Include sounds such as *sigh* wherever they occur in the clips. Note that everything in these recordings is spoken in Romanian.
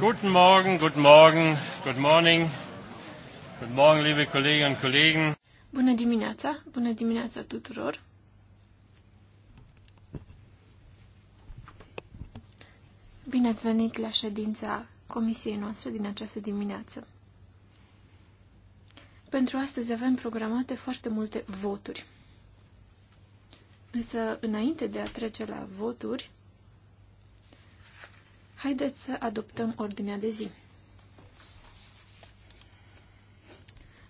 Guten Morgen, guten Morgen, good morning. Good morning, liebe Kolleginnen und Kollegen. Bună dimineața, bună dimineața tuturor. Bine ați venit la ședința comisiei noastre din această dimineață. Pentru astăzi avem programate foarte multe voturi. Însă, înainte de a trece la voturi, Haideți să adoptăm ordinea de zi.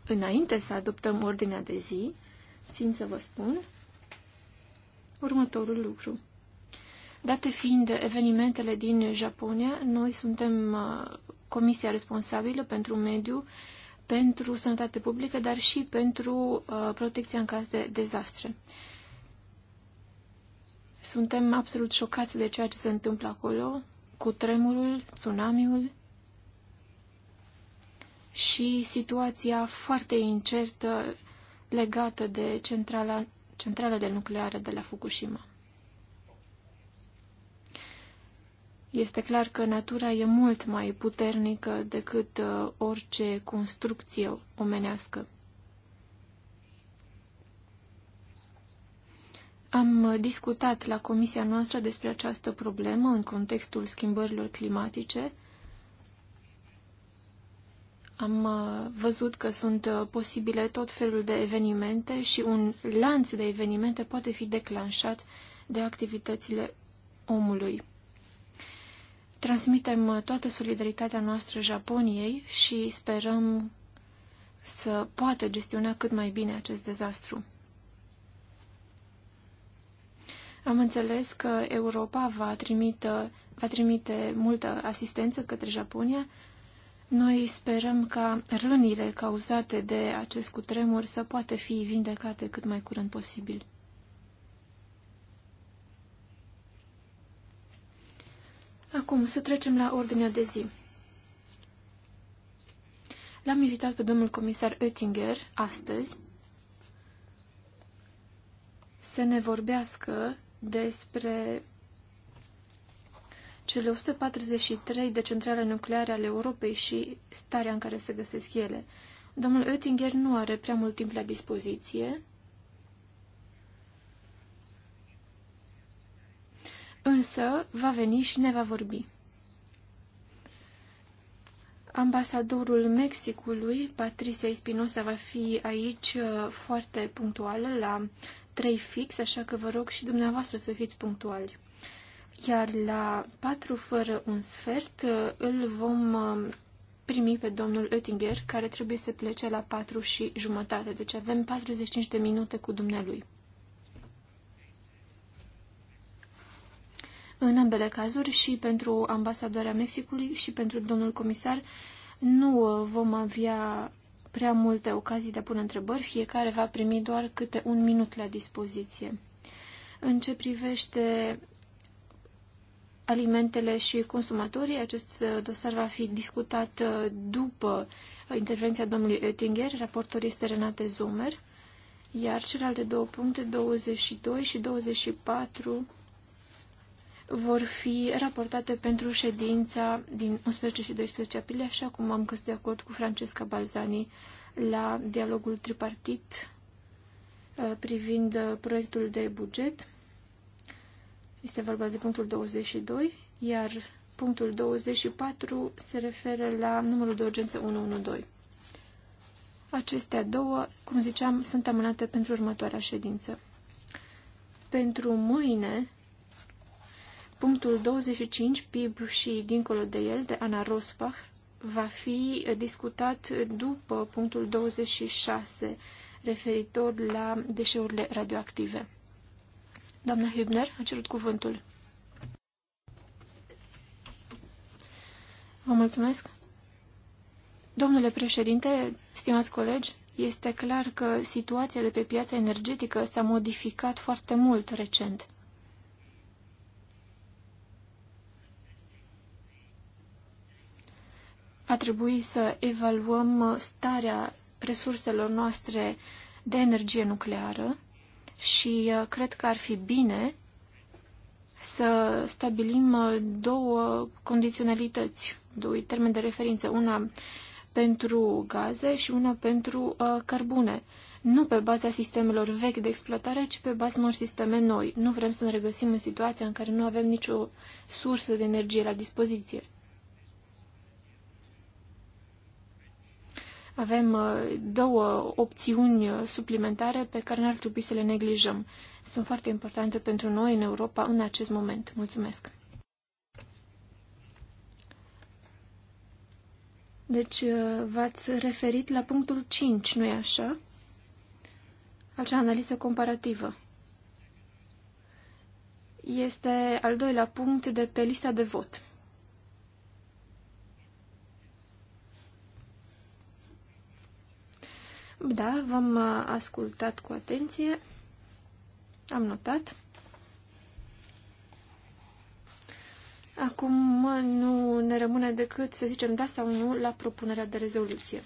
Înainte să adoptăm ordinea de zi, țin să vă spun următorul lucru. Date fiind evenimentele din Japonia, noi suntem uh, comisia responsabilă pentru mediu, pentru sănătate publică, dar și pentru uh, protecția în caz de dezastre. Suntem absolut șocați de ceea ce se întâmplă acolo cu tremurul, tsunamiul și situația foarte incertă legată de centrala, centralele nucleare de la Fukushima. Este clar că natura e mult mai puternică decât uh, orice construcție omenească. Am discutat la comisia noastră despre această problemă în contextul schimbărilor climatice. Am uh, văzut că sunt uh, posibile tot felul de evenimente și un lanț de evenimente poate fi declanșat de activitățile omului. Transmitem uh, toată solidaritatea noastră Japoniei și sperăm să poată gestiona cât mai bine acest dezastru. Am înțeles că Europa va trimite, va trimite multă asistență către Japonia. Noi sperăm ca rănile cauzate de acest cutremur să poată fi vindecate cât mai curând posibil. Acum, să trecem la ordinea de zi. L-am invitat pe domnul comisar Oettinger astăzi să ne vorbească despre cele 143 de centrale nucleare ale Europei și starea în care se găsesc ele. Domnul Oettinger nu are prea mult timp la dispoziție, însă va veni și ne va vorbi. Ambasadorul Mexicului, Patricia Espinosa, va fi aici uh, foarte punctuală la trei fix, așa că vă rog și dumneavoastră să fiți punctuali. Iar la patru fără un sfert uh, îl vom uh, primi pe domnul Oettinger, care trebuie să plece la patru și jumătate, deci avem 45 de minute cu dumnealui. În ambele cazuri, și pentru ambasadoarea Mexicului și pentru domnul comisar, nu uh, vom avea prea multe ocazii de a pune întrebări, fiecare va primi doar câte un minut la dispoziție. În ce privește alimentele și consumatorii, acest uh, dosar va fi discutat uh, după intervenția domnului Oettinger, raportor este Renate Zomer, iar celelalte două puncte, 22 și 24, vor fi raportate pentru ședința din 11 și 12 aprilie, așa cum am căs de acord cu Francesca Balzani la dialogul tripartit uh, privind uh, proiectul de buget. Este vorba de punctul 22, iar punctul 24 se referă la numărul de urgență 112. Acestea două, cum ziceam, sunt amânate pentru următoarea ședință. Pentru mâine, Punctul 25, PIB și dincolo de el, de Ana Rosbach, va fi discutat după punctul 26, referitor la deșeurile radioactive. Doamna Hübner a cerut cuvântul. Vă mulțumesc. Domnule președinte, stimați colegi, este clar că situația de pe piața energetică s-a modificat foarte mult recent. va trebui să evaluăm starea resurselor noastre de energie nucleară și uh, cred că ar fi bine să stabilim uh, două condiționalități, doi termeni de referință, una pentru gaze și una pentru uh, cărbune. Nu pe baza sistemelor vechi de exploatare, ci pe baza unor sisteme noi. Nu vrem să ne regăsim în situația în care nu avem nicio sursă de energie la dispoziție. avem uh, două opțiuni suplimentare pe care n-ar trebui să le neglijăm. Sunt foarte importante pentru noi în Europa în acest moment. Mulțumesc! Deci uh, v-ați referit la punctul 5, nu-i așa? Acea analiză comparativă. Este al doilea punct de pe lista de vot. Da, v-am uh, ascultat cu atenție. Am notat. Acum nu ne rămâne decât să zicem da sau nu la propunerea de rezoluție.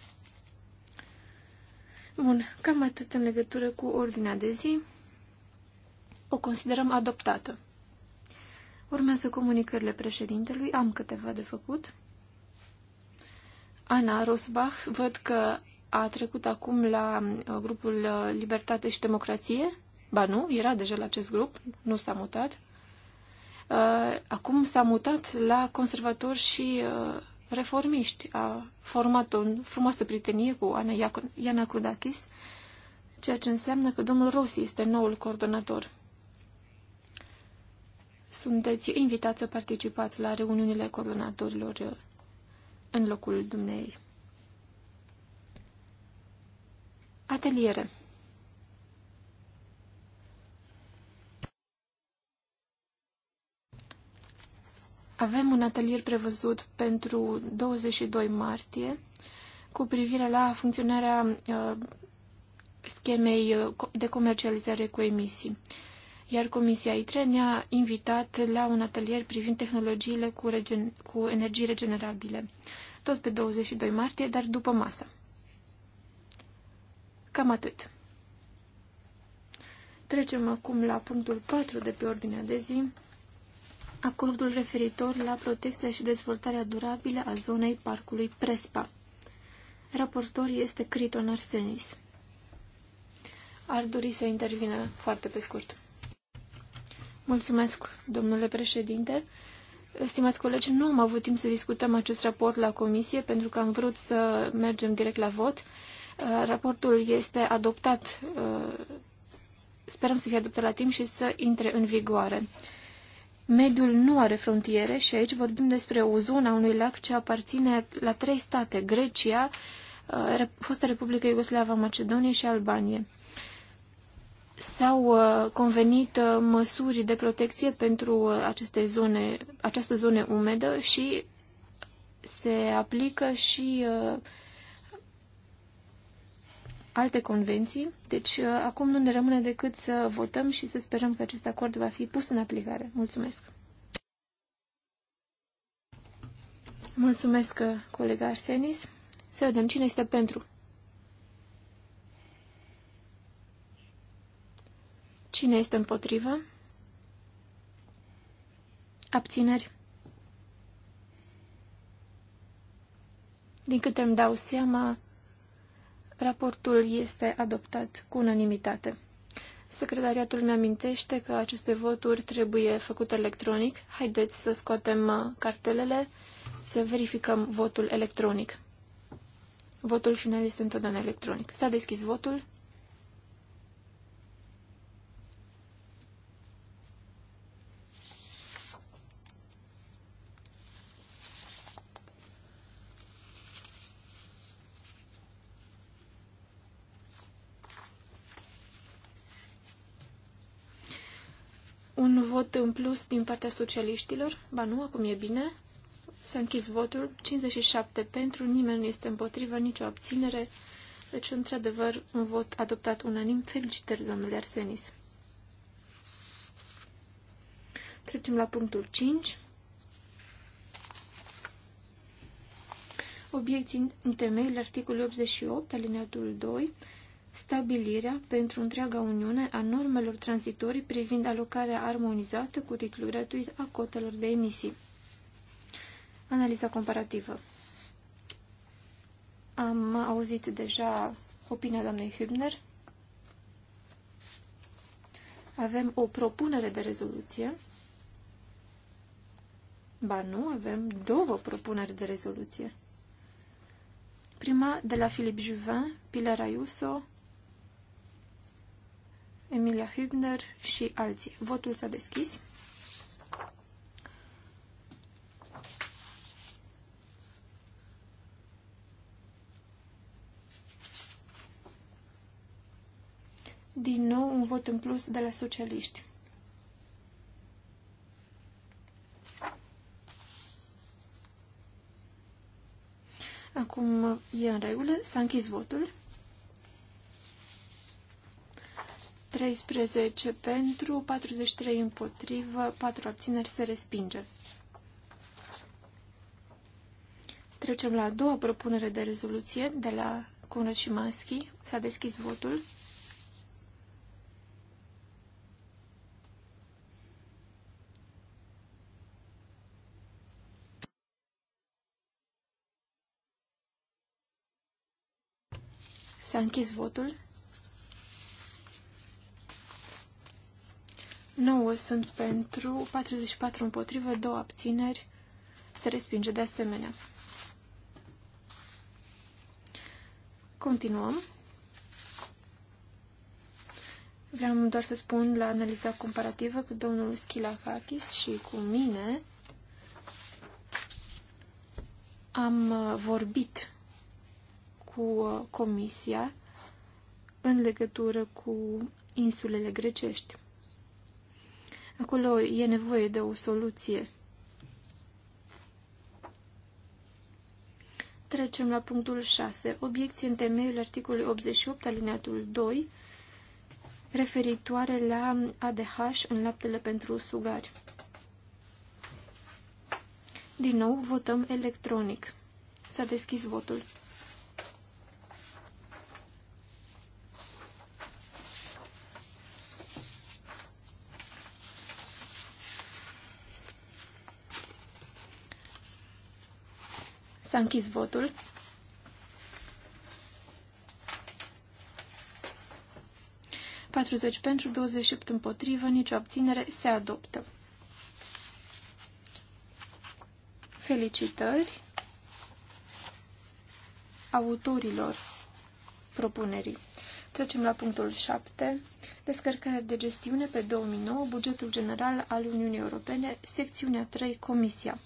Bun, cam atât în legătură cu ordinea de zi. O considerăm adoptată. Urmează comunicările președintelui, am câteva de făcut. Ana Rosbach, văd că a trecut acum la uh, grupul uh, Libertate și Democrație? Ba nu, era deja la acest grup, nu s-a mutat. Uh, acum s-a mutat la conservatori și reformiști. A format o frumoasă prietenie cu Ana Iana Kudakis, ceea ce înseamnă că domnul Rossi este noul coordonator. Sunteți invitați să participați la reuniunile coordonatorilor în locul dumnei. Ateliere. Avem un atelier prevăzut pentru 22 martie cu privire la funcționarea uh, schemei uh, de comercializare cu emisii. Iar Comisia ITRE ne-a invitat la un atelier privind tehnologiile cu, regen- cu energii regenerabile, tot pe 22 martie, dar după masă. Cam atât. Trecem acum la punctul 4 de pe ordinea de zi, acordul referitor la protecția și dezvoltarea durabilă a zonei parcului Prespa. Raportor este Criton Arsenis. Ar dori să intervină foarte pe scurt. Mulțumesc, domnule președinte. Stimați colegi, nu am avut timp să discutăm acest raport la comisie pentru că am vrut să mergem direct la vot Uh, raportul este adoptat, uh, sperăm să fie adoptat la timp și să intre în vigoare. Mediul nu are frontiere și aici vorbim despre o zonă a unui lac ce aparține la trei state, Grecia, uh, fosta Republică Iugoslava Macedonie și Albanie. S-au convenit măsuri de protecție pentru aceste zone, această zone umedă și se aplică și alte convenții, deci uh, acum nu ne rămâne decât să votăm și să sperăm că acest acord va fi pus în aplicare. Mulțumesc! Mulțumesc, uh, colega Arsenis. Să vedem cine este pentru. Cine este împotrivă? Abțineri. Din câte îmi dau seama, Raportul este adoptat cu unanimitate. Secretariatul mi-amintește că aceste voturi trebuie făcute electronic. Haideți să scoatem uh, cartelele, să verificăm votul electronic. Votul final este întotdeauna electronic. S-a deschis votul. vot în plus din partea socialiștilor? Ba nu, acum e bine. S-a închis votul. 57 pentru, nimeni nu este împotrivă, nicio abținere. Deci, într-adevăr, un vot adoptat unanim. Felicitări, domnule Arsenis. Trecem la punctul 5. Obiecții în temeiul articolului 88, alineatul 2, stabilirea pentru întreaga Uniune a normelor tranzitorii privind alocarea armonizată cu titlul gratuit a cotelor de emisii. Analiza comparativă. Am auzit deja opinia doamnei Hübner. Avem o propunere de rezoluție. Ba nu, avem două propuneri de rezoluție. Prima de la Filip Juvin, Pilar Ayuso, Emilia Hübner și alții. Votul s-a deschis. Din nou un vot în plus de la socialiști. Acum e în regulă, s-a închis votul. 13 pentru, 43 împotrivă, 4 abțineri se respinge. Trecem la a doua propunere de rezoluție de la Cună și Maschi. S-a deschis votul. S-a închis votul. 9 sunt pentru, 44 împotrivă, 2 abțineri. Se respinge de asemenea. Continuăm. Vreau doar să spun la analiza comparativă cu domnul Schilakakis și cu mine am uh, vorbit cu uh, comisia în legătură cu insulele grecești. Acolo e nevoie de o soluție. Trecem la punctul 6. Obiecții în temeiul articolului 88, alineatul 2, referitoare la ADH în laptele pentru sugari. Din nou, votăm electronic. S-a deschis votul. S-a închis votul. Patruzeci pentru, 28 împotrivă, nicio abținere, se adoptă. Felicitări autorilor propunerii. Trecem la punctul 7. Descărcare de gestiune pe 2009, bugetul general al Uniunii Europene, secțiunea 3, Comisia.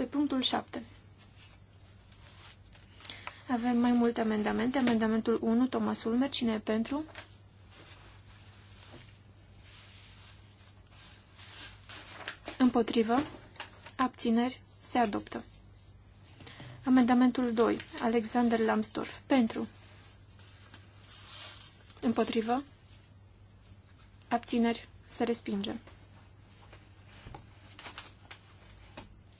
este punctul 7. Avem mai multe amendamente. Amendamentul 1, Thomas Ulmer, cine e pentru? Împotrivă. Abțineri. Se adoptă. Amendamentul 2. Alexander Lambsdorff. Pentru. Împotrivă. Abțineri. Se respinge.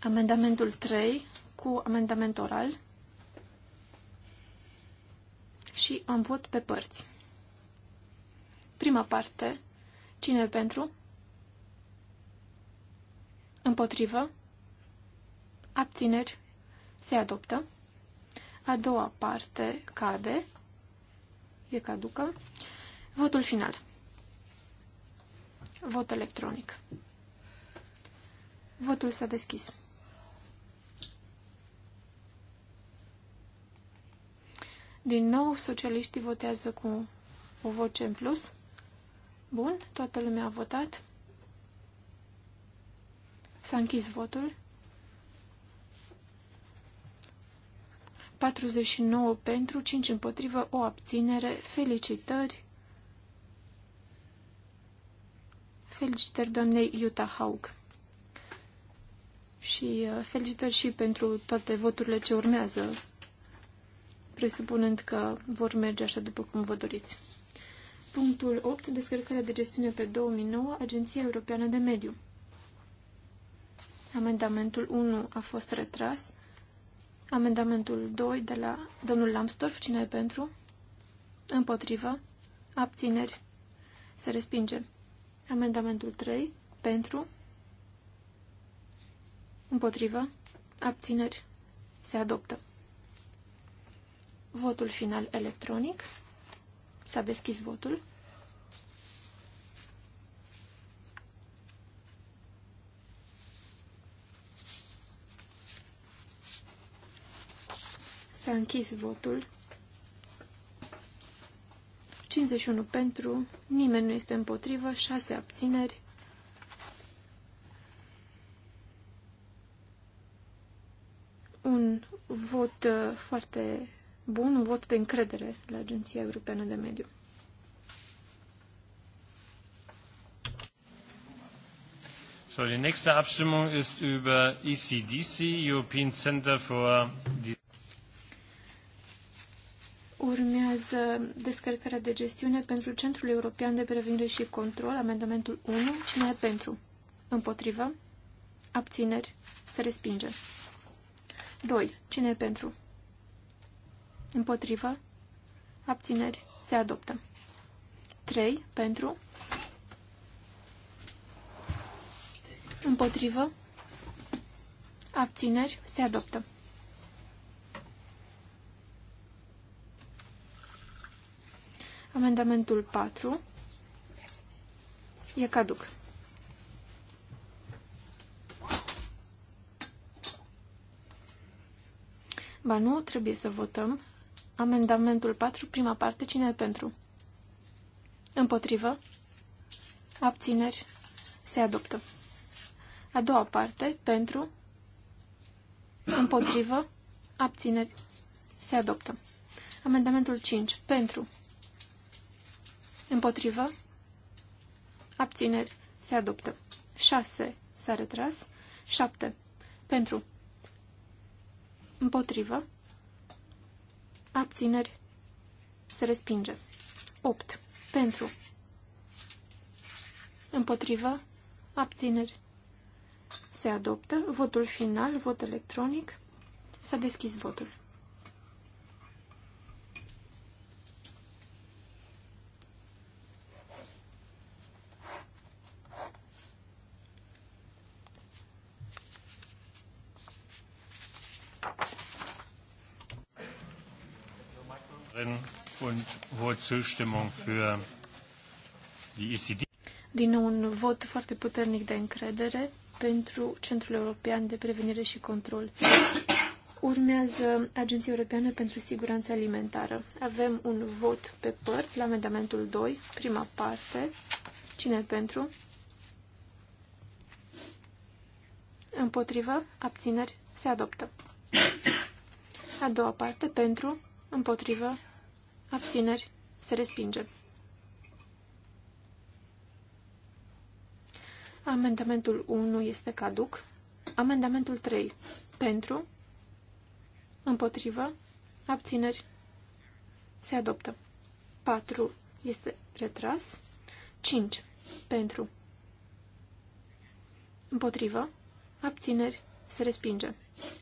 Amendamentul 3 cu amendament oral și am vot pe părți. Prima parte, cine pentru? Împotrivă? Abțineri? Se adoptă. A doua parte cade. E caducă. Votul final. Vot electronic. Votul s-a deschis. Din nou, socialiștii votează cu o voce în plus. Bun, toată lumea a votat. S-a închis votul. 49 pentru, 5 împotrivă, o abținere. Felicitări! Felicitări doamnei Iuta Haug! Și uh, felicitări și pentru toate voturile ce urmează presupunând că vor merge așa după cum vă doriți. Punctul 8. Descărcarea de gestiune pe 2009, Agenția Europeană de Mediu. Amendamentul 1 a fost retras. Amendamentul 2 de la domnul Lambsdorff. Cine e pentru? Împotrivă. Abțineri. Se respinge. Amendamentul 3. Pentru. Împotrivă. Abțineri. Se adoptă. Votul final electronic. S-a deschis votul. S-a închis votul. 51 pentru, nimeni nu este împotrivă, 6 abțineri. Un vot uh, foarte bun, un vot de încredere la Agenția Europeană de Mediu. So, die nächste Abstimmung ist über ECDC, European Center for... Urmează descărcarea de gestiune pentru Centrul European de Prevenire și Control, amendamentul 1. Cine e pentru? Împotrivă? Abțineri? Se respinge. 2. Cine e pentru? Împotrivă. Abțineri. Se adoptă. 3. Pentru. Împotrivă. Abțineri. Se adoptă. Amendamentul 4 e caduc. Ba nu, trebuie să votăm Amendamentul 4, prima parte, cine e pentru? Împotrivă. Abțineri. Se adoptă. A doua parte, pentru. Împotrivă. Abțineri. Se adoptă. Amendamentul 5, pentru. Împotrivă. Abțineri. Se adoptă. 6. S-a retras. 7. Pentru. Împotrivă abțineri, se respinge. 8. Pentru, împotriva, abțineri, se adoptă. Votul final, vot electronic, s-a deschis votul. Zustimmung für die ECD. Din nou un vot foarte puternic de încredere pentru Centrul European de Prevenire și Control. Urmează Agenția Europeană pentru Siguranță Alimentară. Avem un vot pe părți la amendamentul 2, prima parte. Cine pentru? Împotrivă, abțineri, se adoptă. A doua parte, pentru, împotrivă, abțineri, se respinge. Amendamentul 1 este caduc. Amendamentul 3. Pentru. Împotrivă. Abțineri. Se adoptă. 4 este retras. 5. Pentru. Împotrivă. Abțineri. Se respinge.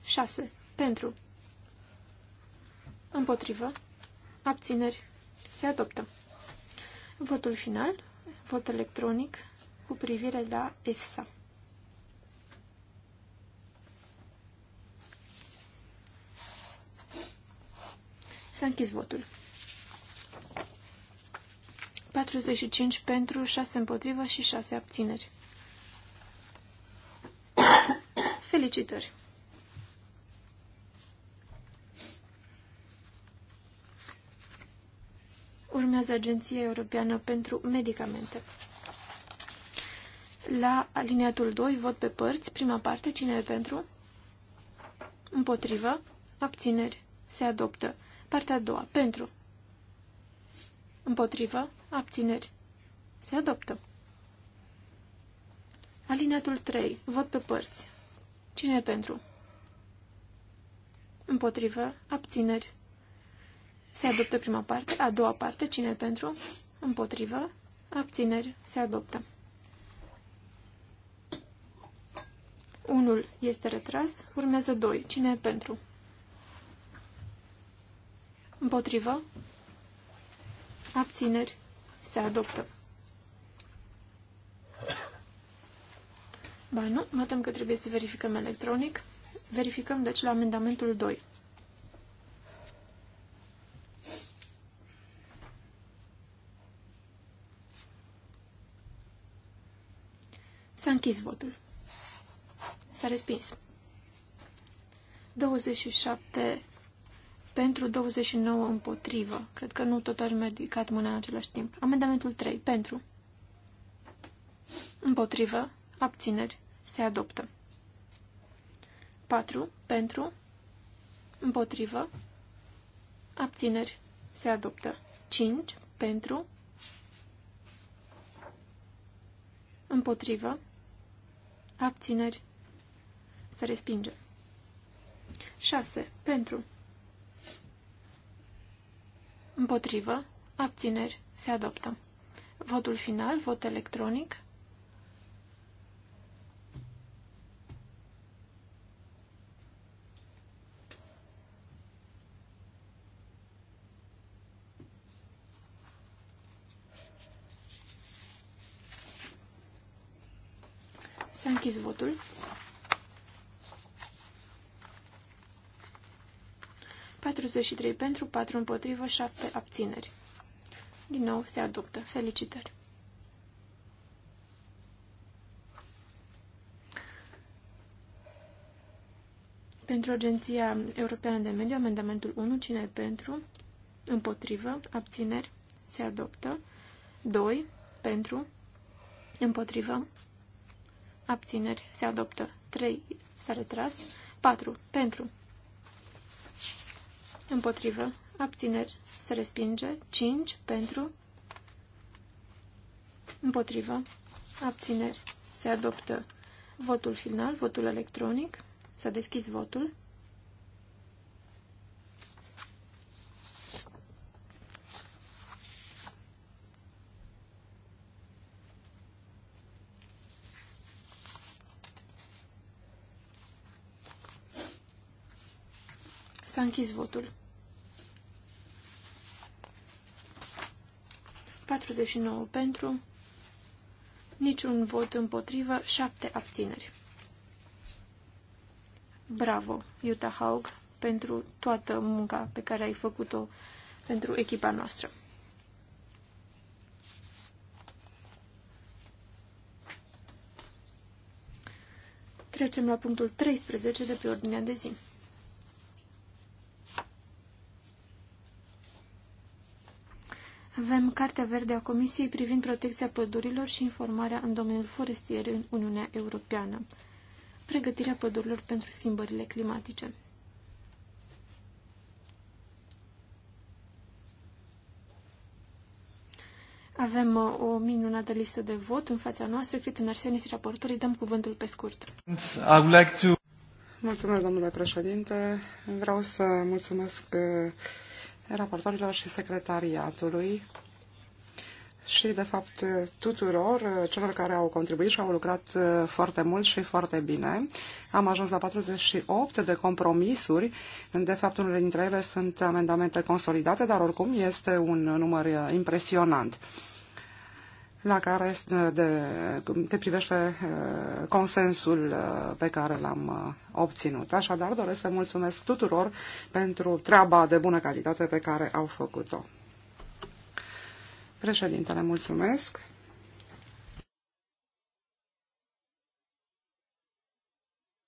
6. Pentru. Împotrivă. Abțineri. Se adoptă. Votul final, vot electronic cu privire la EFSA. S-a închis votul. 45 pentru, 6 împotrivă și 6 abțineri. *coughs* Felicitări! urmează Agenția Europeană pentru Medicamente. La aliniatul 2, vot pe părți, prima parte, cine e pentru? Împotrivă, abțineri, se adoptă. Partea a doua, pentru. Împotrivă, abțineri, se adoptă. Alineatul 3, vot pe părți. Cine e pentru? Împotrivă, abțineri, se adoptă prima parte, a doua parte, cine pentru? Împotrivă, abțineri, se adoptă. Unul este retras, urmează doi. Cine pentru? Împotrivă, abțineri, se adoptă. Ba nu, notăm că trebuie să verificăm electronic. Verificăm, deci, la amendamentul 2. S-a închis votul. S-a respins. 27 pentru, 29 împotrivă. Cred că nu tot am ridicat mâna în același timp. Amendamentul 3. Pentru. Împotrivă. Abțineri. Se adoptă. 4. Pentru. Împotrivă. Abțineri. Se adoptă. 5. Pentru. Împotrivă abțineri, se respinge. 6. Pentru. Împotrivă, abțineri, se adoptă. Votul final, vot electronic. închis votul. trei pentru, 4 împotrivă, 7 abțineri. Din nou se adoptă. Felicitări! Pentru Agenția Europeană de Mediu, amendamentul 1, cine e pentru? Împotrivă, abțineri, se adoptă. 2, pentru, împotrivă, abțineri, se adoptă. 3 s-a retras. 4 pentru, împotrivă, abțineri, se respinge. 5 pentru, împotrivă, abțineri, se adoptă. Votul final, votul electronic, s-a deschis votul. închis votul. 49 pentru, niciun vot împotrivă, 7 abțineri. Bravo, Utah Haug, pentru toată munca pe care ai făcut-o pentru echipa noastră. Trecem la punctul 13 de pe ordinea de zi. Avem Cartea Verde a Comisiei privind protecția pădurilor și informarea în domeniul forestier în Uniunea Europeană. Pregătirea pădurilor pentru schimbările climatice. Avem uh, o minunată listă de vot în fața noastră. Criton Arsenis, raportorii, dăm cuvântul pe scurt. I would like to... Mulțumesc, domnule președinte. Vreau să mulțumesc uh, raportorilor și secretariatului și, de fapt, tuturor celor care au contribuit și au lucrat uh, foarte mult și foarte bine. Am ajuns la 48 de compromisuri. De fapt, unele dintre ele sunt amendamente consolidate, dar oricum este un număr uh, impresionant la care de, cât privește consensul pe care l-am obținut. Așadar, doresc să mulțumesc tuturor pentru treaba de bună calitate pe care au făcut-o. Președintele, mulțumesc.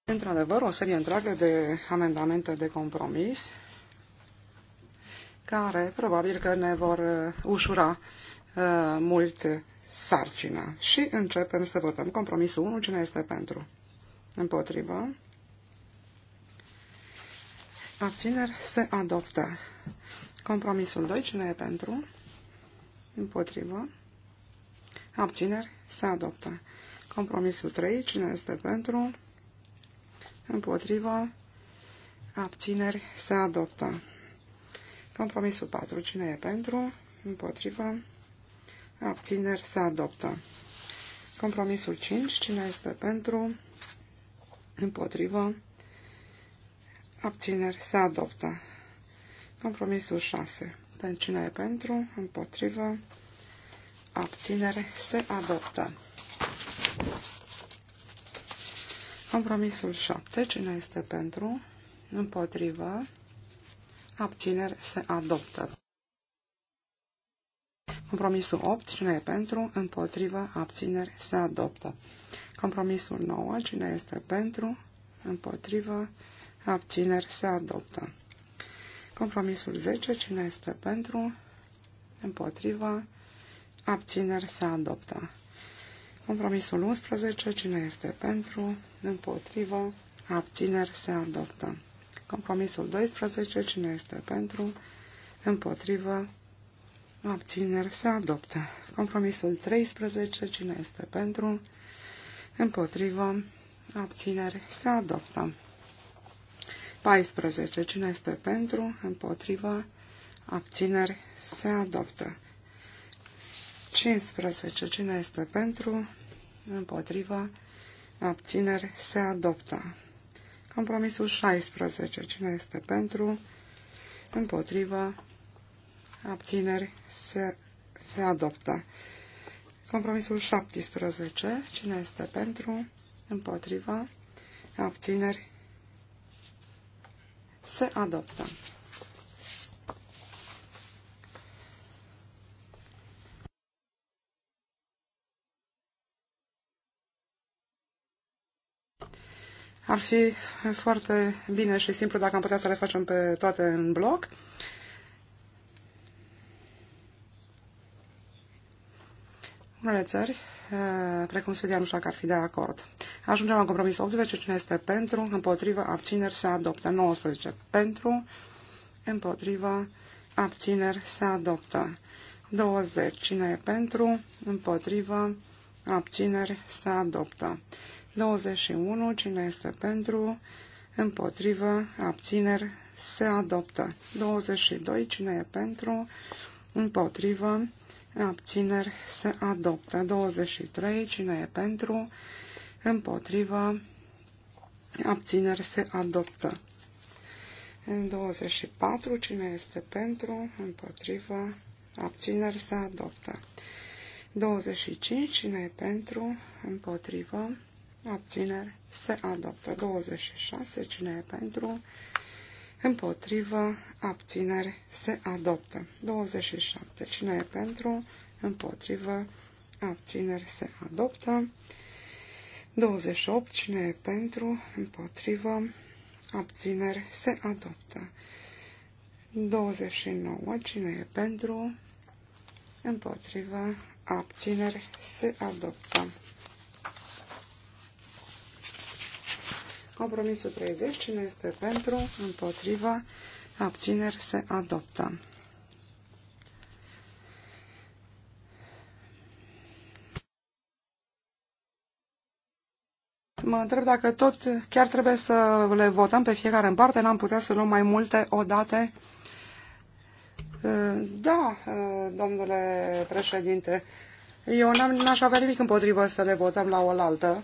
Într-adevăr, o serie întreagă de amendamente de compromis care probabil că ne vor ușura mult sarcina. Și începem să votăm compromisul 1. Cine este pentru? Împotrivă. Abțineri se adoptă. Compromisul 2. Cine e pentru? Împotrivă. Abțineri se adoptă. Compromisul 3. Cine este pentru? Împotrivă. Abțineri se adoptă. Compromisul 4. Cine e pentru? Împotrivă abțineri se adoptă. Compromisul 5, cine este pentru, împotrivă, abțineri se adoptă. Compromisul 6, pentru cine e pentru, împotrivă, abținere se adoptă. Compromisul 7, cine este pentru, împotrivă, abțineri se adoptă. Compromisul 8, cine e pentru, împotrivă, abțineri, se adoptă. Compromisul 9, cine este pentru, împotrivă, abțineri, se adoptă. Compromisul 10, cine este pentru, împotrivă, abțineri, se adoptă. Compromisul 11, cine este pentru, împotrivă, abțineri, se adoptă. Compromisul 12, cine este pentru, împotrivă, abțineri se adoptă. Compromisul 13, cine este pentru, împotrivă, abțineri se adoptă. 14, cine este pentru, împotrivă, abțineri se adoptă. 15, cine este pentru, împotrivă, abțineri se adoptă. Compromisul 16, cine este pentru, împotrivă, abțineri, se, se adoptă. Compromisul 17. Cine este pentru? Împotriva. Abțineri. Se adoptă. Ar fi foarte bine și simplu dacă am putea să le facem pe toate în bloc. Unele țări, eh, precum Suedia, nu știu dacă ar fi de acord. Ajungem la compromis 18. Cine este pentru? Împotrivă? Abțineri? Se adoptă. 19. Pentru? Împotrivă? Abțineri? Se adoptă. 20. Cine e pentru? Împotrivă? Abțineri? Se adoptă. 21. Cine este pentru? Împotrivă? Abțineri? Se adoptă. 22. Cine e pentru? Împotrivă? abțineri se adoptă. 23, cine e pentru, împotrivă, abțineri se adoptă. 24, cine este pentru, împotrivă, abțineri se adoptă. 25, cine e pentru, împotrivă, abțineri se adoptă. 26, cine e pentru, împotrivă, abțineri, se adoptă. 27. Cine e pentru, împotrivă, abțineri, se adoptă. 28. Cine e pentru, împotrivă, abțineri, se adoptă. 29. Cine e pentru, împotrivă, abțineri, se adoptă. Compromisul 30. Cine este pentru? Împotriva. Abțineri se adoptă. Mă întreb dacă tot chiar trebuie să le votăm pe fiecare în parte, n-am putea să luăm mai multe odată. Da, domnule președinte, eu n-aș avea nimic împotrivă să le votăm la oaltă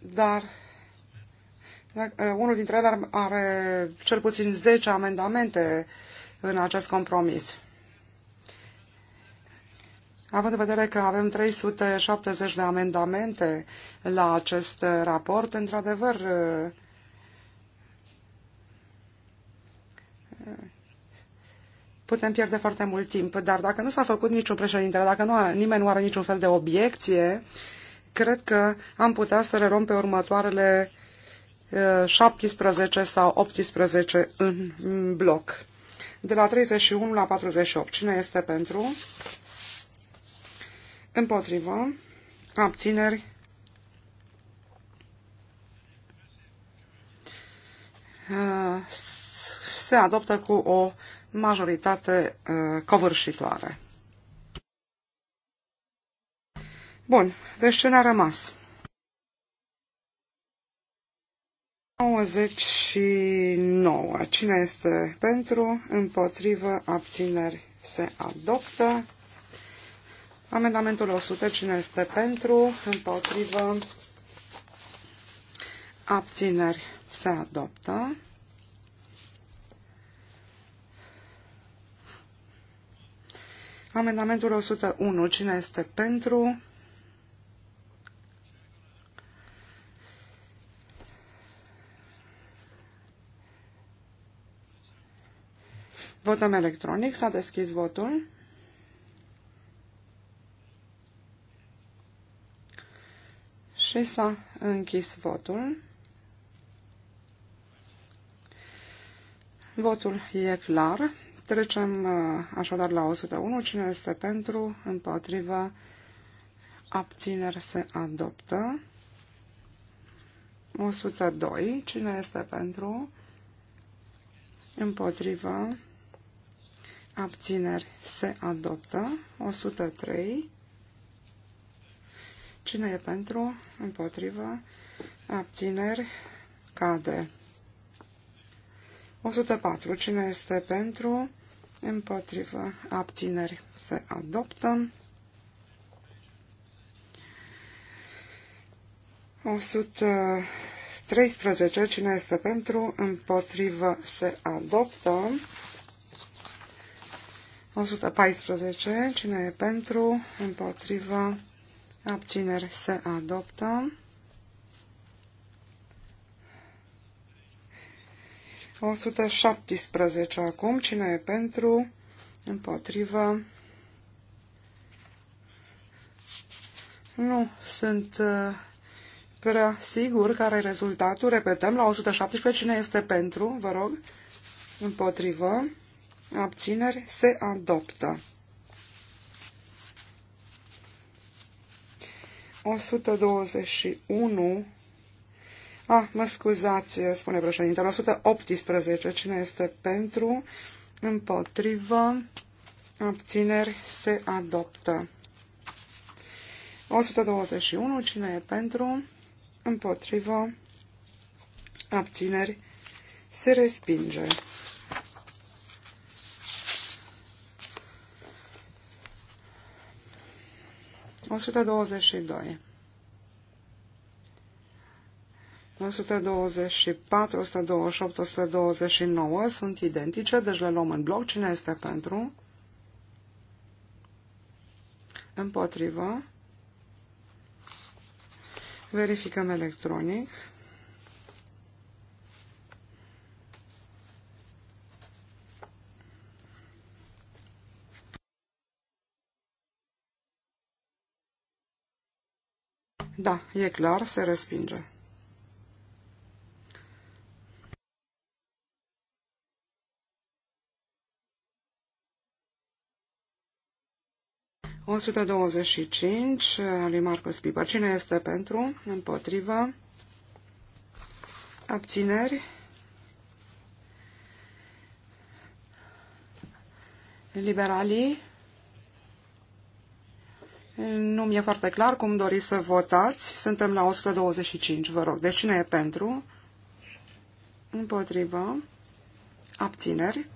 dar uh, unul dintre ele are, are cel puțin 10 amendamente în acest compromis. Având în vedere că avem 370 de amendamente la acest uh, raport, într-adevăr, uh, putem pierde foarte mult timp. Dar dacă nu s-a făcut niciun președinte, dacă nu, nimeni nu are niciun fel de obiecție, uh, cred că am putea să reluăm pe următoarele 17 uh, sau 18 în bloc. De la 31 la 48. Cine este pentru? Împotrivă. Abțineri. Uh, se adoptă cu o majoritate uh, covârșitoare. Bun, deci ce ne-a rămas? 99. Cine este pentru? Împotrivă? Abțineri? Se adoptă. Amendamentul 100. Cine este pentru? Împotrivă? Abțineri? Se adoptă. Amendamentul 101. Cine este pentru? Votăm electronic. S-a deschis votul. Și s-a închis votul. Votul e clar. Trecem uh, așadar la 101. Cine este pentru, împotrivă, abțineri se adoptă. 102. Cine este pentru, împotrivă, abțineri se adoptă. 103. Cine e pentru? Împotrivă. Abțineri cade. 104. Cine este pentru? Împotrivă. Abțineri se adoptă. 113. Cine este pentru? Împotrivă se adoptă. 114. Cine e pentru? Împotrivă. Abțineri se adoptă. 117 acum. Cine e pentru? Împotrivă. Nu sunt uh, prea sigur care e rezultatul. Repetăm la 117. Cine este pentru? Vă rog. Împotrivă abțineri, se adoptă. 121. Ah, mă scuzați, spune președintele. 118. Cine este pentru? Împotrivă. Abțineri se adoptă. 121. Cine e pentru? Împotrivă. Abțineri se respinge. 122. 124, 128, 129 sunt identice, deci le luăm în bloc. Cine este pentru? Împotrivă. Verificăm electronic. Da, e clar, se respinge. O 125 lui Marcos Piper. Cine este pentru? Împotrivă. Abțineri. Liberalii. Nu mi-e foarte clar cum doriți să votați. Suntem la 125, vă rog. Deci cine e pentru? Împotrivă. Abțineri.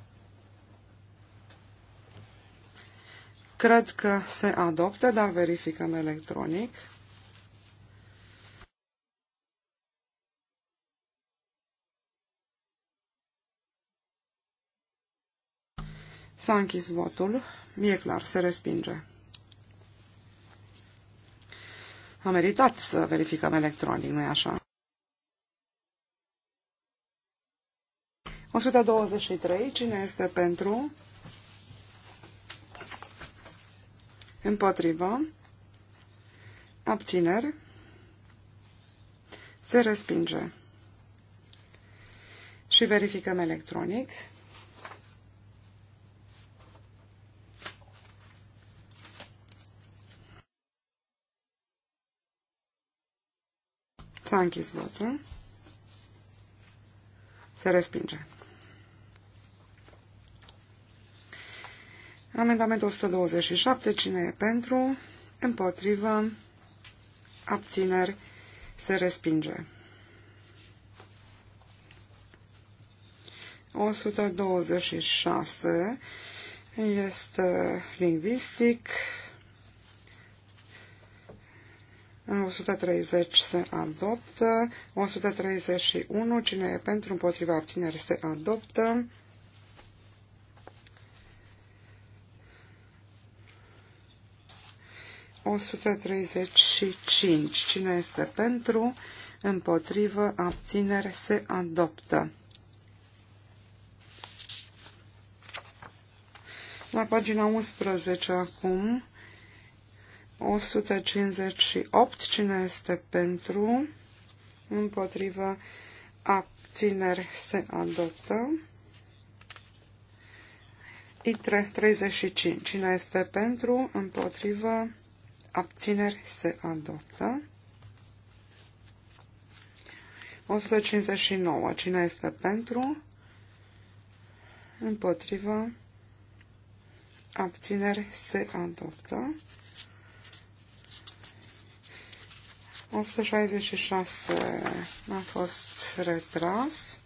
Cred că se adoptă, dar verificăm electronic. S-a închis votul. E clar, se respinge. A meritat să verificăm electronic, nu-i așa? 123. Cine este pentru? Împotrivă. Abțineri. Se respinge. Și verificăm electronic. S-a închis votul. Se respinge. Amendamentul 127. Cine e pentru? Împotrivă. Abțineri. Se respinge. 126 este lingvistic. 130 se adoptă, 131 cine e pentru împotriva abținere se adoptă, 135 cine este pentru împotrivă abținere se adoptă. La pagina 11 acum 158. Cine este pentru? Împotrivă abțineri se adoptă. ITRE 35. Cine este pentru? Împotrivă abțineri se adoptă. 159. Cine este pentru? Împotrivă abțineri se adoptă. 166 a fost retras.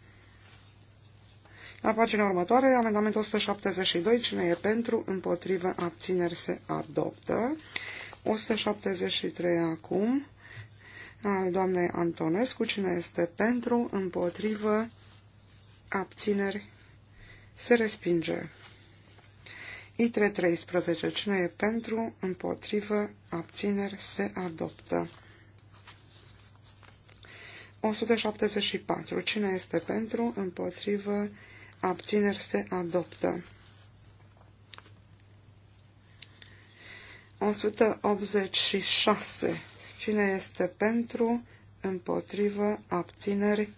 La pagina următoare, amendamentul 172, cine e pentru, împotrivă, abțineri, se adoptă. 173 acum, al doamnei Antonescu, cine este pentru, împotrivă, abțineri, se respinge. ITRE 13, cine e pentru, împotrivă, abțineri, se adoptă. 174. Cine este pentru, împotrivă, abțineri se adoptă. 186. Cine este pentru, împotrivă, abțineri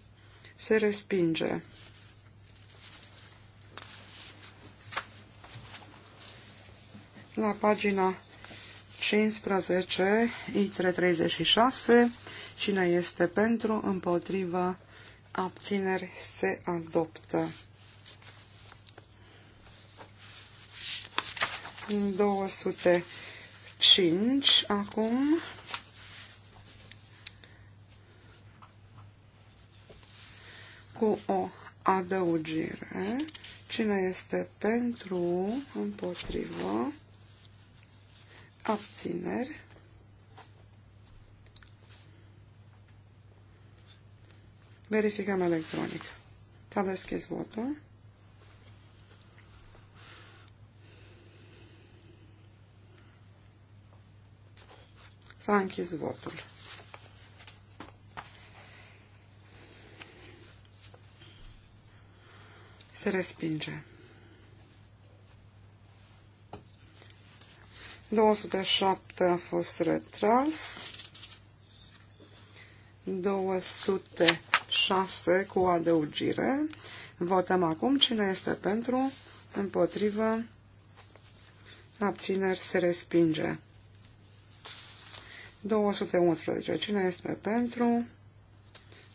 se respinge. La pagina 15, I336, Cine este pentru, împotrivă, abțineri, se adoptă. 205 acum. Cu o adăugire. Cine este pentru, împotrivă, abțineri, Verificăm electronic. S-a deschis votul. S-a închis votul. Se respinge. 207 a fost retras. 200 6 cu adăugire. Votăm acum cine este pentru, împotrivă, abțineri se respinge. 211. Cine este pentru,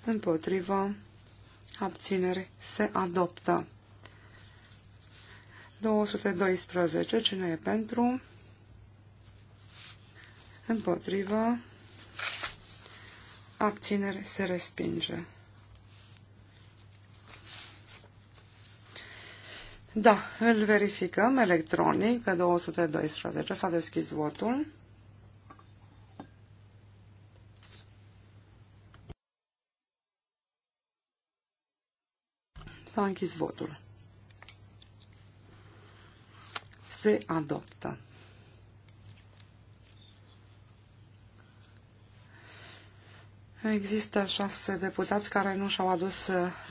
împotrivă, abțineri se adoptă. 212. Cine e pentru, împotrivă, abțineri se respinge. Da, îl verificăm electronic pe 212. S-a deschis votul. S-a închis votul. Se adoptă. Există șase deputați care nu și-au adus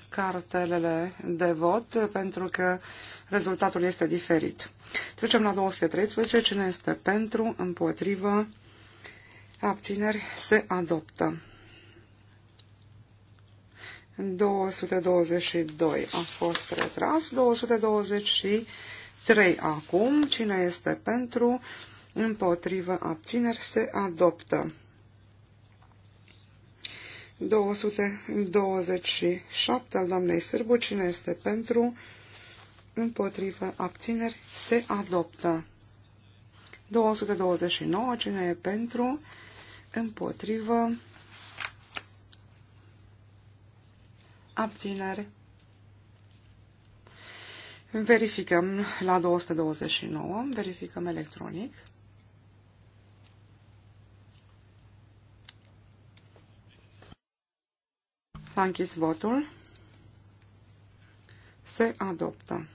cartelele de vot pentru că uh, rezultatul este diferit. Trecem la 213. Cine este pentru, împotrivă, abțineri, se adoptă. 222 a fost retras, 223 acum, cine este pentru, împotrivă, abțineri, se adoptă. 227 al doamnei Sârbu, cine este pentru, împotrivă, abțineri, se adoptă. 229, cine e pentru, împotrivă, abțineri. Verificăm la 229, verificăm electronic. S-a închis votul. Se adoptă.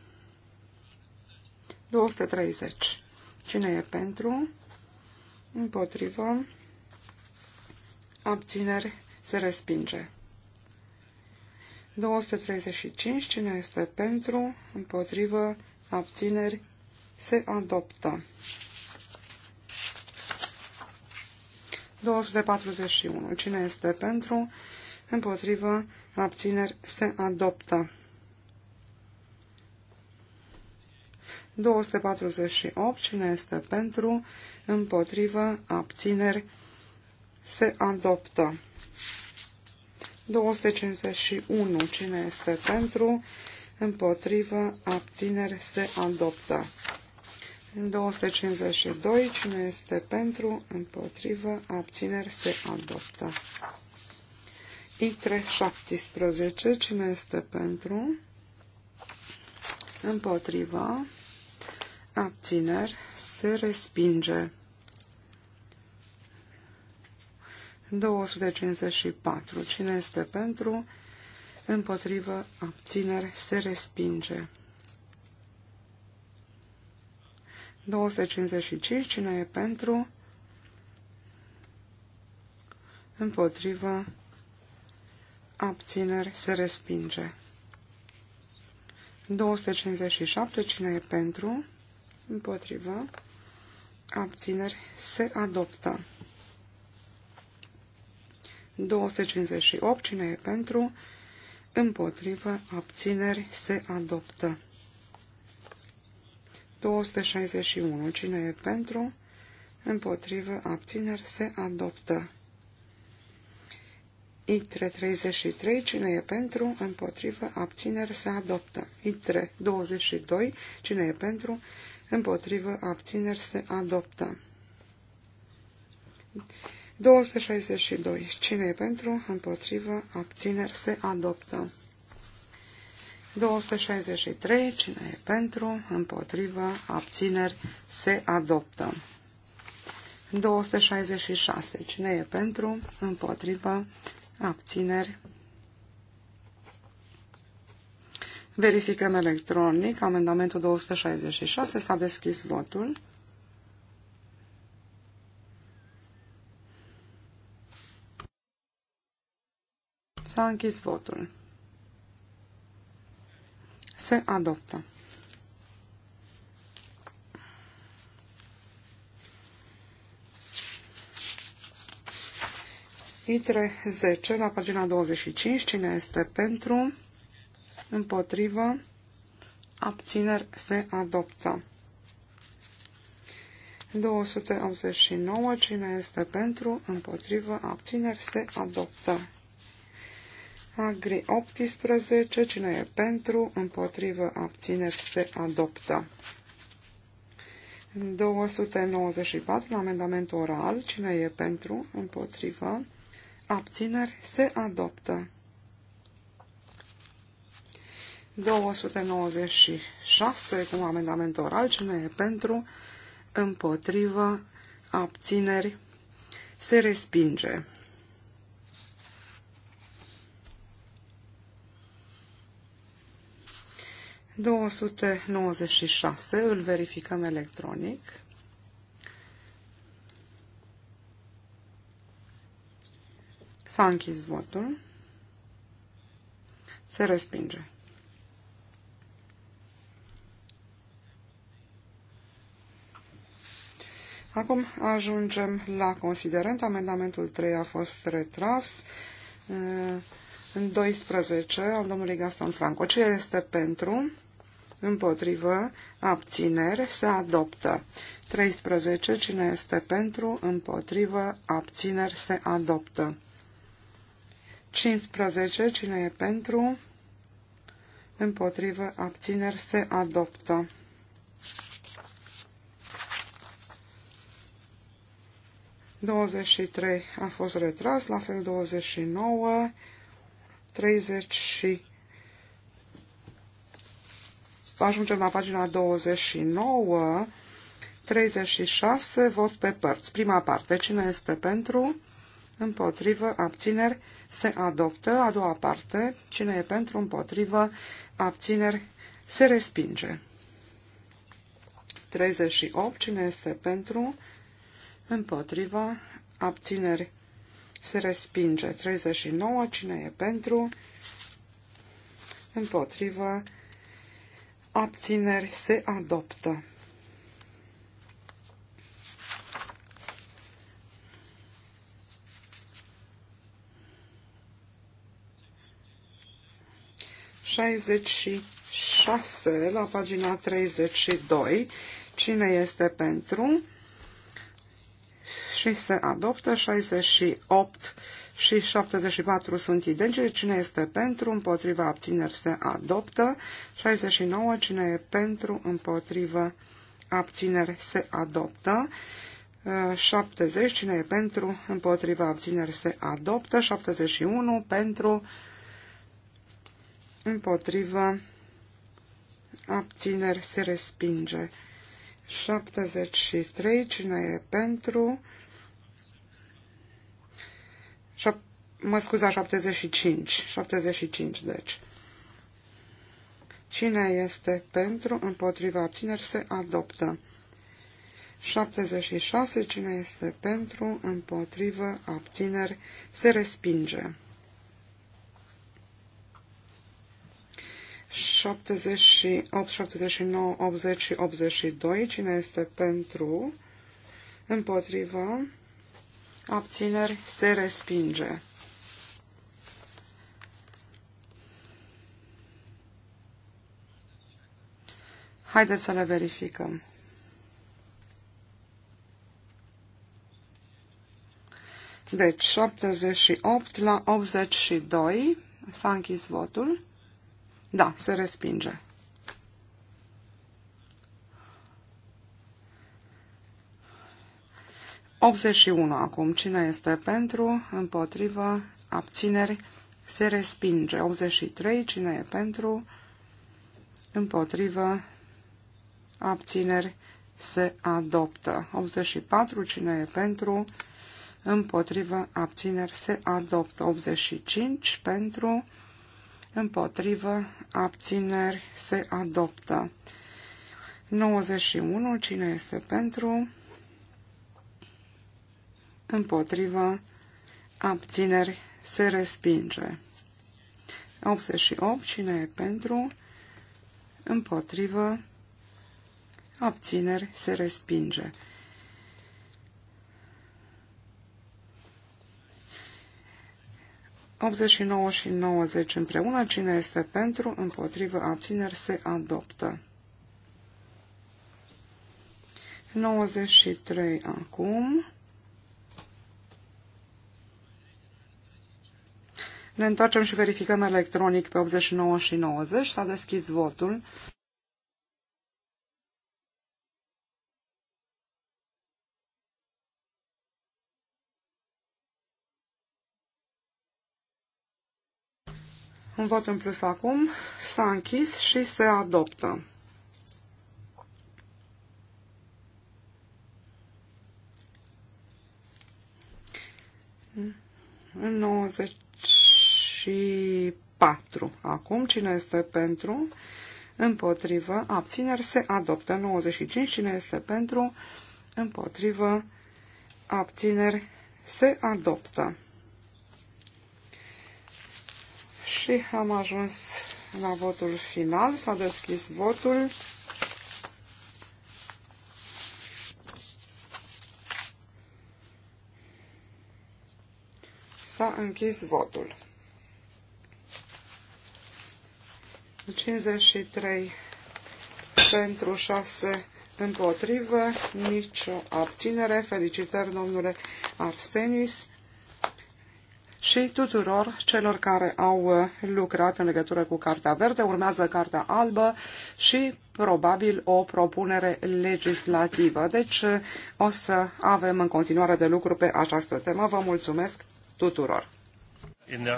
230. Cine e pentru? Împotrivă. Abțineri se respinge. 235. Cine este pentru? Împotrivă. Abțineri se adoptă. 241. Cine este pentru? Împotrivă. Abțineri se adoptă. 248. Cine este pentru? Împotrivă? Abțineri? Se adoptă. 251. Cine este pentru? Împotrivă? Abțineri? Se adoptă. 252. Cine este pentru? Împotrivă? Abțineri? Se adoptă. I 317 Cine este pentru? Împotriva abțineri, se respinge. 254. Cine este pentru, împotrivă, abțineri, se respinge. 255. Cine e pentru, împotrivă, abțineri, se respinge. 257. Cine e pentru, împotriva, abțineri, se adoptă. 258, cine e pentru, împotrivă, abțineri, se adoptă. 261, cine e pentru, împotrivă, abțineri, se adoptă. ITRE 33, cine e pentru, împotrivă, abțineri, se adoptă. ITRE 22, cine e pentru, împotrivă, abțineri, se adoptă. 262. Cine e pentru, împotrivă, abțineri, se adoptă. 263. Cine e pentru, împotrivă, abțineri, se adoptă. 266. Cine e pentru, împotrivă, abțineri, Verificăm electronic. Amendamentul 266 s-a deschis votul. S-a închis votul. Se adoptă. ITRE 10 la pagina 25. Cine este pentru? Pentru împotrivă, abțineri se adoptă. 289. Cine este pentru, împotrivă, abțineri se adoptă. Agri 18. Cine e pentru, împotrivă, abțineri se adoptă. 294. Amendament oral. Cine e pentru, împotrivă, abțineri se adoptă. 296 cu amendament oral. Cine e pentru? Împotrivă? Abțineri? Se respinge. ...296, îl verificăm electronic. S-a închis votul. Se respinge. Acum ajungem la considerent. Amendamentul 3 a fost retras în 12 al domnului Gaston Franco. Ce este pentru? Împotrivă, abțineri, se adoptă. 13. Cine este pentru, împotrivă, abțineri, se adoptă. 15. Cine e pentru, împotrivă, abțineri, se adoptă. 23 a fost retras, la fel 29, 30 și... Ajungem la pagina 29, 36, vot pe părți. Prima parte, cine este pentru? Împotrivă, abțineri, se adoptă. A doua parte, cine e pentru, împotrivă, abțineri, se respinge. 38, cine este pentru? împotriva, abțineri se respinge. 39, cine e pentru, împotrivă, abțineri se adoptă. și șase la pagina 32. Cine este pentru? și se adoptă 68 și 74 sunt identice. Cine este pentru, împotriva, abțineri, se adoptă. 69, cine e pentru, împotriva, abțineri, se adoptă. 70, cine e pentru, împotriva, abțineri, se adoptă. 71, pentru, împotriva, abțineri, se respinge. 73, cine e pentru, Mă scuza, 75. 75, deci. Cine este pentru, împotriva abțineri, se adoptă. 76. Cine este pentru, împotrivă, abțineri, se respinge. 78, 79, 80 și 82. Cine este pentru, împotrivă, abțineri, se respinge. Haideți să le verificăm. Deci, 78 la 82 s-a închis votul. Da, se respinge. 81 acum. Cine este pentru? Împotrivă? Abțineri? Se respinge. 83. Cine e pentru? Împotrivă? Abțineri? Se adoptă. 84. Cine e pentru? Împotrivă? Abțineri? Se adoptă. 85. Pentru? Împotrivă? Abțineri? Se adoptă. 91. Cine este pentru? împotriva abțineri, se respinge. 88. Cine e pentru, împotrivă, abțineri, se respinge. Optzeci și 90 împreună. Cine este pentru, împotrivă, abțineri, se adoptă. 93 acum. Ne întoarcem și verificăm electronic pe 89 și 90. S-a deschis votul. Un vot în plus acum s-a închis și se adoptă. În 90 și 4. Acum, cine este pentru? Împotrivă. Abțineri se adoptă. 95. Cine este pentru? Împotrivă. Abțineri se adoptă. Și am ajuns la votul final. S-a deschis votul. S-a închis votul. 53 pentru 6 împotrivă, nicio abținere. Felicitări, domnule Arsenis și tuturor celor care au uh, lucrat în legătură cu Cartea Verde. Urmează Cartea Albă și probabil o propunere legislativă. Deci uh, o să avem în continuare de lucru pe această temă. Vă mulțumesc tuturor! In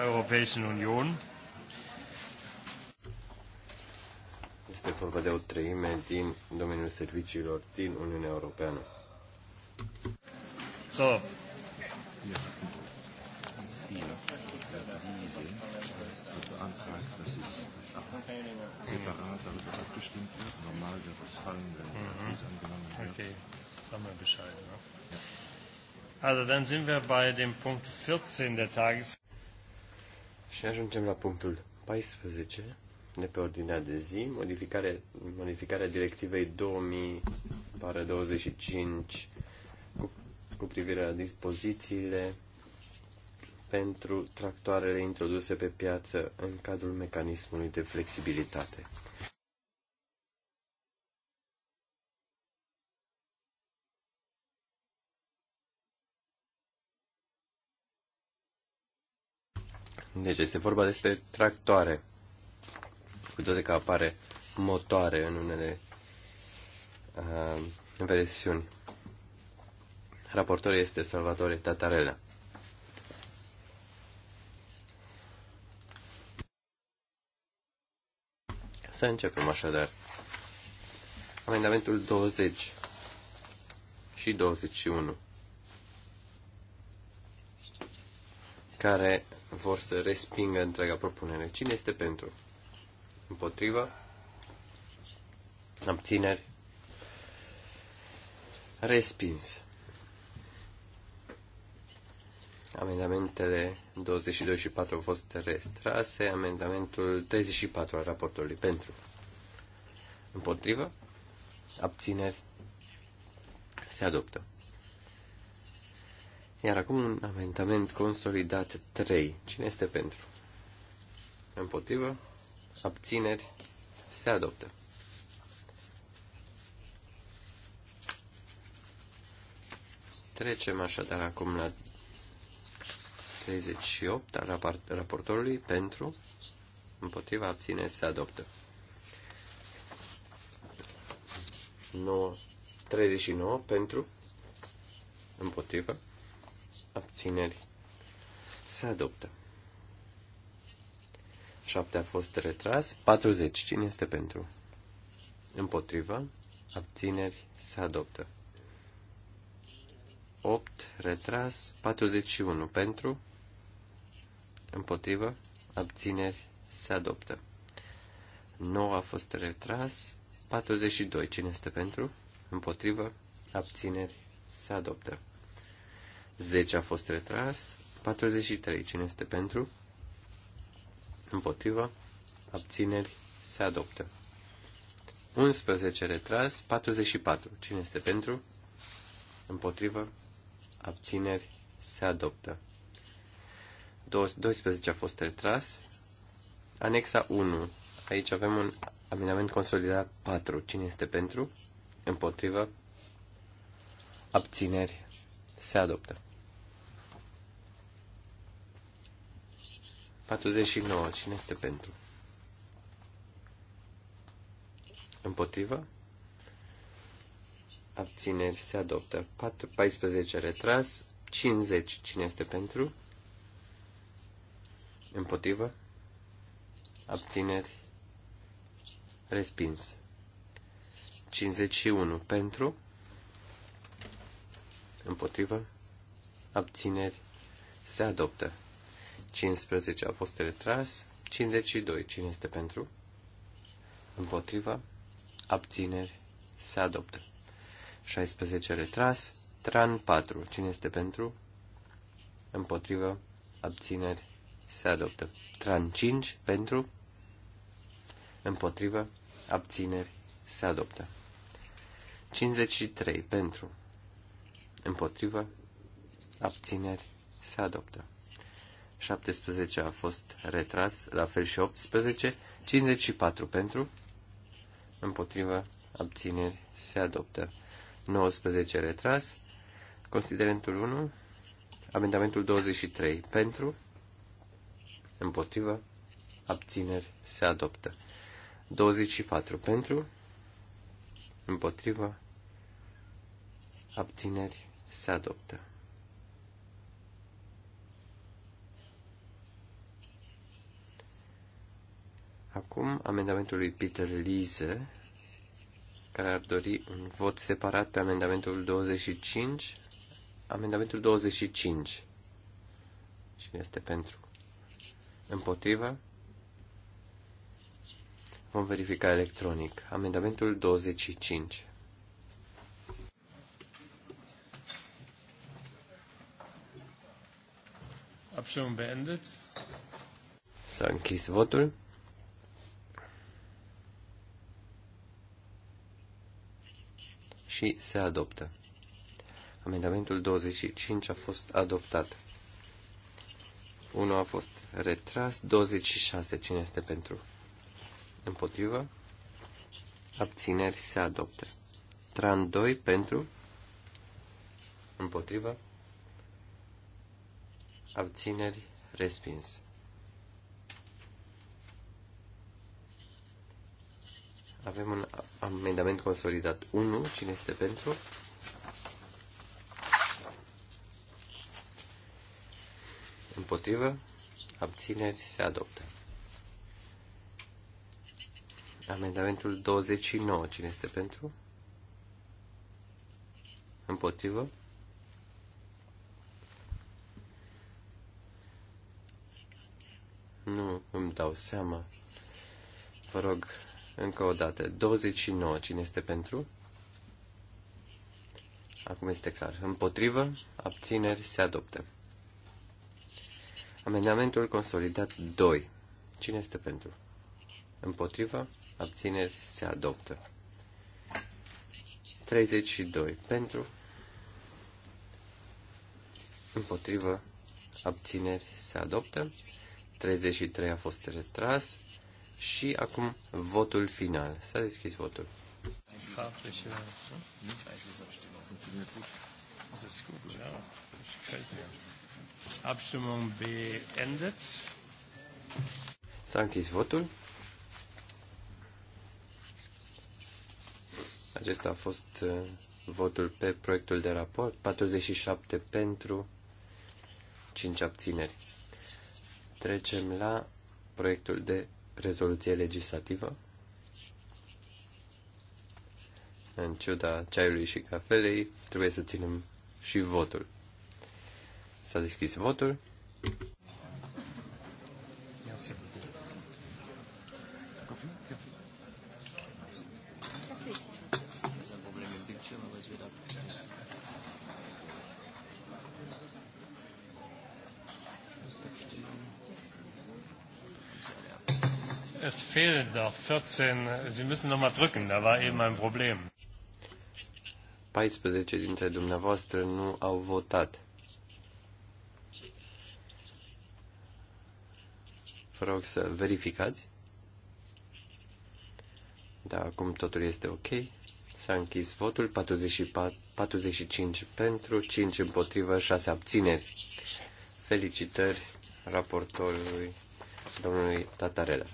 este vorba de o treime din domeniul serviciilor din Uniunea Europeană. So. Separat normal Also dann sind wir bei dem Punkt 14 der Tages. Și ajungem la punctul 14 de pe ordinea de zi, modificare, modificarea directivei 2025 cu, cu privire la dispozițiile pentru tractoarele introduse pe piață în cadrul mecanismului de flexibilitate. Deci este vorba despre tractoare cu toate că apare motoare în unele uh, versiuni. Raportorul este Salvatore Tatarella. Să începem așadar. Amendamentul 20 și 21 care vor să respingă întreaga propunere. Cine este pentru? Împotrivă. Abțineri. Respins. Amendamentele 22 și 4 au fost retrase. Amendamentul 34 al raportului pentru. Împotrivă. Abțineri. Se adoptă. Iar acum un amendament consolidat 3. Cine este pentru? Împotrivă? abțineri, se adoptă. Trecem așadar acum la 38 al raportorului pentru, împotriva, abține se adoptă. 9, 39 pentru, împotriva, abțineri, se adoptă. 7 a fost retras. 40. Cine este pentru? Împotrivă. Abțineri. Se adoptă. 8. Retras. 41. Pentru. Împotrivă. Abțineri. Se adoptă. 9 a fost retras. 42. Cine este pentru? Împotrivă. Abțineri. Se adoptă. 10 a fost retras. 43. Cine este pentru? Împotriva. Abțineri. Se adoptă. 11 retras. 44. Cine este pentru? Împotrivă, Abțineri. Se adoptă. 12 a fost retras. Anexa 1. Aici avem un amendament consolidat 4. Cine este pentru? Împotrivă? Abțineri? Se adoptă. 49. Cine este pentru? Împotrivă? Abțineri se adoptă. 14 retras. 50. Cine este pentru? Împotrivă? Abțineri. Respins. 51. Pentru? Împotrivă? Abțineri. Se adoptă. 15 a fost retras. 52. Cine este pentru? Împotriva. Abțineri. Se adoptă. 16 retras. Tran 4. Cine este pentru? Împotriva. Abțineri. Se adoptă. Tran 5. Pentru? Împotriva. Abțineri. Se adoptă. 53. Pentru. Împotriva. Abțineri. Se adoptă. 17 a fost retras, la fel și 18, 54 pentru, împotriva abțineri se adoptă. 19 retras, considerentul 1, amendamentul 23 pentru, împotriva abțineri se adoptă. 24 pentru, împotriva abțineri se adoptă. Acum amendamentul lui Peter Lise, care ar dori un vot separat pe amendamentul 25. Amendamentul 25. Cine este pentru? Împotrivă? Vom verifica electronic. Amendamentul 25. Abstimmung beendet. S-a închis votul. și se adoptă. Amendamentul 25 a fost adoptat. 1 a fost retras. 26. Cine este pentru? Împotrivă. Abțineri se adoptă. Tran 2 pentru. Împotrivă. Abțineri respins. Avem un amendament consolidat 1. Cine este pentru? Împotrivă? Abțineri se adoptă. Amendamentul 29. Cine este pentru? Împotrivă? Nu îmi dau seama. Vă rog, încă o dată. 29. Cine este pentru? Acum este clar. Împotrivă, abțineri se adoptă. Amendamentul consolidat 2. Cine este pentru? Împotrivă, abțineri se adoptă. 32. Pentru. Împotrivă, abțineri se adoptă. 33 a fost retras. Și acum votul final. S-a deschis votul. S-a închis votul. Acesta a fost uh, votul pe proiectul de raport. 47 pentru, 5 abțineri. Trecem la proiectul de rezoluție legislativă. În ciuda ceaiului și cafelei, trebuie să ținem și votul. S-a deschis votul. Doch 14, Sie müssen noch mal drücken, da war eben ein Problem. 14 dintre dumneavoastră nu au votat. Vă rog să verificați. Da, acum totul este ok. S-a închis votul, 44, 45 pentru, 5 împotrivă, 6 abțineri. Felicitări raportorului domnului Tatarela.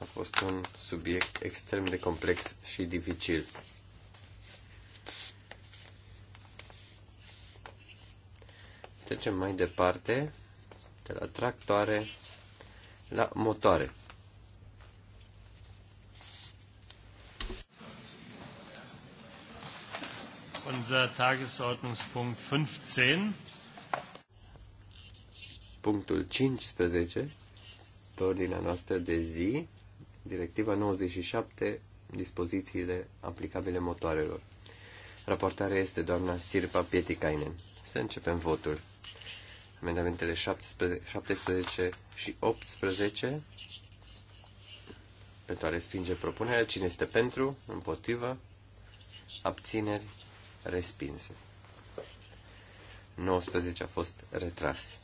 A fost un subiect extrem de complex și dificil. Trecem mai departe de la tractoare la motoare. Unser Tagesordnungspunkt 15. Punctul 15 pe ordinea noastră de zi Directiva 97, dispozițiile aplicabile motoarelor. Raportarea este doamna Sirpa Pietikainen. Să începem votul. Amendamentele 17, 17 și 18 pentru a respinge propunerea. Cine este pentru? Împotrivă? Abțineri? Respinse. 19 a fost retras.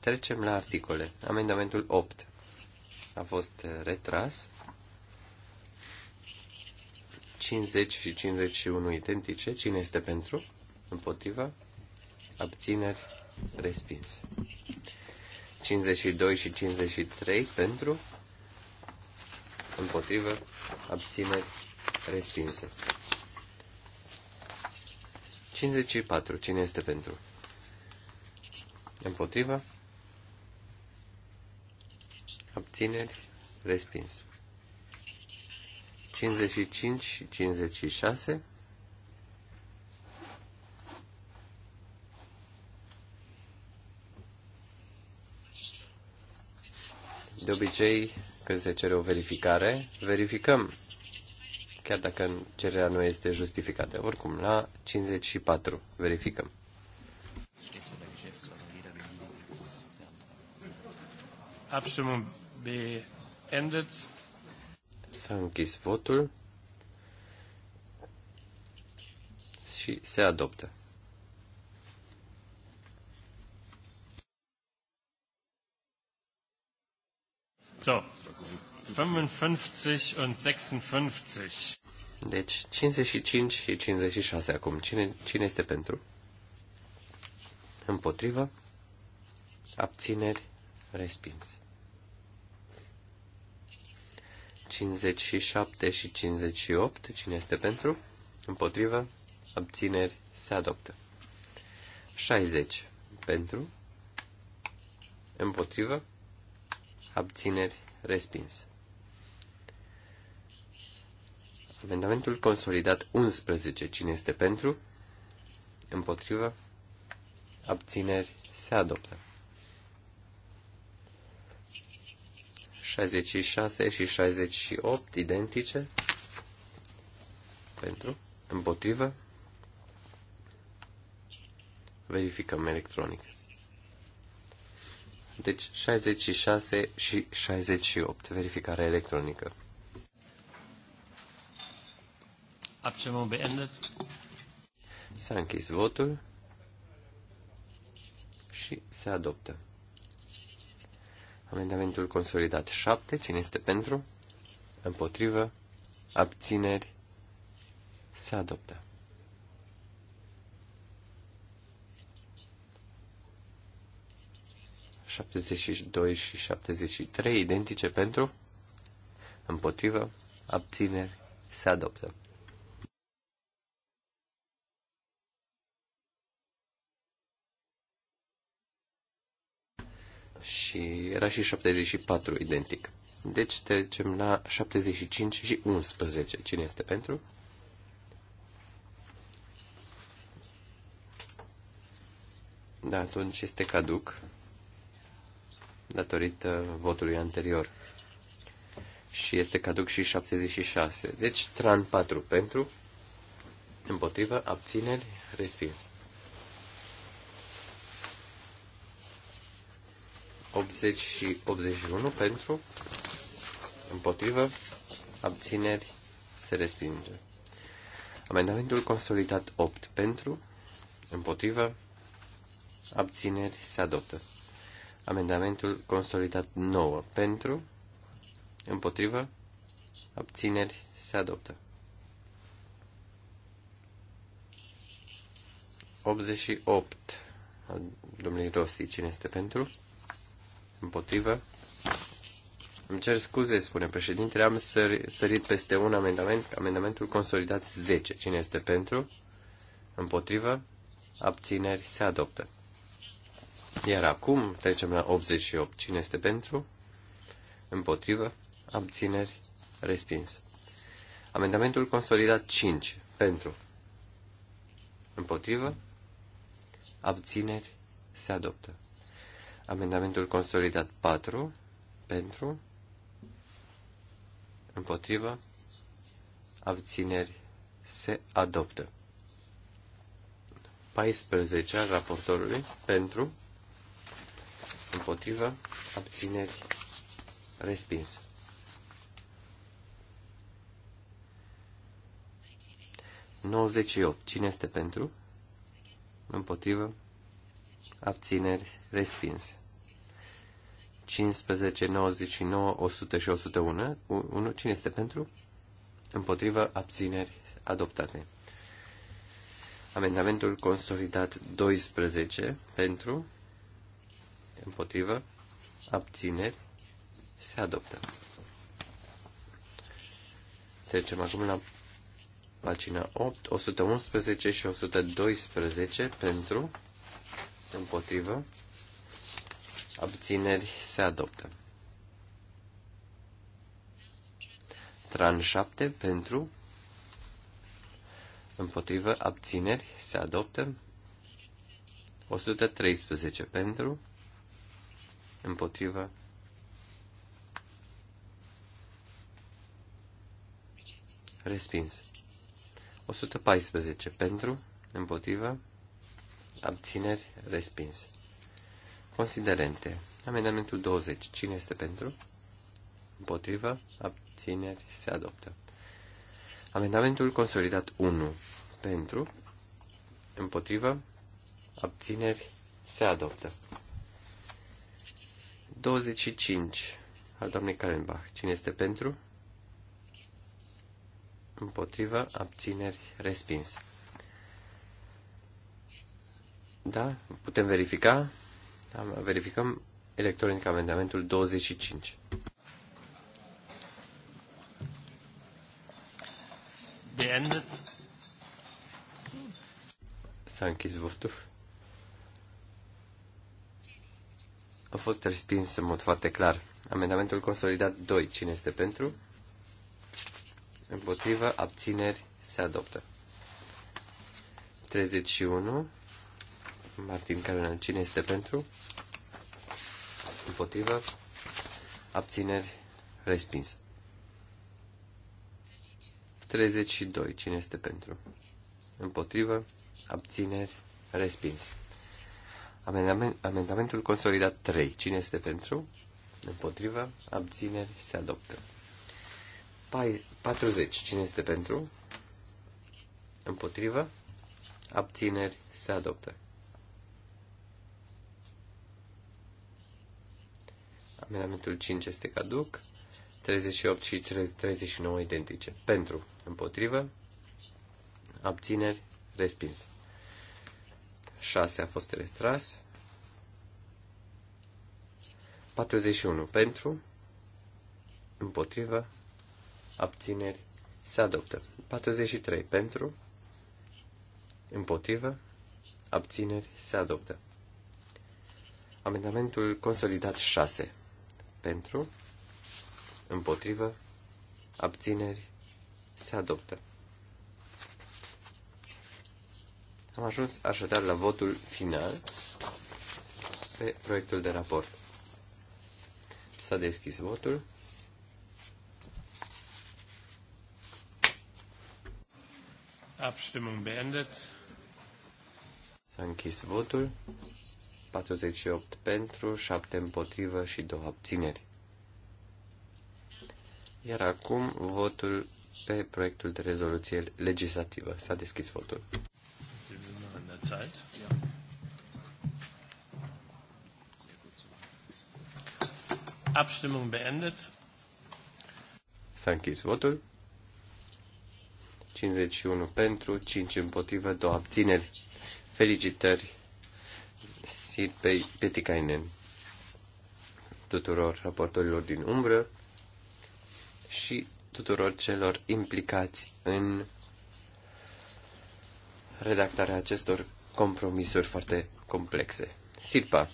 Trecem la articole. Amendamentul 8 a fost eh, retras. 50 și 51 identice. Cine este pentru? Împotriva? Abțineri? Respins. 52 și 53 pentru? Împotrivă? Abțineri? Respinse. 54. Cine este pentru? Împotriva? abțineri, respins. 55 și 56. De obicei, când se cere o verificare, verificăm, chiar dacă cererea nu este justificată. Oricum, la 54 verificăm. Abstimmung beendet. S-a închis votul și se adoptă. So, 55 und 56. Deci 55 și 56 acum. Cine, cine este pentru? Împotrivă? Abțineri? Respins. 57 și 58. Cine este pentru? Împotrivă? Abțineri? Se adoptă. 60. Pentru? Împotrivă? Abțineri? Respins. Amendamentul consolidat 11. Cine este pentru? Împotrivă? Abțineri? Se adoptă. 66 și 68 identice pentru, împotrivă, verificăm electronic. Deci 66 și 68, verificare electronică. Abstimmung beendet. S-a închis votul și se adoptă. Amendamentul consolidat 7. Cine este pentru? Împotrivă? Abțineri? Se adoptă. ...72 și 73 identice pentru, împotrivă, abțineri, se adoptă. și era și 74 identic. Deci trecem la 75 și 11. Cine este pentru? Da, atunci este caduc datorită votului anterior. Și este caduc și 76. Deci tran 4 pentru, împotrivă, abțineri, respins. 80 și 81 pentru, împotrivă, abțineri, se respinge. Amendamentul consolidat 8 pentru, împotrivă, abțineri, se adoptă. Amendamentul consolidat 9 pentru, împotrivă, abțineri, se adoptă. 88 domnului Rossi, cine este pentru? Împotrivă. Îmi cer scuze, spune președintele, am sărit peste un amendament, amendamentul consolidat 10. Cine este pentru? Împotrivă? Abțineri se adoptă. Iar acum trecem la 88. Cine este pentru? Împotrivă? Abțineri? Respins. Amendamentul consolidat 5. Pentru. Împotrivă? Abțineri se adoptă. Amendamentul consolidat 4 pentru, împotrivă, abțineri se adoptă. 14 al raportorului pentru, împotrivă, abțineri respins. opt. Cine este pentru? Împotrivă, abțineri, respins. 15, 99, 100 și 101. Cine este pentru? Împotrivă, abțineri, adoptate. Amendamentul consolidat 12 pentru, împotrivă, abțineri, se adoptă. Trecem acum la pagina 8, 111 și 112 pentru, Împotrivă. Abțineri se adoptă. Tran 7 pentru. Împotrivă abțineri se adoptă. 113 pentru. Împotrivă. Respins. 114 pentru. Împotrivă. Abțineri. Respins. Considerente. Amendamentul 20. Cine este pentru? Împotrivă. Abțineri. Se adoptă. Amendamentul consolidat 1. Pentru. Împotrivă. Abțineri. Se adoptă. 25. Al doamnei Karenbach. Cine este pentru? Împotrivă. Abțineri. Respins. Da? Putem verifica? Da, verificăm electronic amendamentul 25. Beendet. S-a închis votul. A fost respins în mod foarte clar. Amendamentul consolidat 2. Cine este pentru? Împotrivă, abțineri, se adoptă. 31 Martin Cameron, cine este pentru? Împotrivă. Abțineri. Respins. 32. Cine este pentru? Împotrivă. Abțineri. Respins. Amendament, amendamentul consolidat 3. Cine este pentru? Împotrivă. Abțineri. Se adoptă. 40. Cine este pentru? Împotrivă. Abțineri. Se adoptă. Amendamentul 5 este caduc. 38 și 39 identice. Pentru, împotrivă, abțineri, respins. 6 a fost retras. 41 pentru, împotrivă, abțineri, se adoptă. 43 pentru, împotrivă, abțineri, se adoptă. Amendamentul consolidat 6 pentru, împotrivă, abțineri, se adoptă. Am ajuns așadar la votul final pe proiectul de raport. S-a deschis votul. Abstimmung beendet. S-a închis votul. 48 pentru, 7 împotrivă și 2 abțineri. Iar acum votul pe proiectul de rezoluție legislativă. S-a deschis votul. Abstimmung beendet. S-a închis votul. 51 pentru, 5 împotrivă, 2 abțineri. Felicitări găsit pe Petikainen tuturor raportorilor din umbră și tuturor celor implicați în redactarea acestor compromisuri foarte complexe. Sirpa.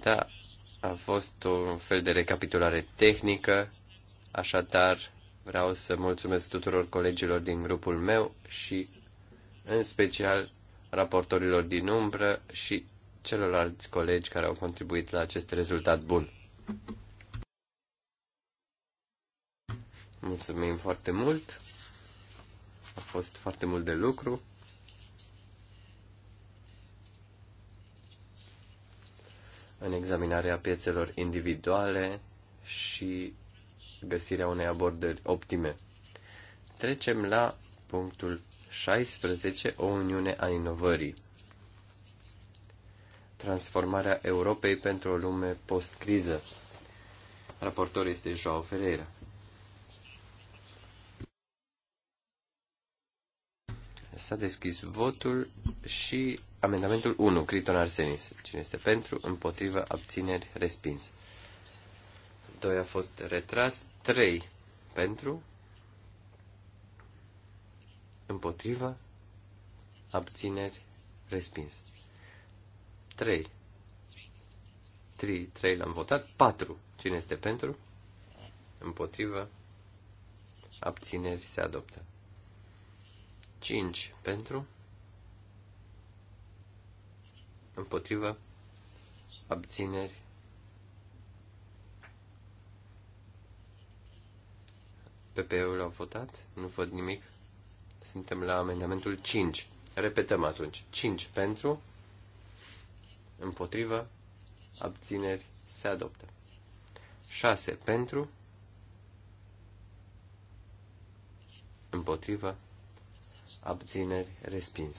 Da, a fost un fel de recapitulare tehnică, așadar vreau să mulțumesc tuturor colegilor din grupul meu și în special raportorilor din umbră și celorlalți colegi care au contribuit la acest rezultat bun. Mulțumim foarte mult. A fost foarte mult de lucru. În examinarea piețelor individuale și găsirea unei abordări optime. Trecem la punctul 16. O Uniune a Inovării. Transformarea Europei pentru o lume post-criză. Raportor este Joao Ferreira. S-a deschis votul și amendamentul 1, Criton Arsenis. Cine este pentru, împotrivă, abțineri, respins. 2 a fost retras, 3 pentru, Împotrivă. Abțineri. Respins. 3. 3, 3 l-am votat. 4. Cine este pentru? Împotrivă. Abțineri se adoptă. 5 pentru. Împotrivă. Abțineri. PP-ul au votat. Nu văd nimic. Suntem la amendamentul 5. Repetăm atunci. 5 pentru, împotrivă, abțineri, se adoptă. 6 pentru, împotrivă, abțineri, respins.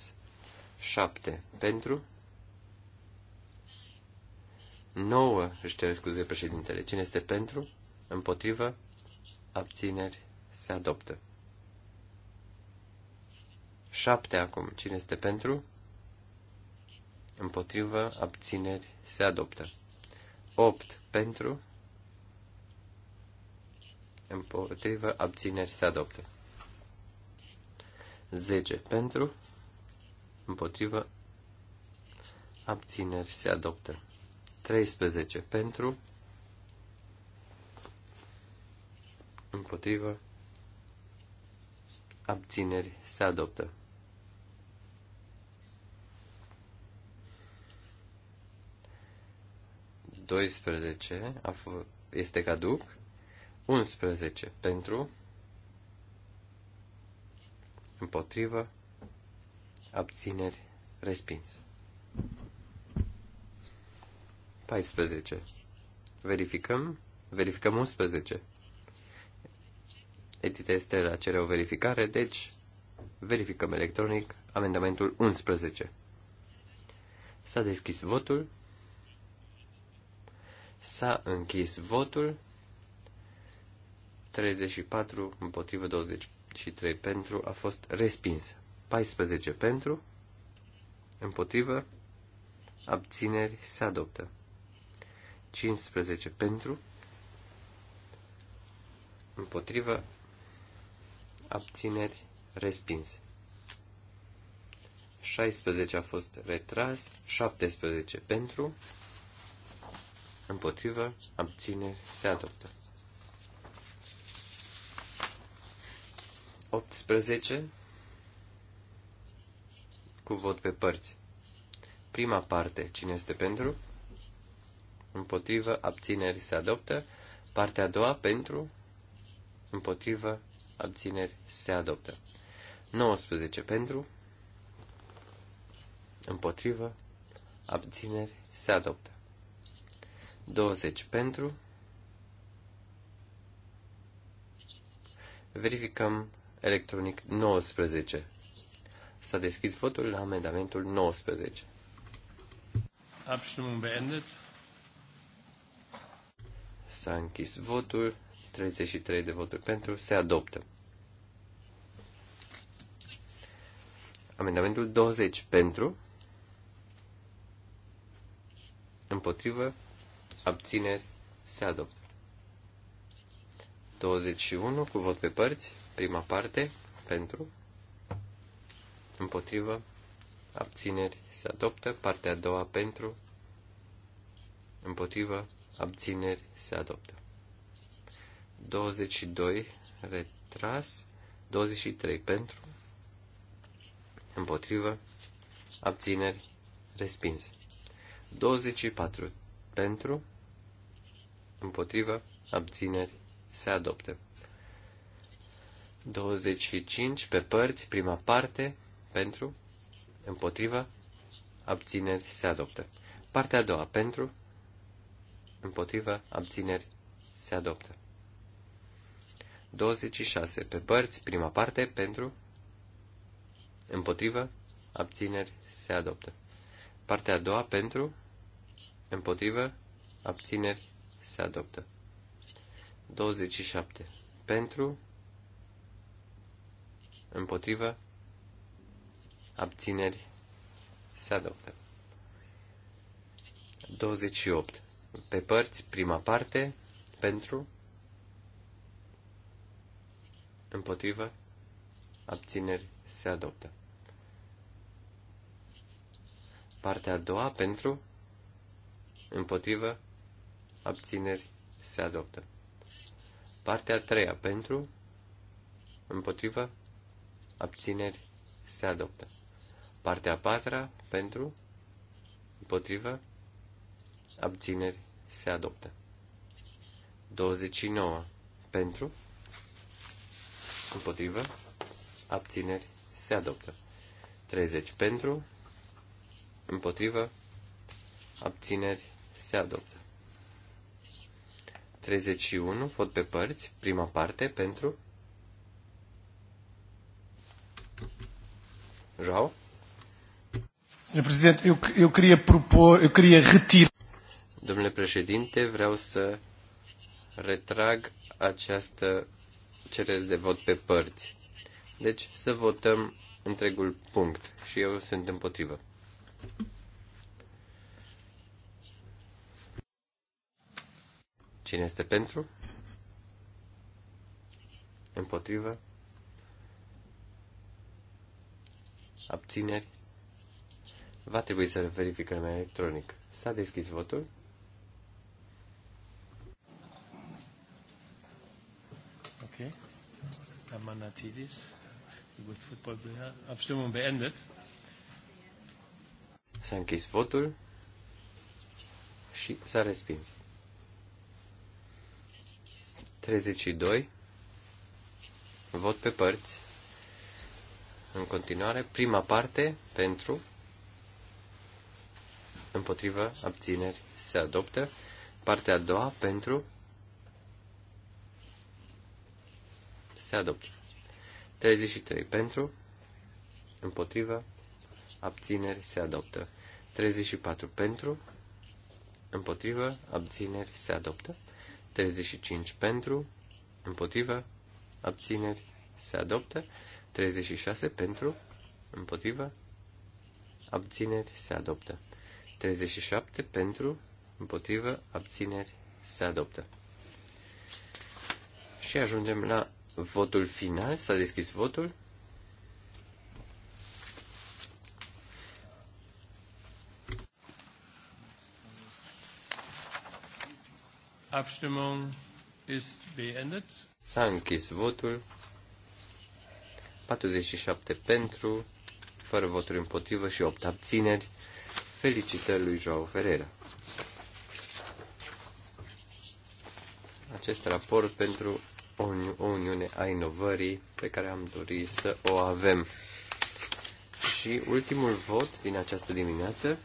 7 pentru, 9 își cer scuze președintele. Cine este pentru, împotrivă, abțineri, se adoptă. 7 acum. Cine este pentru? Împotrivă, abțineri, se adoptă. 8 pentru, împotrivă, abțineri, se adoptă. 10 pentru, împotrivă, abțineri, se adoptă. 13 pentru, împotrivă, abțineri, se adoptă. 12 a f- este caduc. 11 pentru. Împotrivă. Abțineri. Respins. 14. Verificăm. Verificăm 11. Edita la cere o verificare, deci verificăm electronic amendamentul 11. S-a deschis votul. S-a închis votul. 34 împotrivă 23 pentru a fost respins. 14 pentru, împotrivă, abțineri se adoptă. 15 pentru, împotrivă, abțineri respins. 16 a fost retras, 17 pentru, împotrivă, abțineri, se adoptă. 18 cu vot pe părți. Prima parte, cine este pentru? Împotrivă, abțineri, se adoptă. Partea a doua, pentru? Împotrivă, abțineri, se adoptă. 19 pentru, împotrivă, abțineri, se adoptă. 20 pentru. Verificăm electronic 19. S-a deschis votul la amendamentul 19. Abstimmung beendet. S-a închis votul. 33 de voturi pentru. Se adoptă. Amendamentul 20 pentru. Împotrivă abțineri, se adoptă. 21 cu vot pe părți, prima parte, pentru, împotrivă, abțineri, se adoptă, partea a doua pentru, împotrivă, abțineri, se adoptă. 22, retras, 23 pentru, împotrivă, abțineri, respins. 24 pentru, împotrivă, abțineri, se adoptă. 25 pe părți, prima parte, pentru, împotrivă, abțineri, se adoptă. Partea a doua, pentru, împotrivă, abțineri, se adoptă. 26 pe părți, prima parte, pentru, împotrivă, abțineri, se adoptă. Partea a doua, pentru, împotrivă, abțineri, se adoptă. 27. Pentru, împotrivă, abțineri, se adoptă. 28. Pe părți, prima parte, pentru, împotrivă, abțineri, se adoptă. Partea a doua, pentru, împotrivă, abțineri, se adoptă. Partea a treia pentru, împotrivă, abțineri, se adoptă. Partea a patra pentru, împotrivă, abțineri, se adoptă. 29 pentru, împotrivă, abțineri, se adoptă. 30 pentru, împotrivă, abțineri, se adoptă. 31, vot pe părți, prima parte, pentru. João? Senhor Presidente, eu, eu queria propor, eu queria retirar. Domnule președinte, vreau să retrag această cerere de vot pe părți. Deci să votăm întregul punct și eu sunt împotrivă. Cine este pentru? Împotrivă? Abțineri? Va trebui să verificăm electronic. S-a deschis votul. Ok. Amanatidis, good football player. Abstimmung beendet. S-a închis votul și s-a respins. 32. Vot pe părți. În continuare, prima parte pentru, împotrivă, abțineri, se adoptă. Partea a doua pentru, se adoptă. 33 pentru, împotrivă, abțineri, se adoptă. 34 pentru, împotrivă, abțineri, se adoptă. 35 pentru, împotriva, abțineri, se adoptă. 36 pentru, împotriva, abțineri, se adoptă. 37 pentru, împotrivă, abțineri, se adoptă. Și ajungem la votul final. S-a deschis votul. Abstimmung ist beendet. S-a închis votul. 47 pentru, fără voturi împotrivă și 8 abțineri. Felicitări lui Joao Ferreira. Acest raport pentru o, uni- o uniune a inovării pe care am dorit să o avem. Și ultimul vot din această dimineață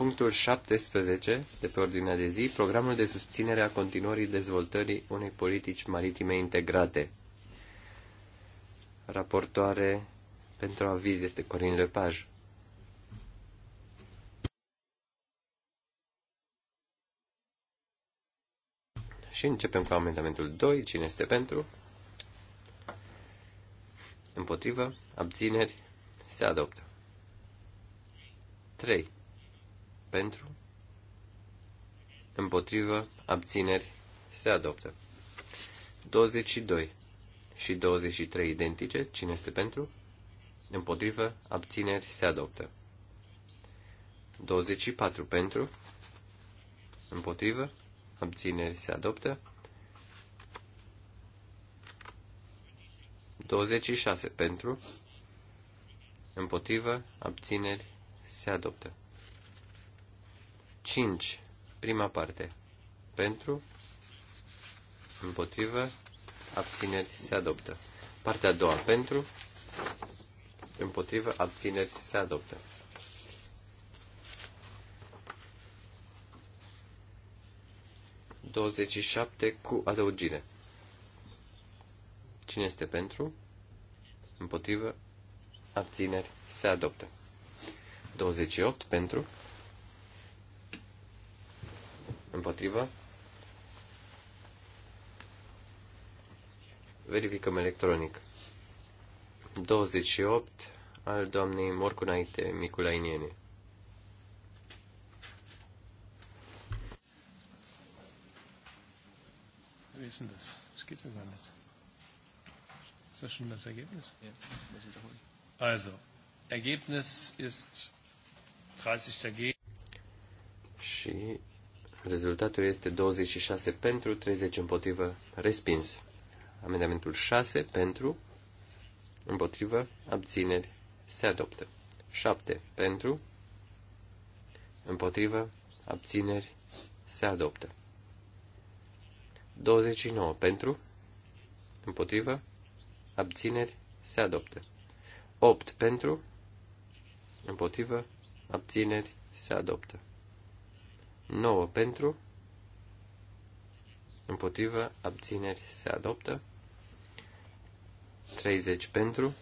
punctul 17 de pe ordinea de zi, programul de susținere a continuării dezvoltării unei politici maritime integrate. Raportoare pentru aviz este Corin Lepaj. Și începem cu amendamentul 2. Cine este pentru? Împotrivă? Abțineri? Se adoptă. 3 pentru, împotrivă, abțineri, se adoptă. 22 și 23 identice, cine este pentru, împotrivă, abțineri, se adoptă. 24 pentru, împotrivă, abțineri, se adoptă. 26 pentru, împotrivă, abțineri, se adoptă. 5, prima parte. Pentru, împotrivă, abțineri se adoptă. Partea a doua pentru, împotrivă, abțineri se adoptă. Douăzeci șapte cu adăugire. Cine este pentru? Împotrivă, abțineri se adoptă. 28 pentru Împotrivă? Verificăm electronic. 28 al doamnei Morcunaite Miculainiene. Wie ist denn das? Das geht ja gar nicht. Ist das schon das Ergebnis? Ja, das wiederholen. Also, Ergebnis ist 30 dagegen. Și Rezultatul este 26 pentru, 30 împotrivă, respins. Amendamentul 6 pentru, împotrivă, abțineri, se adoptă. 7 pentru, împotrivă, abțineri, se adoptă. 29 pentru, împotrivă, abțineri, se adoptă. 8 pentru, împotrivă, abțineri, se adoptă. 9 pentru, împotrivă, abțineri se adoptă, 30 pentru,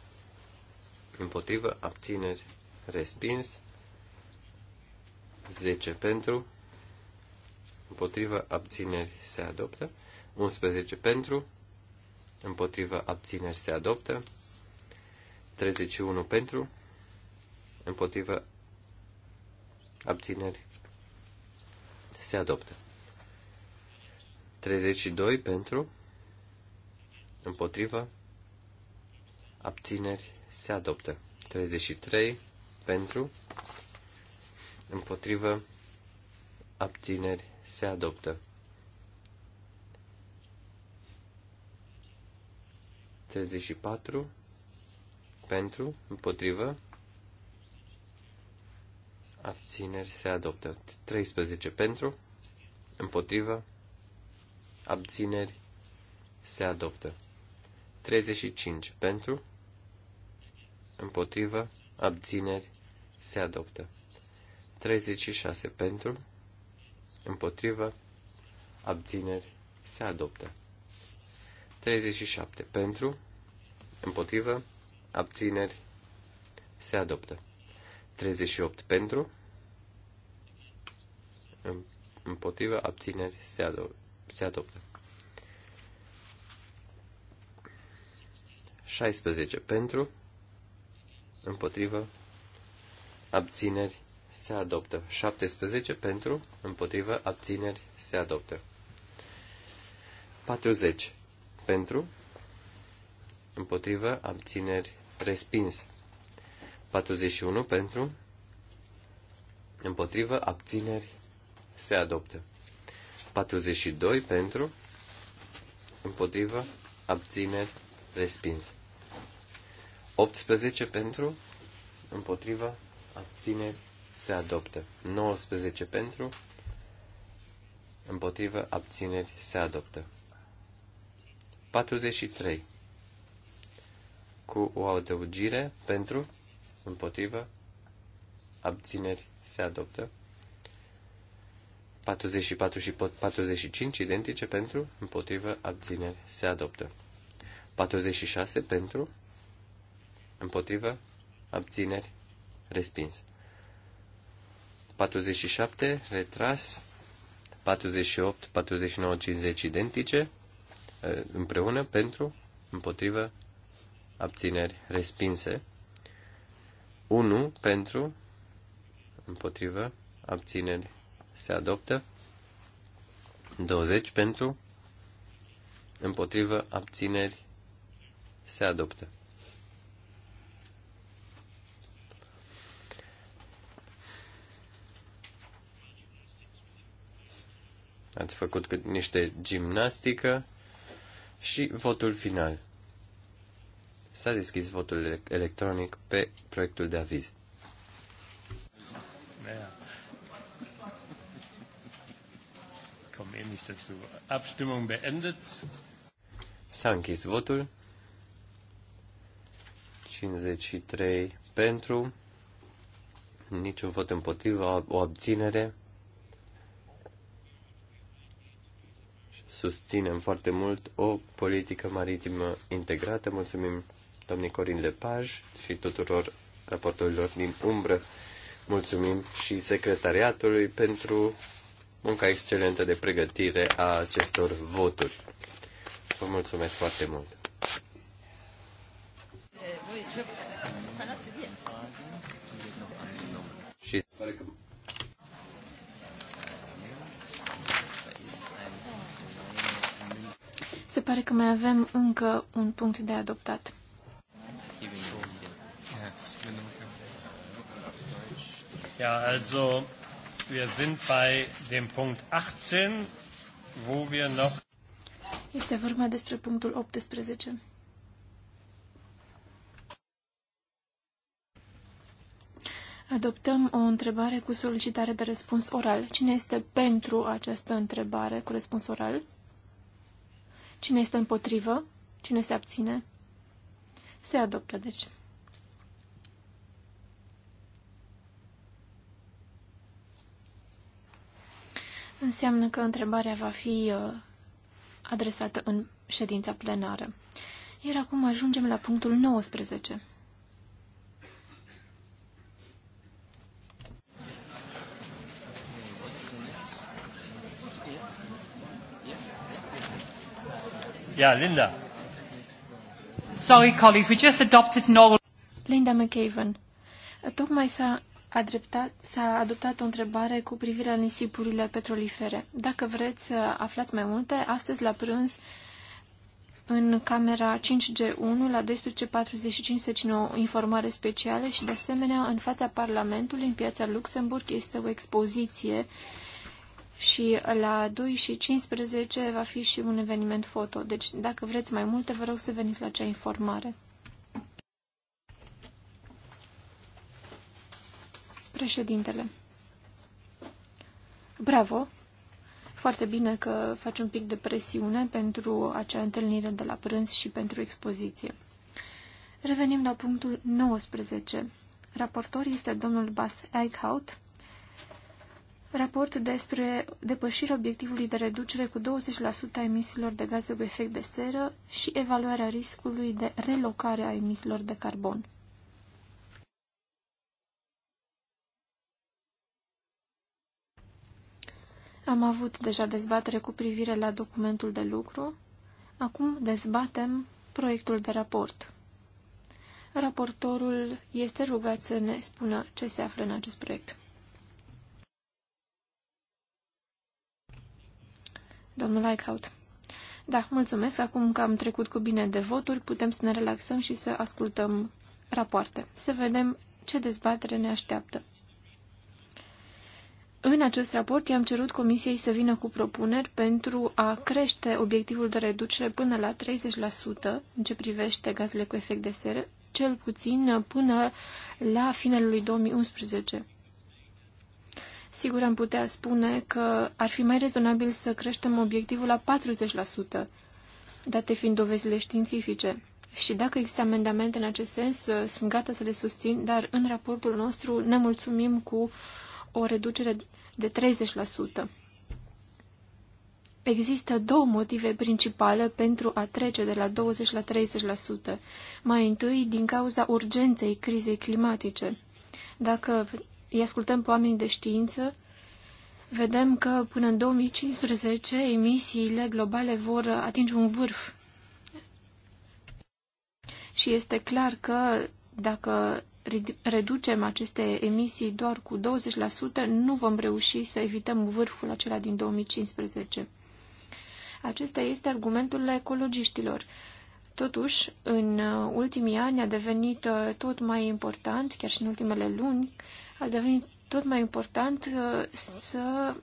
împotrivă, abțineri respins, 10 pentru, împotrivă, abțineri se adoptă, 11 pentru, împotrivă, abțineri se adoptă, 31 pentru, împotrivă, abțineri se adoptă. 32 pentru, împotrivă, abțineri, se adoptă. 33 pentru, împotrivă, abțineri, se adoptă. 34 pentru, împotrivă, abțineri se adoptă. 13 pentru, împotrivă, abțineri se adoptă. 35 pentru, împotrivă, abțineri se adoptă. 36 pentru, împotrivă, abțineri se adoptă. 37 pentru, împotrivă, abțineri se adoptă. 38 pentru, împotriva abțineri, se, ado- se adoptă. 16 pentru, împotriva abțineri, se adoptă. 17 pentru, împotriva abțineri, se adoptă. 40 pentru, împotriva abțineri, respins. 41 pentru, împotriva abțineri, se adoptă. 42 pentru, împotrivă, abțineri, respins. 18 pentru, împotrivă, abțineri, se adoptă. 19 pentru, împotrivă, abțineri, se adoptă. 43. Cu o adăugire pentru, împotrivă, abțineri, se adoptă. 44 și 45 identice pentru, împotrivă, abțineri, se adoptă. 46 pentru, împotrivă, abțineri, respins. 47, retras, 48, 49, 50 identice, ă, împreună, pentru, împotrivă, abțineri, respinse. 1 pentru, împotrivă, abțineri, se adoptă. 20 pentru, împotrivă, abțineri, se adoptă. Ați făcut cât niște gimnastică și votul final. S-a deschis votul electronic pe proiectul de aviz. Yeah. mich dazu. Abstimmung beendet. S-a închis votul. 53 pentru, niciun vot împotrivă, o abținere. Susținem foarte mult o politică maritimă integrată. Mulțumim domnului Corin Lepaj și tuturor raportorilor din umbră. Mulțumim și secretariatului pentru munca excelentă de pregătire a acestor voturi. Vă mulțumesc foarte mult! Se pare că mai avem încă un punct de adoptat. Ja, also Wir sind bei dem Punkt 18, wo wir noch este vorba despre punctul 18. Adoptăm o întrebare cu solicitare de răspuns oral. Cine este pentru această întrebare cu răspuns oral? Cine este împotrivă? Cine se abține? Se adoptă, deci. Înseamnă că întrebarea va fi uh, adresată în ședința plenară. Iar acum ajungem la punctul 19. Yeah, Linda. Sorry, colleagues, we just adopted novel. Linda McAven. Tocmai s-a s-a adoptat o întrebare cu privire la nisipurile petrolifere. Dacă vreți să aflați mai multe, astăzi la prânz în camera 5G1 la 12.45 se o informare specială și de asemenea în fața Parlamentului, în piața Luxemburg, este o expoziție și la 2 și 15 va fi și un eveniment foto. Deci dacă vreți mai multe, vă rog să veniți la acea informare. Președintele. Bravo! Foarte bine că faci un pic de presiune pentru acea întâlnire de la prânz și pentru expoziție. Revenim la punctul 19. Raportor este domnul Bas Eichhout. Raport despre depășirea obiectivului de reducere cu 20% a emisiilor de gaze cu efect de seră și evaluarea riscului de relocare a emisiilor de carbon. Am avut deja dezbatere cu privire la documentul de lucru. Acum dezbatem proiectul de raport. Raportorul este rugat să ne spună ce se află în acest proiect. Domnul Eichhout. Da, mulțumesc. Acum că am trecut cu bine de voturi, putem să ne relaxăm și să ascultăm rapoarte. Să vedem ce dezbatere ne așteaptă. În acest raport i-am cerut Comisiei să vină cu propuneri pentru a crește obiectivul de reducere până la 30% în ce privește gazele cu efect de seră, cel puțin până la finalul lui 2011. Sigur, am putea spune că ar fi mai rezonabil să creștem obiectivul la 40%, date fiind dovezile științifice. Și dacă există amendamente în acest sens, sunt gata să le susțin, dar în raportul nostru ne mulțumim cu uh, o reducere de 30%. Există două motive principale pentru a trece de la 20 la 30%. Mai întâi, din cauza urgenței crizei climatice. Dacă îi ascultăm pe oamenii de știință, vedem că până în 2015 emisiile globale vor atinge un vârf. Și este clar că dacă reducem aceste emisii doar cu 20%, nu vom reuși să evităm vârful acela din 2015. Acesta este argumentul ecologiștilor. Totuși, în uh, ultimii ani a devenit uh, tot mai important, chiar și în ultimele luni, a devenit tot mai important uh, să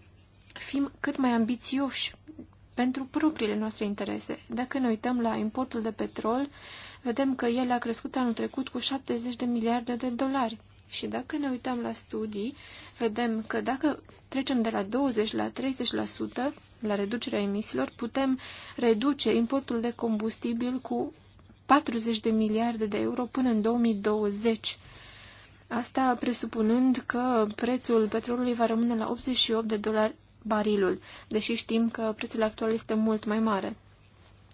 fim cât mai ambițioși pentru propriile noastre interese. Dacă ne uităm la importul de petrol, vedem că el a crescut anul trecut cu 70 de miliarde de dolari. Și dacă ne uităm la studii, vedem că dacă trecem de la 20 la 30% la reducerea emisiilor, putem reduce importul de combustibil cu 40 de miliarde de euro până în 2020. Asta presupunând că prețul petrolului va rămâne la 88 de dolari barilul, deși știm că prețul actual este mult mai mare.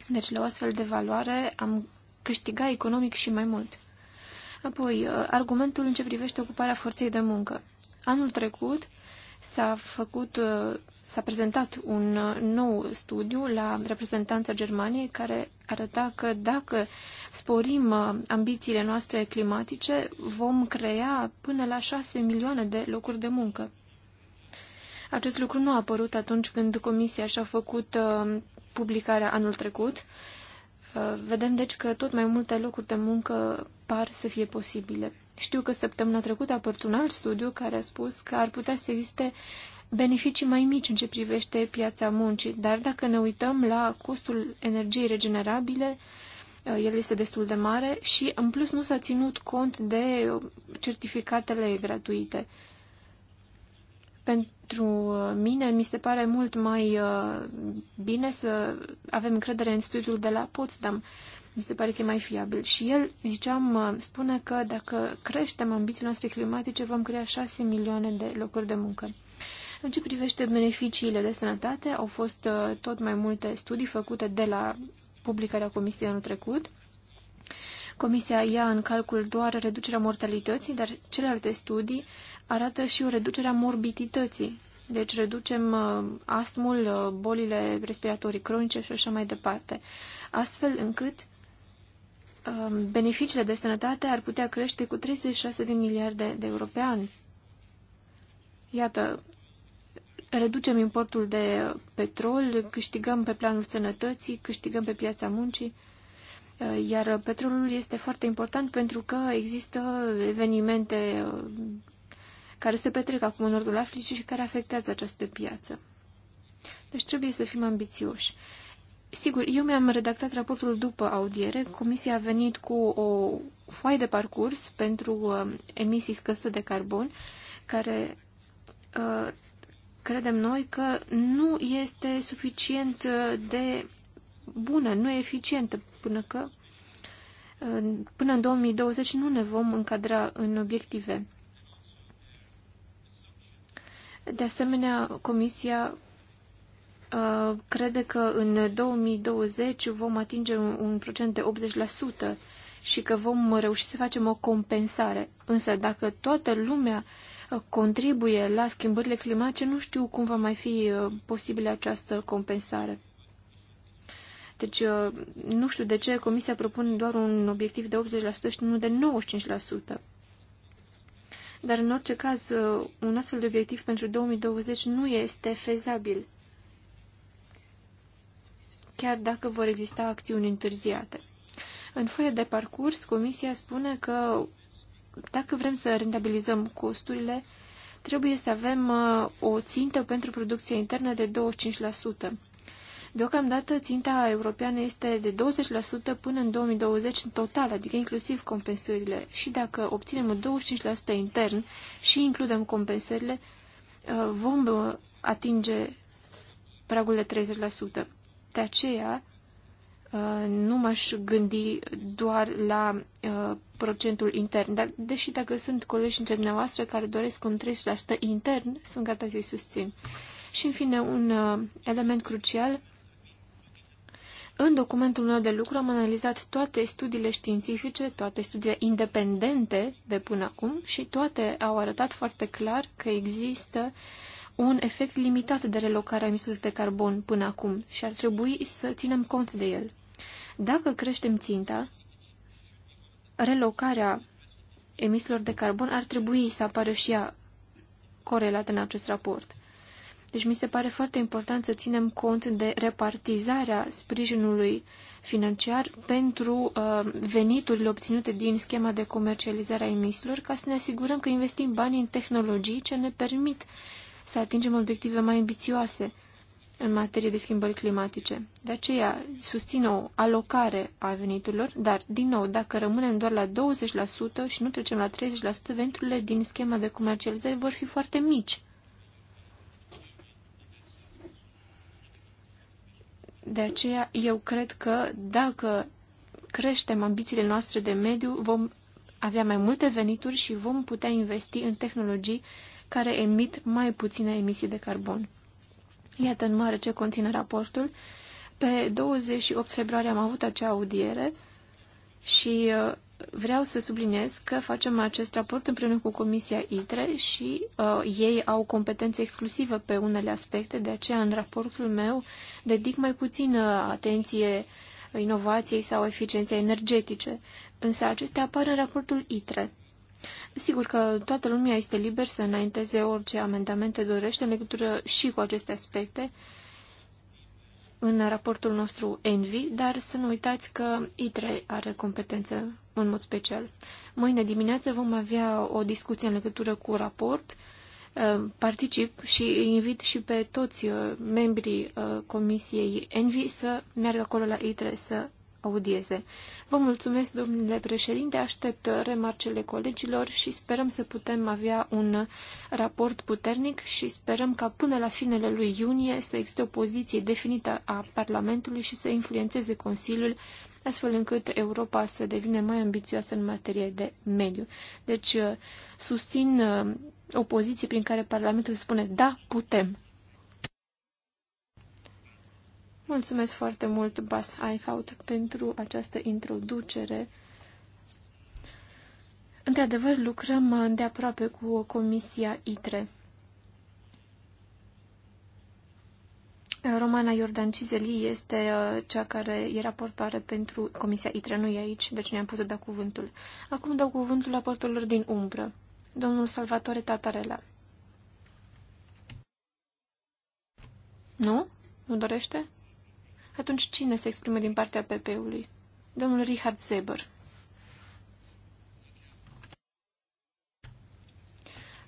Deci, la o astfel de valoare am câștiga economic și mai mult. Apoi, uh, argumentul în ce privește ocuparea forței de muncă. Anul trecut s-a făcut, uh, s-a prezentat un uh, nou studiu la reprezentanța Germaniei care arăta că dacă sporim ambițiile noastre climatice, vom crea până la 6 milioane de locuri de muncă. Acest lucru nu a apărut atunci când Comisia și-a făcut publicarea anul trecut Uh, vedem deci că tot mai multe locuri de muncă par să fie posibile. Știu că săptămâna trecută a apărut un alt studiu care a spus că ar putea să existe beneficii mai mici în ce privește piața muncii, dar dacă ne uităm la costul energiei regenerabile, uh, el este destul de mare și în plus nu s-a ținut cont de certificatele gratuite. Pentru pentru uh, mine, mi se pare mult mai uh, bine să avem încredere în studiul de la Potsdam. Mi se pare că e mai fiabil. Și el, ziceam, uh, spune că dacă creștem ambițiile noastre climatice, vom crea 6 milioane de locuri de muncă. În ce privește beneficiile de sănătate, au fost tot mai multe studii făcute de la publicarea comisiei anul trecut Comisia ia în calcul doar reducerea mortalității, dar celelalte studii arată și o reducere a morbidității. Deci reducem uh, astmul, uh, bolile respiratorii cronice și așa mai departe. Astfel încât um, beneficiile de sănătate ar putea crește cu 36 de miliarde de euro pe an. Iată, reducem importul de petrol, câștigăm pe planul sănătății, câștigăm pe piața muncii. Iar petrolul este foarte important pentru că există evenimente uh, care se petrec acum în nordul Africii și care afectează această piață. Deci trebuie să fim ambițioși. Sigur, eu mi-am redactat raportul după audiere. Comisia a venit cu o foaie de parcurs pentru uh, emisii scăzute de carbon, care uh, credem noi că nu este suficient de bună, nu eficientă, până că până în 2020 nu ne vom încadra în obiective. De asemenea, Comisia uh, crede că în 2020 vom atinge un procent de 80% și că vom reuși să facem o compensare. Însă dacă toată lumea uh, contribuie la schimbările climatice, nu știu cum va mai fi uh, posibilă această compensare. Deci uh, nu știu de ce Comisia propune doar un obiectiv de 80% și nu de 95%. Dar în orice caz, uh, un astfel de obiectiv pentru 2020 nu este fezabil, chiar dacă vor exista acțiuni întârziate. În foaia de parcurs, Comisia spune că dacă vrem să rentabilizăm costurile, trebuie să avem uh, o țintă pentru producția internă de 25%. Deocamdată ținta europeană este de 20% până în 2020 în total, adică inclusiv compensările. Și dacă obținem 25% intern și includem compensările, uh, vom uh, atinge pragul de 30%. De aceea, uh, nu m-aș gândi doar la procentul intern, dar deși dacă sunt colegi între dumneavoastră care doresc un 30% intern, sunt gata să-i susțin. Și în fine, un element crucial în documentul meu de lucru am analizat toate studiile științifice, toate studiile independente de până acum și toate au arătat foarte clar că există un efect limitat de relocare a emisiilor de carbon până acum și ar trebui să ținem cont de el. Dacă creștem ținta, relocarea emisiilor de carbon ar trebui să apară și ea corelată în acest raport. Deci mi se pare foarte important să ținem cont de repartizarea sprijinului financiar pentru uh, veniturile obținute din schema de comercializare a emisiilor, ca să ne asigurăm că investim bani în tehnologii ce ne permit să atingem obiective mai ambițioase în materie de schimbări climatice. De aceea susțin o alocare a veniturilor, dar, din nou, dacă rămânem doar la 20% și nu trecem la 30%, veniturile din schema de comercializare vor fi foarte mici. De aceea, eu cred că dacă creștem ambițiile noastre de mediu, vom avea mai multe venituri și vom putea investi în tehnologii care emit mai puține emisii de carbon. Iată în mare ce conține raportul. Pe 28 februarie am avut acea audiere și uh, vreau să subliniez că facem acest raport împreună cu Comisia ITRE și uh, ei au competențe exclusivă pe unele aspecte, de aceea în raportul meu dedic mai puțină atenție inovației sau eficienței energetice, însă acestea apar în raportul ITRE. Sigur că toată lumea este liber să înainteze orice amendamente dorește în legătură și cu aceste aspecte în raportul nostru ENVI, dar să nu uitați că ITRE are competență în mod special. Mâine dimineață vom avea o discuție în legătură cu raport. Uh, particip și invit și pe toți uh, membrii uh, Comisiei Envi să meargă acolo la ITRE să audieze. Vă mulțumesc, domnule președinte, aștept remarcele colegilor și sperăm să putem avea un raport puternic și sperăm ca până la finele lui iunie să existe o poziție definită a Parlamentului și să influențeze Consiliul astfel încât Europa să devină mai ambițioasă în materie de mediu. Deci uh, susțin uh, o poziție prin care Parlamentul spune da, putem. Mulțumesc foarte mult, Bas Eichhout, pentru această introducere. Într-adevăr, lucrăm uh, de aproape cu Comisia ITRE. Eh, Romana Iordan Cizeli este eh, cea care e raportoare pentru Comisia ITRE, nu e aici, deci ne-am putut da cuvântul. Acum dau cuvântul raportorilor din umbră. Domnul Salvatore Tatarela. Nu? Nu dorește? Atunci cine se exprime din partea PP-ului? Domnul Richard Zeber.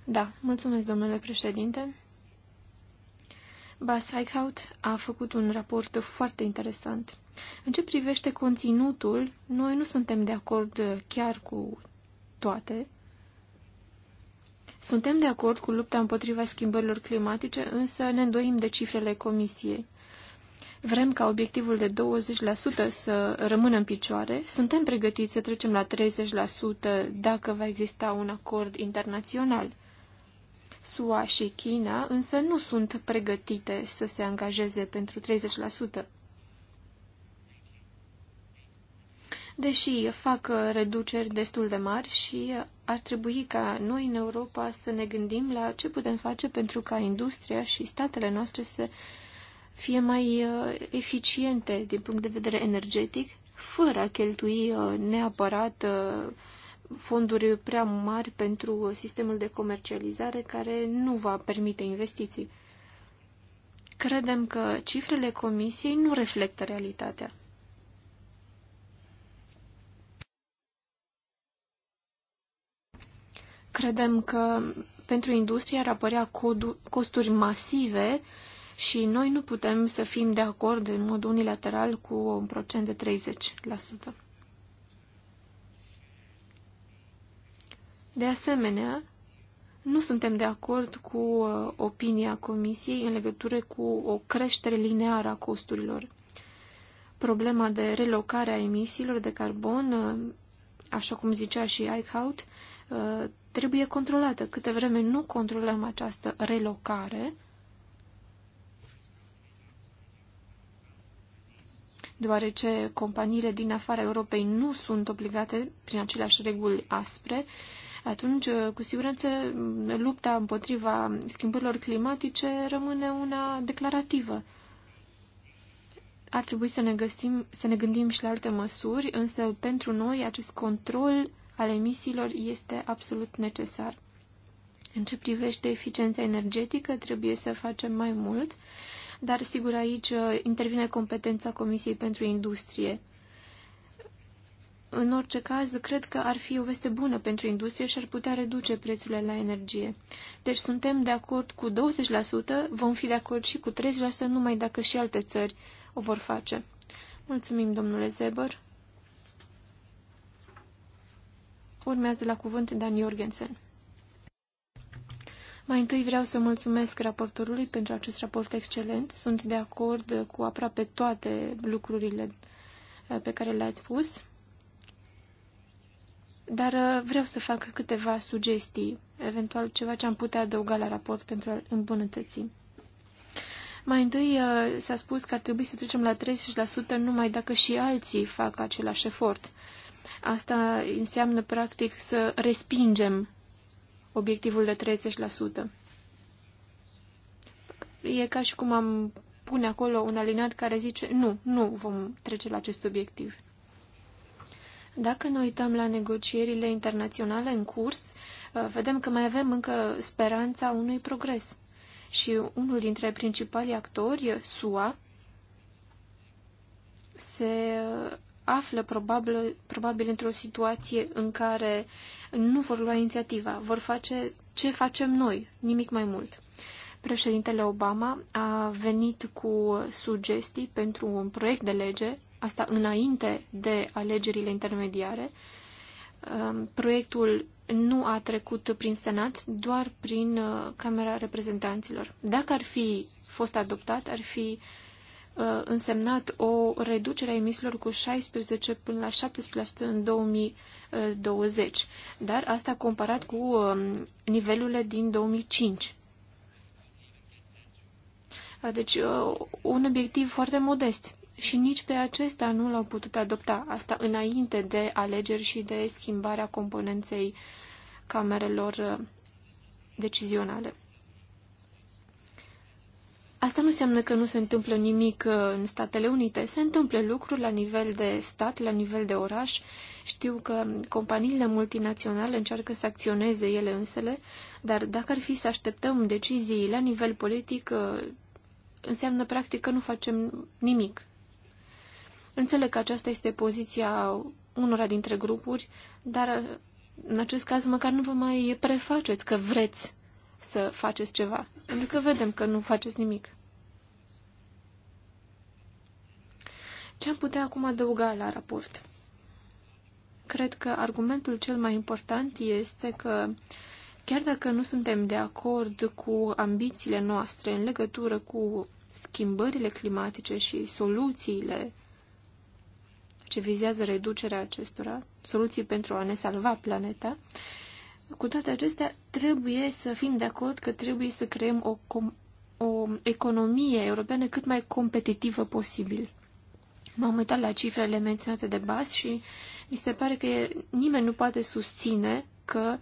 Da, mulțumesc, domnule președinte. Bas a făcut un raport foarte interesant. În ce privește conținutul, noi nu suntem de acord chiar cu toate. Suntem de acord cu lupta împotriva schimbărilor climatice, însă ne îndoim de cifrele comisiei. Vrem ca obiectivul de 20% să rămână în picioare. Suntem pregătiți să trecem la 30% dacă va exista un acord internațional. SUA și China, însă nu sunt pregătite să se angajeze pentru 30%. Deși fac reduceri destul de mari și ar trebui ca noi în Europa să ne gândim la ce putem face pentru ca industria și statele noastre să fie mai uh, eficiente din punct de vedere energetic, fără a cheltui uh, neapărat uh, fonduri prea mari pentru sistemul de comercializare care nu va permite investiții. Credem că cifrele comisiei nu reflectă realitatea. Credem că pentru industrie ar apărea costuri masive și noi nu putem să fim de acord în mod unilateral cu un procent de 30%. De asemenea, nu suntem de acord cu uh, opinia Comisiei în legătură cu o creștere lineară a costurilor. Problema de relocare a emisiilor de carbon, uh, așa cum zicea și Eichhout, uh, trebuie controlată. Câte vreme nu controlăm această relocare, deoarece companiile din afara Europei nu sunt obligate, prin aceleași reguli aspre, atunci, uh, cu siguranță, mm, lupta împotriva schimbărilor climatice rămâne una declarativă. Ar trebui să ne, găsim, să ne gândim și la alte măsuri, însă pentru noi acest control al emisiilor este absolut necesar. În ce privește eficiența energetică, trebuie să facem mai mult, dar sigur aici uh, intervine competența Comisiei pentru Industrie. În orice caz, cred că ar fi o veste bună pentru industrie și ar putea reduce prețurile la energie. Deci suntem de acord cu 20%, vom fi de acord și cu 30% numai dacă și alte țări o vor face. Mulțumim, domnule Zeber. Urmează de la cuvânt Dan Jorgensen. Mai întâi vreau să mulțumesc raportorului pentru acest raport excelent. Sunt de acord cu aproape toate lucrurile pe care le-ați spus. Dar uh, vreau să fac câteva sugestii, eventual ceva ce am putea adăuga la raport pentru a îmbunătăți. Mai întâi uh, s-a spus că ar trebui să trecem la 30% numai dacă și alții fac același efort. Asta înseamnă, practic, să respingem obiectivul de 30%. E ca și cum am pune acolo un alinat care zice nu, nu vom trece la acest obiectiv. Dacă ne uităm la negocierile internaționale în curs, uh, vedem că mai avem încă speranța unui progres. Și unul dintre principalii actori, SUA, se uh, află probabil, probabil într-o situație în care nu vor lua inițiativa, vor face ce facem noi, nimic mai mult. Președintele Obama a venit cu sugestii pentru un proiect de lege asta înainte de alegerile intermediare. Um, proiectul nu a trecut prin Senat, doar prin uh, Camera Reprezentanților. Dacă ar fi fost adoptat, ar fi uh, însemnat o reducere a emisiilor cu 16 până la 17% în 2020, uh, dar asta comparat cu um, nivelurile din 2005. Deci, un obiectiv foarte modest și nici pe acesta nu l-au putut adopta, asta înainte de alegeri și de schimbarea componenței camerelor uh, decizionale. Asta nu înseamnă că nu se întâmplă nimic uh, în Statele Unite. Se întâmplă lucruri la nivel de stat, la nivel de oraș. Știu că companiile multinaționale încearcă să acționeze ele însele, dar dacă ar fi să așteptăm decizii la nivel politic, uh, înseamnă practic că nu facem nimic. Înțeleg că aceasta este poziția unora dintre grupuri, dar în acest caz măcar nu vă mai prefaceți că vreți să faceți ceva, pentru că vedem că nu faceți nimic. Ce am putea acum adăuga la raport? Cred că argumentul cel mai important este că, chiar dacă nu suntem de acord cu ambițiile noastre în legătură cu schimbările climatice și soluțiile ce vizează reducerea acestora, soluții pentru a ne salva planeta, cu toate acestea, trebuie să fim de acord că trebuie să creăm o, o economie europeană cât mai competitivă posibil. M-am uitat la cifrele menționate de Bas și mi se pare că nimeni nu poate susține că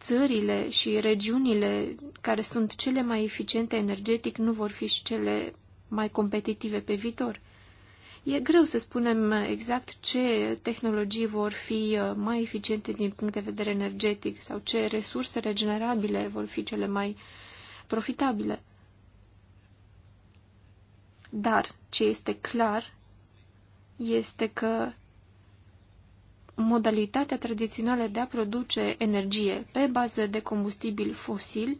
țările și regiunile care sunt cele mai eficiente energetic nu vor fi și cele mai competitive pe viitor. E greu să spunem exact ce tehnologii vor fi uh, mai eficiente din punct de vedere energetic sau ce resurse regenerabile vor fi cele mai profitabile. Dar ce este clar este că modalitatea tradițională de a produce energie pe bază de combustibil fosil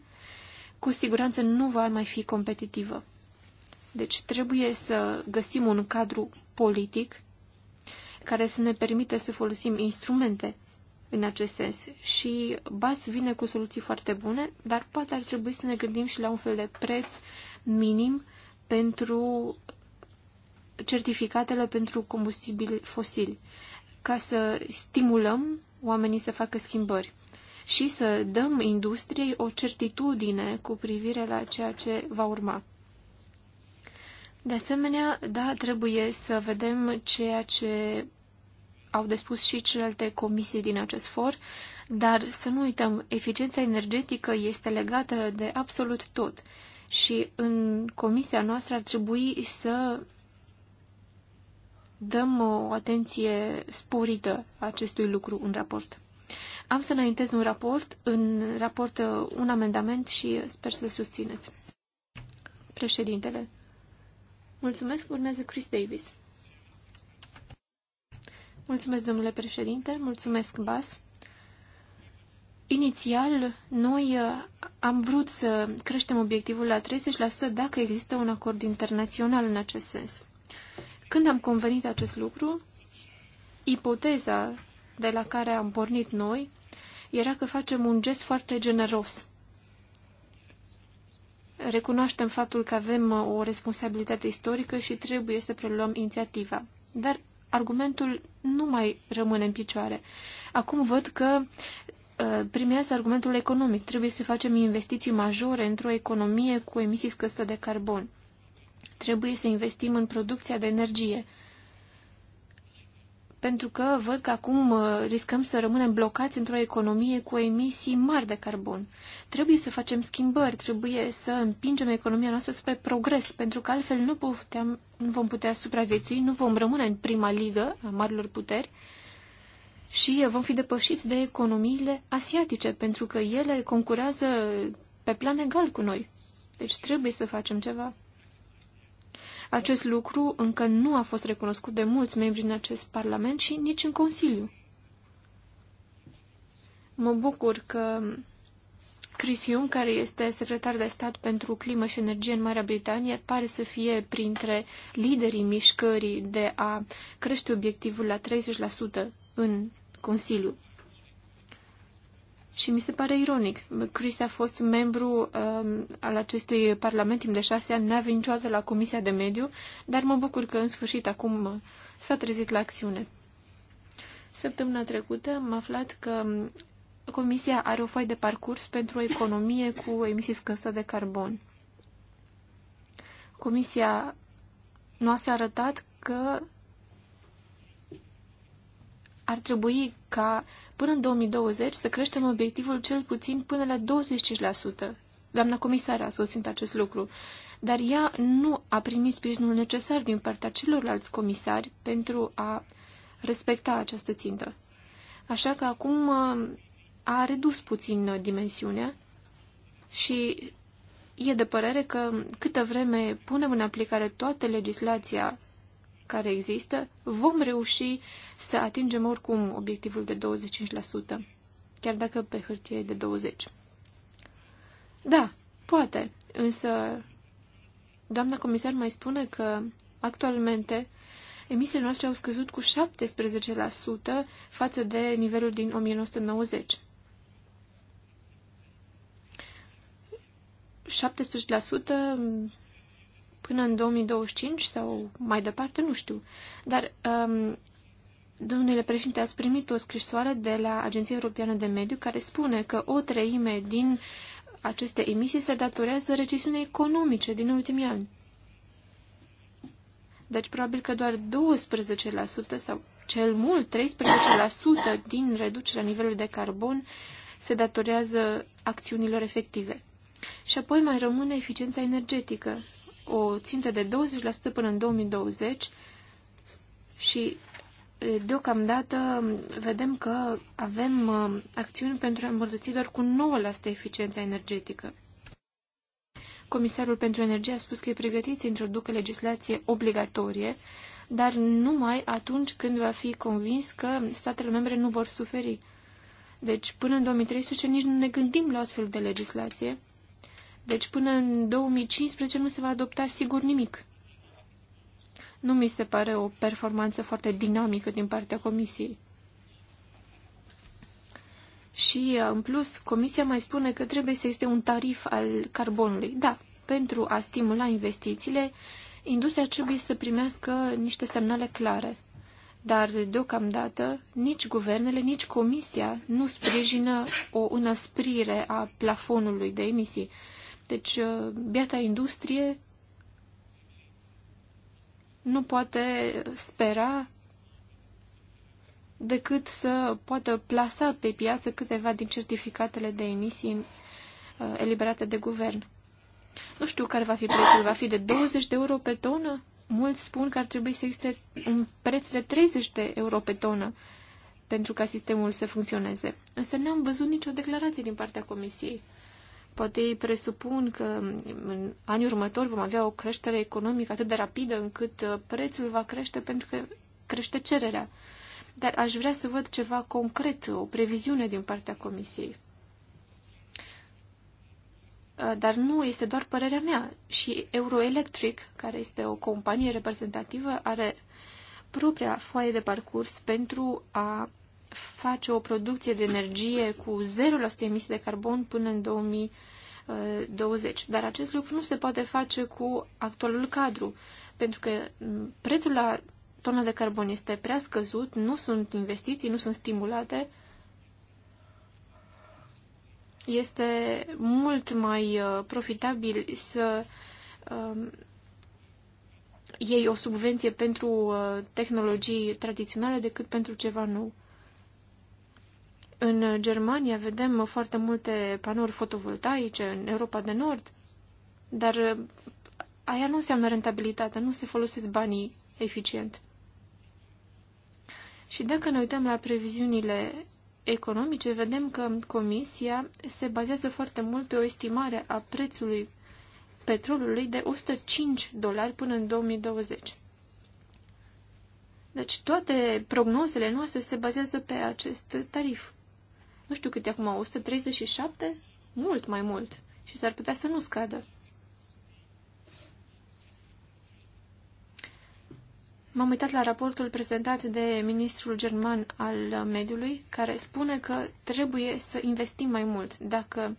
cu siguranță nu va mai fi competitivă. Deci trebuie să găsim un cadru politic care să ne permite să folosim instrumente în acest sens. Și BAS vine cu soluții foarte bune, dar poate ar trebui să ne gândim și la un fel de preț minim pentru certificatele pentru combustibili fosili, ca să stimulăm oamenii să facă schimbări și să dăm industriei o certitudine cu privire la ceea ce va urma. De asemenea, da, trebuie să vedem ceea ce au despus și celelalte comisii din acest for, dar să nu uităm, eficiența energetică este legată de absolut tot și în comisia noastră ar trebui să dăm o atenție sporită acestui lucru în raport. Am să înaintez un raport, în raport un amendament și sper să-l susțineți. Președintele, Mulțumesc, urmează Chris Davis. Mulțumesc, domnule președinte, mulțumesc, Bas. Inițial, noi uh, am vrut să creștem obiectivul la 30% dacă există un acord internațional în acest sens. Când am convenit acest lucru, ipoteza de la care am pornit noi era că facem un gest foarte generos. Recunoaștem faptul că avem uh, o responsabilitate istorică și trebuie să preluăm inițiativa. Dar argumentul nu mai rămâne în picioare. Acum văd că uh, primează argumentul economic. Trebuie să facem investiții majore într-o economie cu emisii scăzute de carbon. Trebuie să investim în producția de energie pentru că văd că acum uh, riscăm să rămânem blocați într-o economie cu emisii mari de carbon. Trebuie să facem schimbări, trebuie să împingem economia noastră spre progres, pentru că altfel nu, puteam, nu vom putea supraviețui, nu vom rămâne în prima ligă a marilor puteri și uh, vom fi depășiți de economiile asiatice, pentru că ele concurează pe plan egal cu noi. Deci trebuie să facem ceva. Acest lucru încă nu a fost recunoscut de mulți membri în acest Parlament și nici în Consiliu. Mă bucur că Chris Hume, care este secretar de stat pentru climă și energie în Marea Britanie, pare să fie printre liderii mișcării de a crește obiectivul la 30% în Consiliu. Și mi se pare ironic. Chris a fost membru um, al acestui parlament timp de șase ani, n-a venit niciodată la Comisia de Mediu, dar mă bucur că în sfârșit acum s-a trezit la acțiune. Săptămâna trecută am aflat că um, Comisia are o foaie de parcurs pentru o economie cu emisii scăzute de carbon. Comisia noastră a arătat că ar trebui ca până în 2020 să creștem obiectivul cel puțin până la 25%. Doamna comisară a susținut acest lucru, dar ea nu a primit sprijinul necesar din partea celorlalți comisari pentru a respecta această țintă. Așa că acum uh, a redus puțin uh, dimensiunea și e de părere că câtă vreme punem în aplicare toată legislația care există, vom reuși să atingem oricum obiectivul de 25%, chiar dacă pe hârtie e de 20%. Da, poate, însă doamna comisar mai spune că actualmente emisiile noastre au scăzut cu 17% față de nivelul din 1990. 17% până în 2025 sau mai departe, nu știu. Dar, um, domnule președinte, ați primit o scrisoare de la Agenția Europeană de Mediu care spune că o treime din aceste emisii se datorează recesiunii economice din ultimii ani. Deci probabil că doar 12% sau cel mult 13% din reducerea nivelului de carbon se datorează acțiunilor efective. Și apoi mai rămâne eficiența energetică o țintă de 20% până în 2020 și deocamdată vedem că avem uh, acțiuni pentru a îmbunătăți doar cu 9% eficiența energetică. Comisarul pentru Energie a spus că e pregătit să introducă legislație obligatorie, dar numai atunci când va fi convins că statele membre nu vor suferi. Deci, până în 2013 nici nu ne gândim la astfel de legislație deci până în 2015 nu se va adopta sigur nimic. Nu mi se pare o performanță foarte dinamică din partea Comisiei. Și, uh, în plus, Comisia mai spune că trebuie să existe un tarif al carbonului. Da, pentru a stimula investițiile, industria trebuie să primească niște semnale clare. Dar, deocamdată, nici guvernele, nici Comisia nu sprijină o înăsprire a plafonului de emisii. Deci, uh, biata industrie nu poate spera decât să poată plasa pe piață câteva din certificatele de emisii uh, eliberate de guvern. Nu știu care va fi prețul, va fi de 20 de euro pe tonă? Mulți spun că ar trebui să existe un preț de 30 de euro pe tonă pentru ca sistemul să funcționeze. Însă n-am văzut nicio declarație din partea Comisiei. Poate ei presupun că în anii următori vom avea o creștere economică atât de rapidă încât uh, prețul va crește pentru că crește cererea. Dar aș vrea să văd ceva concret, o previziune din partea Comisiei. Uh, dar nu este doar părerea mea. Și Euroelectric, care este o companie reprezentativă, are propria foaie de parcurs pentru a face o producție de energie cu 0% emisii de carbon până în 2020. Uh, Dar acest lucru nu se poate face cu actualul cadru, pentru că mm, prețul la tonă de carbon este prea scăzut, nu sunt investiții, nu sunt stimulate. Este mult mai uh, profitabil să um, iei o subvenție pentru uh, tehnologii tradiționale decât pentru ceva nou. În Germania vedem foarte multe panouri fotovoltaice, în Europa de Nord, dar uh, aia nu înseamnă rentabilitate, nu se folosesc banii eficient. Și dacă ne uităm la previziunile economice, vedem că Comisia se bazează foarte mult pe o estimare a prețului petrolului de 105 dolari până în 2020. Deci toate prognozele noastre se bazează pe acest tarif nu știu câte acum, 137? Mult mai mult. Și s-ar putea să nu scadă. M-am uitat la raportul prezentat de ministrul german al mediului, care spune că trebuie să investim mai mult. Dacă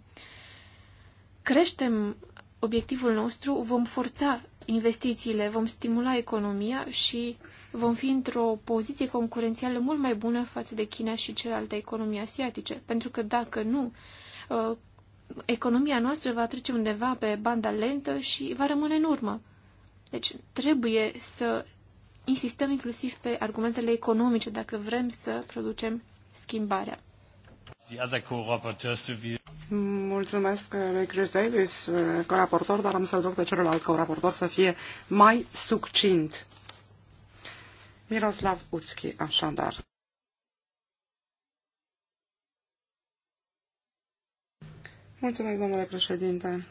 creștem obiectivul nostru, vom forța investițiile, vom stimula economia și vom fi într-o poziție concurențială mult mai bună față de China și celelalte economii asiatice. Pentru că dacă nu, uh, economia noastră va trece undeva pe banda lentă și va rămâne în urmă. Deci trebuie să insistăm inclusiv pe argumentele economice dacă vrem să producem schimbarea. Mulțumesc uh, Chris Davis uh, co raportor, dar am să-l rog pe celălalt co raportor să fie mai succint. Miroslav Uțchi, așadar. Mulțumesc, domnule președinte.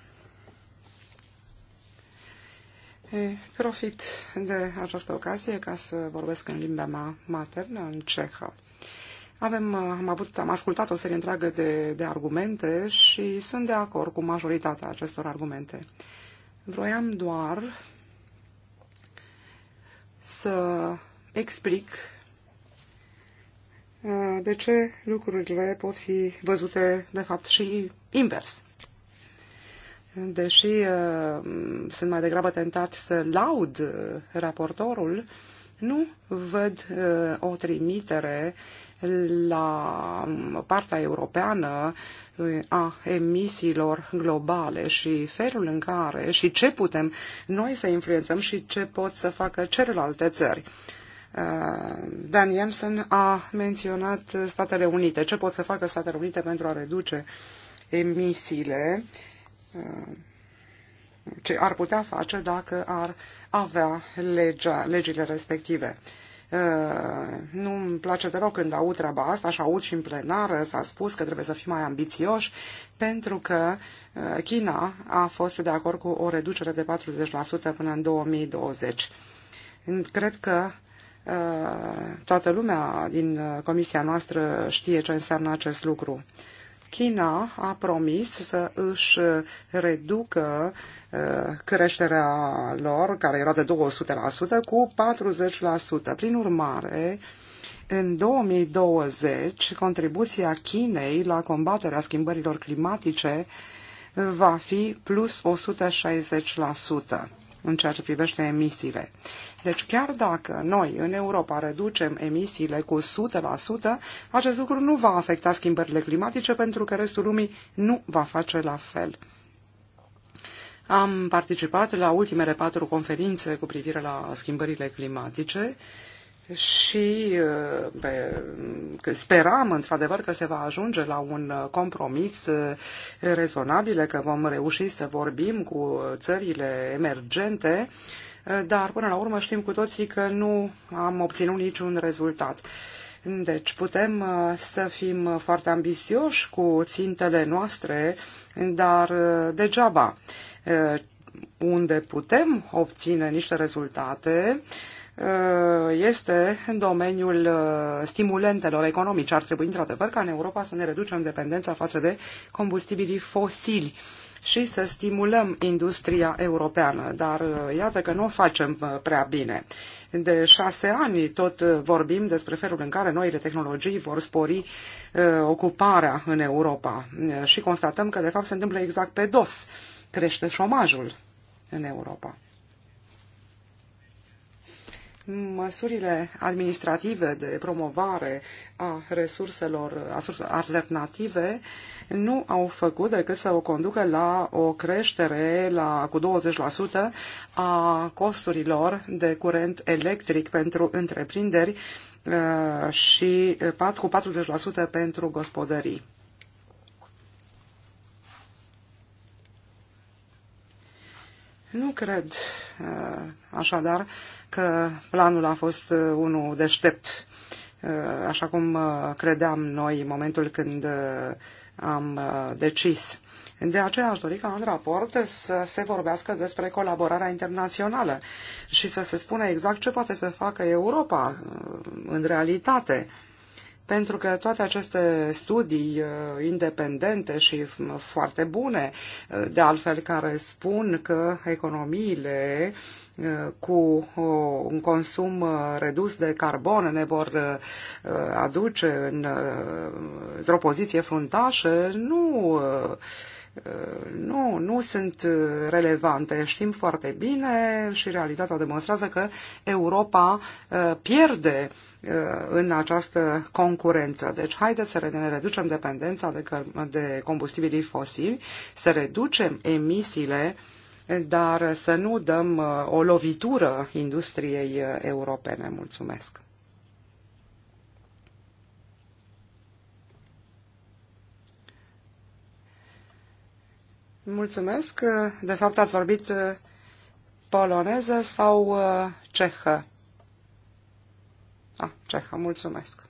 Profit de această ocazie ca să vorbesc în limba mea maternă, în cehă. Avem, am, avut, am ascultat o serie întreagă de, de argumente și sunt de acord cu majoritatea acestor argumente. Vroiam doar să explic uh, de ce lucrurile pot fi văzute, de fapt, și invers. Deși uh, sunt mai degrabă tentat să laud uh, raportorul, nu văd o trimitere la um, partea europeană a emisiilor globale și felul în care și ce putem noi să influențăm și ce pot să facă celelalte țări. Dan Jensen a menționat Statele Unite. Ce pot să facă Statele Unite pentru a reduce emisiile? Uh, ce ar putea face dacă ar avea legea, legile respective? Uh, nu îmi place deloc când aud treaba asta și aud și în plenară s-a spus că trebuie să fim mai ambițioși pentru că uh, China a fost de acord cu o reducere de 40% până în 2020. Cred că Uh, toată lumea din uh, comisia noastră știe ce înseamnă acest lucru. China a promis să își reducă uh, creșterea lor, care era de 200%, cu 40%. Prin urmare, în 2020, contribuția Chinei la combaterea schimbărilor climatice va fi plus 160% în ceea ce privește emisiile. Deci chiar dacă noi în Europa reducem emisiile cu 100%, acest lucru nu va afecta schimbările climatice pentru că restul lumii nu va face la fel. Am participat la ultimele patru conferințe cu privire la schimbările climatice și uh, pe, speram într-adevăr că se va ajunge la un uh, compromis uh, rezonabil, că vom reuși să vorbim cu țările emergente, dar până la urmă știm cu toții că nu am obținut niciun rezultat. Deci putem să fim foarte ambițioși cu țintele noastre, dar degeaba. Unde putem obține niște rezultate, Uh, este în domeniul uh, stimulentelor economice. Ar trebui, într-adevăr, ca în Europa să ne reducem dependența față de combustibilii fosili și să stimulăm industria europeană, dar uh, iată că nu o facem prea bine. De șase ani tot vorbim despre felul în care noile tehnologii vor spori ocuparea în Europa și constatăm că de fapt se întâmplă exact pe dos. Crește șomajul în Europa măsurile administrative de promovare a resurselor a alternative nu au făcut decât să o conducă la o creștere la, cu 20% a costurilor de curent electric pentru întreprinderi uh, și uh, cu 40% pentru gospodării. Nu cred uh, așadar că planul a fost uh, unul deștept, uh, așa cum credeam noi în momentul când am decis. De aceea aș dori ca în raport să se vorbească despre colaborarea internațională și să se spună exact ce poate să facă Europa în realitate pentru că toate aceste studii uh, independente și uh, foarte bune, uh, de altfel care spun că economiile cu un consum redus de carbon ne vor aduce în, într-o poziție fruntașă, nu nu, nu sunt relevante. Știm foarte bine și realitatea demonstrează că Europa pierde Uh, în această concurență. Deci haideți să ne reducem dependența de, de combustibilii fosili, să reducem emisiile, dar să nu dăm uh, o lovitură industriei uh, europene. Mulțumesc! Mulțumesc. De fapt, ați vorbit poloneză sau cehă. Da, ceha. mulțumesc.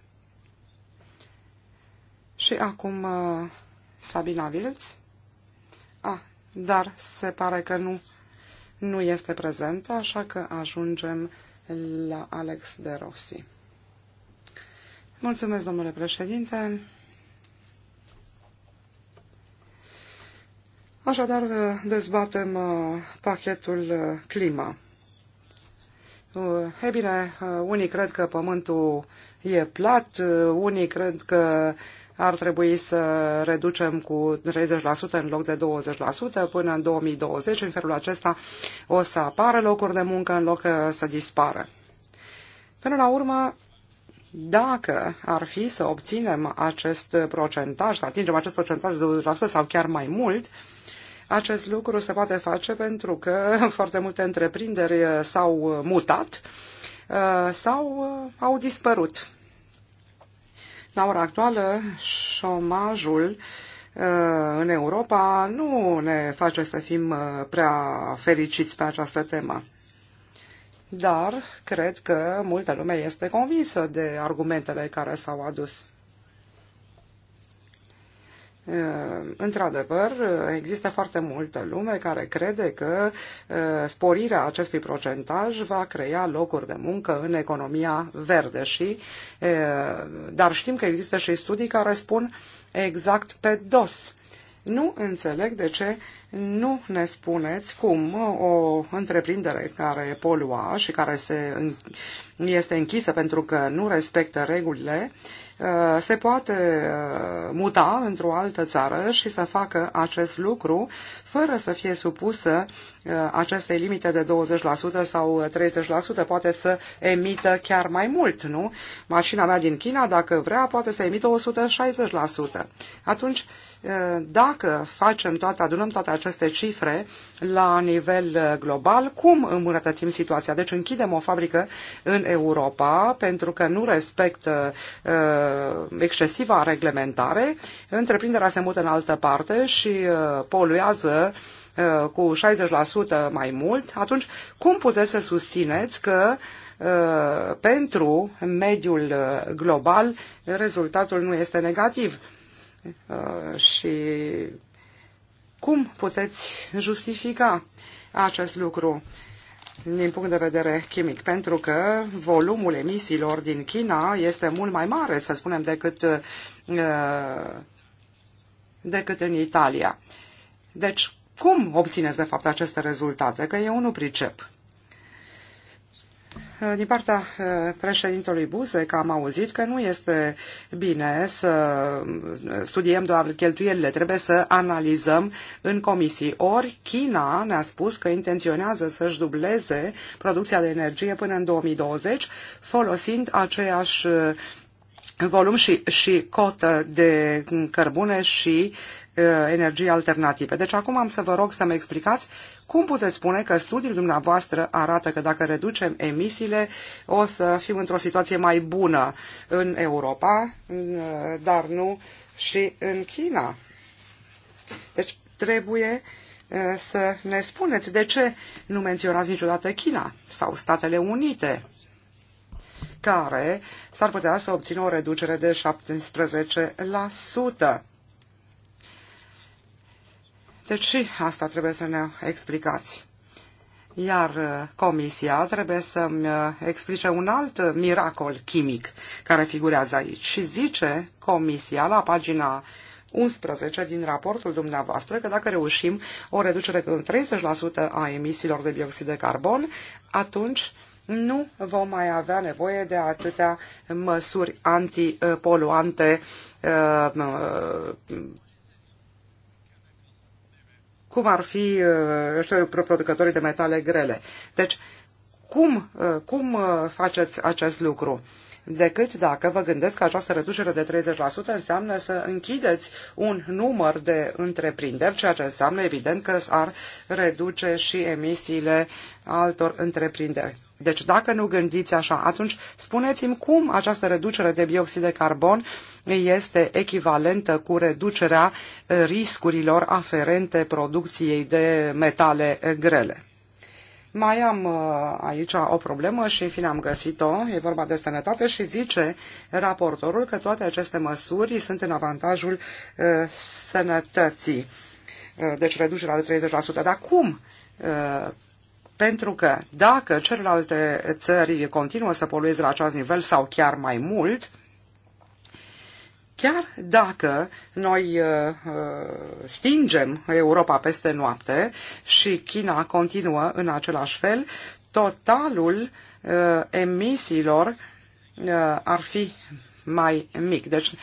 Și acum uh, Sabina Vilț. Ah, dar se pare că nu, nu este prezentă, așa că ajungem la Alex de Rossi. Mulțumesc, domnule președinte. Așadar, uh, dezbatem uh, pachetul clima. Uh, e bine, uh, unii cred că pământul e plat, uh, unii cred că ar trebui să reducem cu 30% în loc de 20% până în 2020. În felul acesta o să apară locuri de muncă în loc să dispară. Până la urmă, dacă ar fi să obținem acest procentaj, să atingem acest procentaj de 20% sau chiar mai mult, uh, acest lucru se poate face pentru că *laughs* foarte multe întreprinderi uh, s-au uh, mutat uh, sau au dispărut. La ora actuală, șomajul în Europa nu ne face să fim prea fericiți pe această temă. Dar cred că multă lume este convinsă de argumentele care s-au adus. Uh, într-adevăr, uh, există foarte multă lume care crede că uh, sporirea acestui procentaj va crea locuri de muncă în economia verde și, dar știm că există și studii care spun exact pe dos. Nu înțeleg de ce nu ne spuneți cum o întreprindere care polua și care se, este închisă pentru că nu respectă regulile Uh, se poate uh, muta într-o altă țară și să facă acest lucru fără să fie supusă uh, acestei limite de 20% sau 30%, poate să emită chiar mai mult, nu? Mașina mea din China, dacă vrea, poate să emită 160%. Atunci, dacă facem toate, adunăm toate aceste cifre la nivel global, cum îmbunătățim situația? Deci închidem o fabrică în Europa pentru că nu respectă uh, excesiva reglementare, întreprinderea se mută în altă parte și uh, poluează uh, cu 60% mai mult, atunci cum puteți să susțineți că uh, pentru mediul uh, global rezultatul nu este negativ? Uh, și cum puteți justifica acest lucru din punct de vedere chimic? Pentru că volumul emisiilor din China este mult mai mare, să spunem, decât, uh, decât în Italia. Deci, cum obțineți, de fapt, aceste rezultate? Că eu nu pricep. Eh, din partea eh, președintelui Buzek am auzit că nu este bine să eh, studiem doar cheltuielile, trebuie să analizăm în comisii. Ori China ne-a spus că intenționează să-și dubleze producția de energie până în 2020 folosind aceeași volum și, și cotă de cărbune și energie alternative. Deci acum am să vă rog să-mi explicați cum puteți spune că studiul dumneavoastră arată că dacă reducem emisiile o să fim într-o situație mai bună în Europa, uh, dar nu și în China? Deci trebuie uh, să ne spuneți de ce nu menționați niciodată China sau Statele Unite care s-ar putea să obțină o reducere de 17%. Deci și asta trebuie să ne explicați. Iar uh, comisia trebuie să-mi uh, explice un alt miracol chimic care figurează aici. Și zice comisia la pagina 11 din raportul dumneavoastră că dacă reușim o reducere de 30% a emisiilor de dioxid de carbon, atunci nu vom mai avea nevoie de atâtea măsuri antipoluante uh, cum ar fi uh, știu, producătorii de metale grele. Deci, cum, uh, cum uh, faceți acest lucru? decât dacă vă gândesc că această reducere de 30% înseamnă să închideți un număr de întreprinderi, ceea ce înseamnă evident că ar reduce și emisiile altor întreprinderi. Deci dacă nu gândiți așa, atunci spuneți-mi cum această reducere de bioxid de carbon este echivalentă cu reducerea eh, riscurilor aferente producției de metale eh, grele. Mai am eh, aici o problemă și în fine am găsit-o, e vorba de sănătate și zice raportorul că toate aceste măsuri sunt în avantajul sănătății. deci reducerea de 30%. Dar cum? Pentru că dacă celelalte țări continuă să polueze la același nivel sau chiar mai mult, chiar dacă noi uh, uh, stingem Europa peste noapte și China continuă în același fel, totalul uh, emisiilor ar fi mai mic. Deci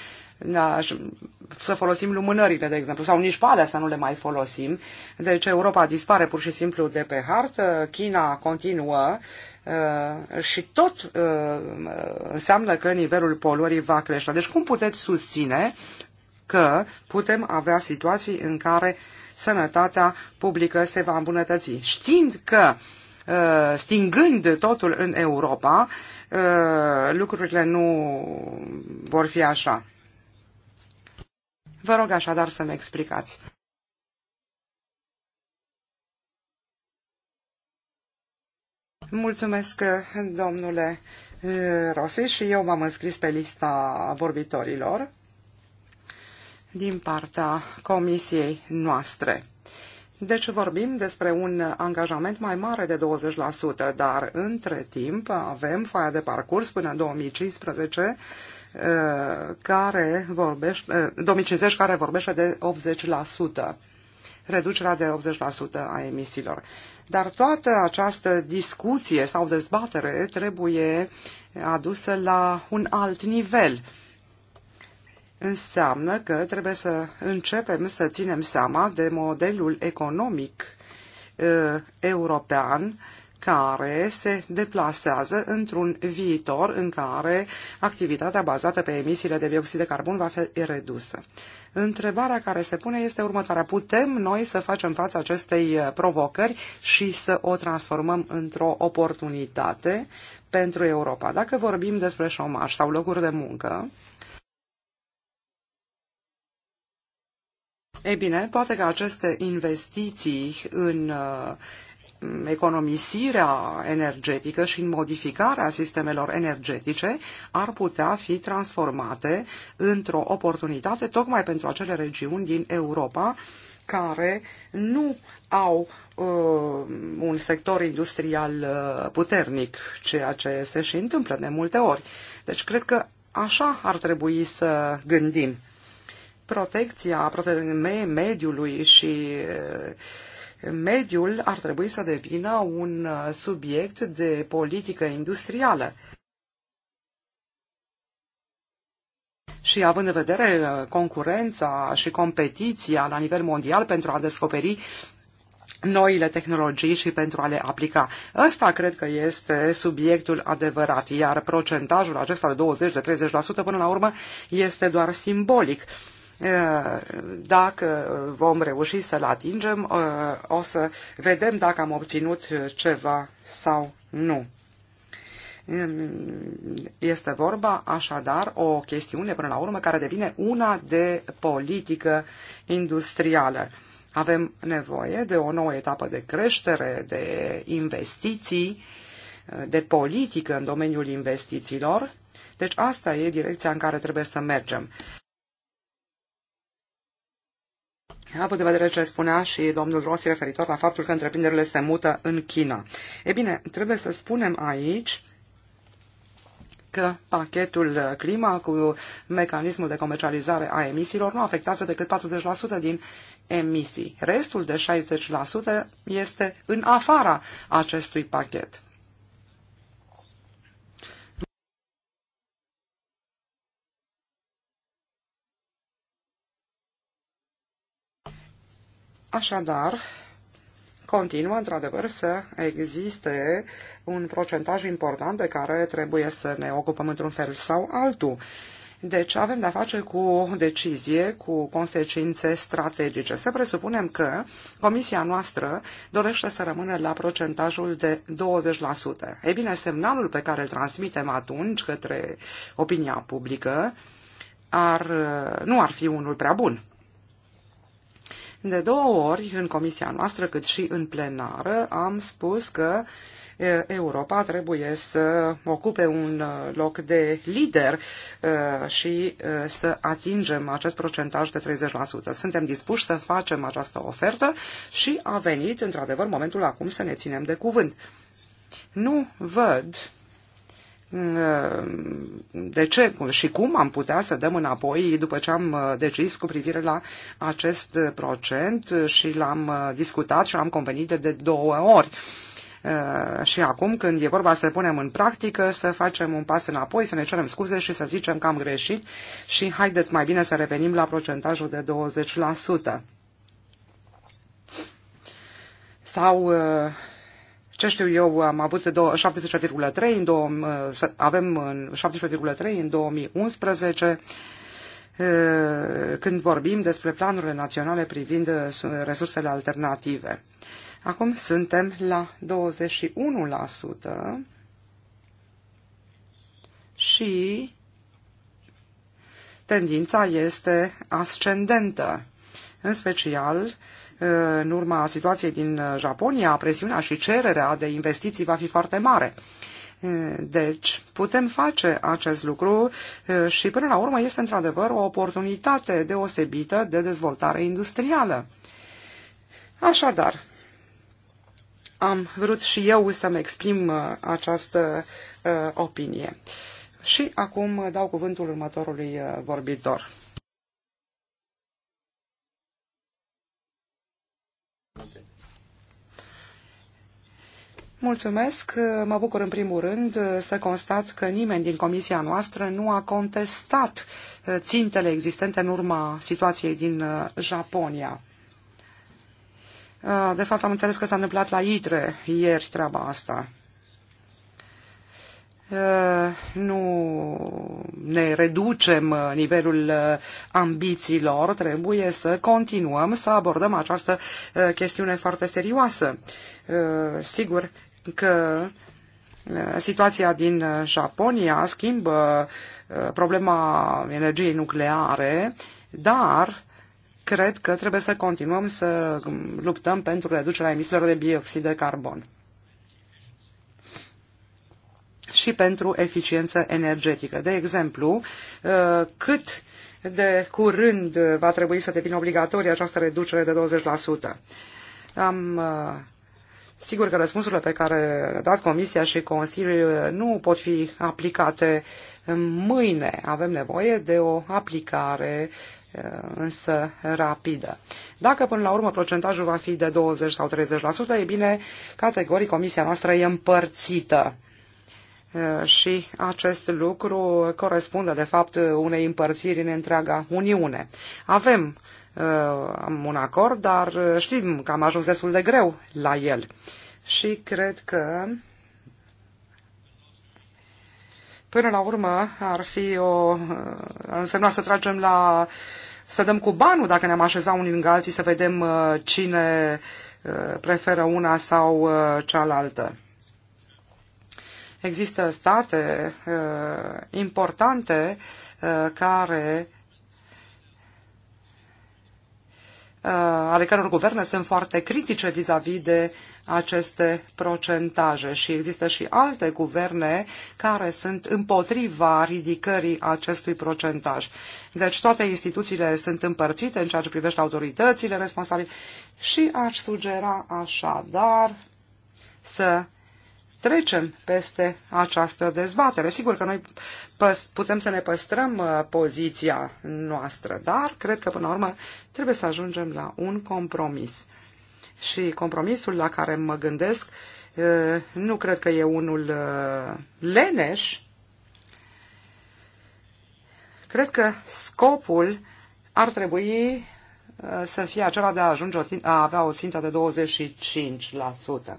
să folosim lumânările, de exemplu, sau nici pe alea să nu le mai folosim. Deci Europa dispare pur și simplu de pe hartă, China continuă uh, și tot uh, înseamnă că nivelul poluării va crește. Deci cum puteți susține că putem avea situații în care sănătatea publică se va îmbunătăți, știind că uh, stingând totul în Europa, lucrurile nu vor fi așa. Vă rog așadar să-mi explicați. Mulțumesc, domnule uh, Rossi, și eu m-am înscris pe lista vorbitorilor din partea comisiei noastre. Deci vorbim despre un angajament mai mare de 20%, dar între timp avem foaia de parcurs până în 2015 care vorbește, 2050 care vorbește de 80%, reducerea de 80% a emisiilor. Dar toată această discuție sau dezbatere trebuie adusă la un alt nivel. Înseamnă că trebuie să începem să ținem seama de modelul economic uh, european care se deplasează într-un viitor în care activitatea bazată pe emisiile de dioxid de carbon va fi redusă. Întrebarea care se pune este următoarea. Putem noi să facem față acestei uh, provocări și să o transformăm într-o oportunitate pentru Europa? Dacă vorbim despre șomaj sau locuri de muncă, Ei bine, poate că aceste investiții în uh, economisirea energetică și în modificarea sistemelor energetice ar putea fi transformate într-o oportunitate tocmai pentru acele regiuni din Europa care nu au uh, un sector industrial uh, puternic, ceea ce se și întâmplă de multe ori. Deci cred că așa ar trebui să gândim. Protecția protecția mediului și uh, mediul ar trebui să devină un uh, subiect de politică industrială. Și având în vedere uh, concurența și competiția la nivel mondial pentru a descoperi noile tehnologii și pentru a le aplica. Ăsta cred că este subiectul adevărat, iar procentajul acesta de 20-30% până la urmă este doar simbolic. Dacă vom reuși să-l atingem, o să vedem dacă am obținut ceva sau nu. Este vorba așadar o chestiune până la urmă care devine una de politică industrială. Avem nevoie de o nouă etapă de creștere, de investiții, de politică în domeniul investițiilor. Deci asta e direcția în care trebuie să mergem. Având în vedere ce spunea și domnul Rossi referitor la faptul că întreprinderile se mută în China. E bine, trebuie să spunem aici că pachetul clima cu mecanismul de comercializare a emisiilor nu afectează decât 40% din emisii. Restul de 60% este în afara acestui pachet. Așadar, continuă într-adevăr să existe un procentaj important de care trebuie să ne ocupăm într-un fel sau altul. Deci avem de-a face cu o decizie cu consecințe strategice. Să presupunem că comisia noastră dorește să rămână la procentajul de 20%. Ei bine, semnalul pe care îl transmitem atunci către opinia publică ar, nu ar fi unul prea bun. De două ori, în comisia noastră, cât și în plenară, am spus că Europa trebuie să ocupe un uh, loc de lider uh, și uh, să atingem acest procentaj de 30%. Suntem dispuși să facem această ofertă și a venit, într-adevăr, momentul acum să ne ținem de cuvânt. Nu văd de ce și cum am putea să dăm înapoi după ce am uh, decis cu privire la acest uh, procent și l-am uh, discutat și l-am convenit de două ori. Și acum, când e vorba să punem în practică, să facem un pas înapoi, să ne cerem scuze și să zicem că am greșit și haideți mai bine să revenim la procentajul de 20%. Sau ce știu eu, am avut 17,3 în, avem 17,3 în 2011 când vorbim despre planurile naționale privind resursele alternative. Acum suntem la 21% și tendința este ascendentă, în special Uh, în urma situației din uh, Japonia, presiunea și cererea de investiții va fi foarte mare. Uh, deci, putem face acest lucru și, până la urmă, este într-adevăr o oportunitate deosebită de dezvoltare industrială. Așadar, am vrut și eu să-mi exprim această opinie. Și acum dau cuvântul următorului vorbitor. Mulțumesc. Mă bucur în primul rând să constat că nimeni din comisia noastră nu a contestat uh, țintele existente în urma situației din uh, Japonia. Uh, de fapt, am înțeles că s-a întâmplat la ITRE ieri treaba asta. Uh, nu ne reducem uh, nivelul uh, ambițiilor, trebuie să continuăm să abordăm această chestiune foarte serioasă. Sigur că situația din Japonia schimbă problema energiei nucleare, dar cred că trebuie să continuăm să um, luptăm pentru reducerea emisiilor de bioxid de carbon și pentru eficiență energetică. De exemplu, uh, cât de curând va trebui să devină obligatorie această reducere de 20%. Am, uh, sigur că răspunsurile pe care le-a dat Comisia și Consiliul uh, nu pot fi aplicate mâine. Avem nevoie de o aplicare însă rapidă. Dacă până la urmă procentajul va fi de 20 sau 30%, e bine, categoric comisia noastră e împărțită și acest lucru corespunde, de fapt, unei împărțiri în întreaga Uniune. Avem am un acord, dar știm că am ajuns destul de greu la el. Și cred că până la urmă ar fi o... însemna să tragem la... să dăm cu banul dacă ne-am așezat unii lângă alții să vedem cine preferă una sau cealaltă. Există state uh, importante uh, care uh, ale căror guverne sunt foarte critice vis-a-vis -vis de aceste procentaje și există și alte guverne care sunt împotriva ridicării acestui procentaj. Deci toate instituțiile sunt împărțite în ceea ce privește autoritățile responsabile și aș sugera așadar să trecem peste această dezbatere. Sigur că noi putem să ne păstrăm uh, poziția noastră, dar cred că până la urmă trebuie să ajungem la un compromis. Și compromisul la care mă gândesc uh, nu cred că e unul uh, leneș. Cred că scopul ar trebui să fie acela de a, ajunge, a avea o țintă de 25%.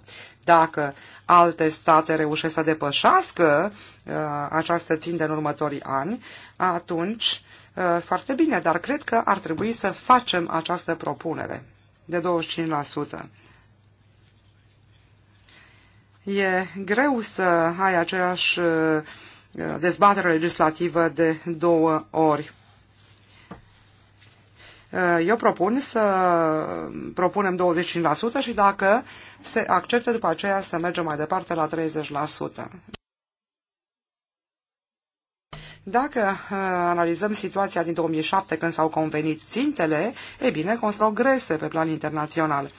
Dacă alte state reușesc să depășească uh, această țintă în următorii ani, atunci uh, foarte bine, dar cred că ar trebui să facem această propunere de 25%. E greu să ai aceeași uh, dezbatere legislativă de două ori. Eh, eu propun să propunem 25% și dacă se acceptă după aceea să mergem mai departe la 30%. Dacă eh, analizăm situația din 2007 când s-au convenit țintele, e bine, constau grese pe plan internațional.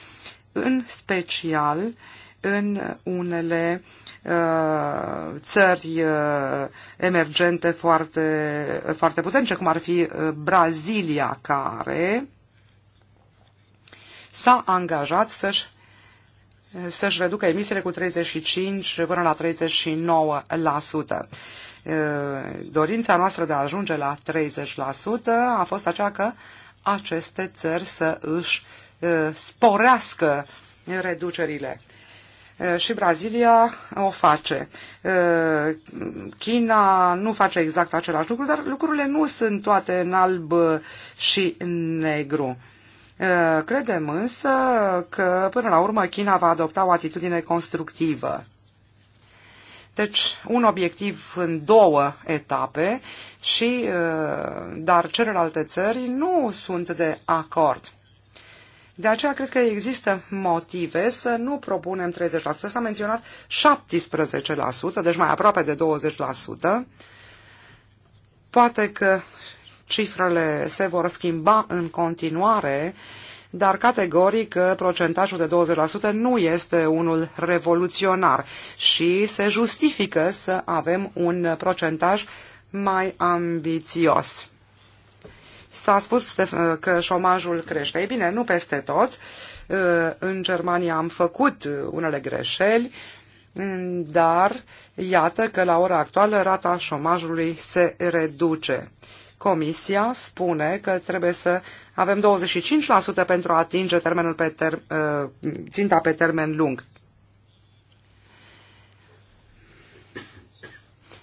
În special, uh, în unele uh, țări uh, emergente foarte, foarte puternice, cum ar fi uh, Brazilia, care s-a angajat să-și să-și reducă emisiile cu 35 până la 39%. Dorința noastră de a ajunge la 30% a fost aceea că aceste țări să își sporească reducerile și Brazilia o face. China nu face exact același lucru, dar lucrurile nu sunt toate în alb și negru. Credem însă că până la urmă China va adopta o atitudine constructivă. Deci, un obiectiv în două etape, și, dar celelalte țări nu sunt de acord. De aceea cred că există motive să nu propunem 30%. S-a menționat 17%, deci mai aproape de 20%. Poate că cifrele se vor schimba în continuare, dar categoric procentajul de 20% nu este unul revoluționar și se justifică să avem un procentaj mai ambițios. S-a spus uh, că șomajul crește. Ei bine, nu peste tot. Uh, în Germania am făcut uh, unele greșeli, mm, dar iată că la ora actuală rata șomajului se reduce. Comisia spune că trebuie să avem 25% pentru a atinge termenul pe ter, ținta pe termen lung.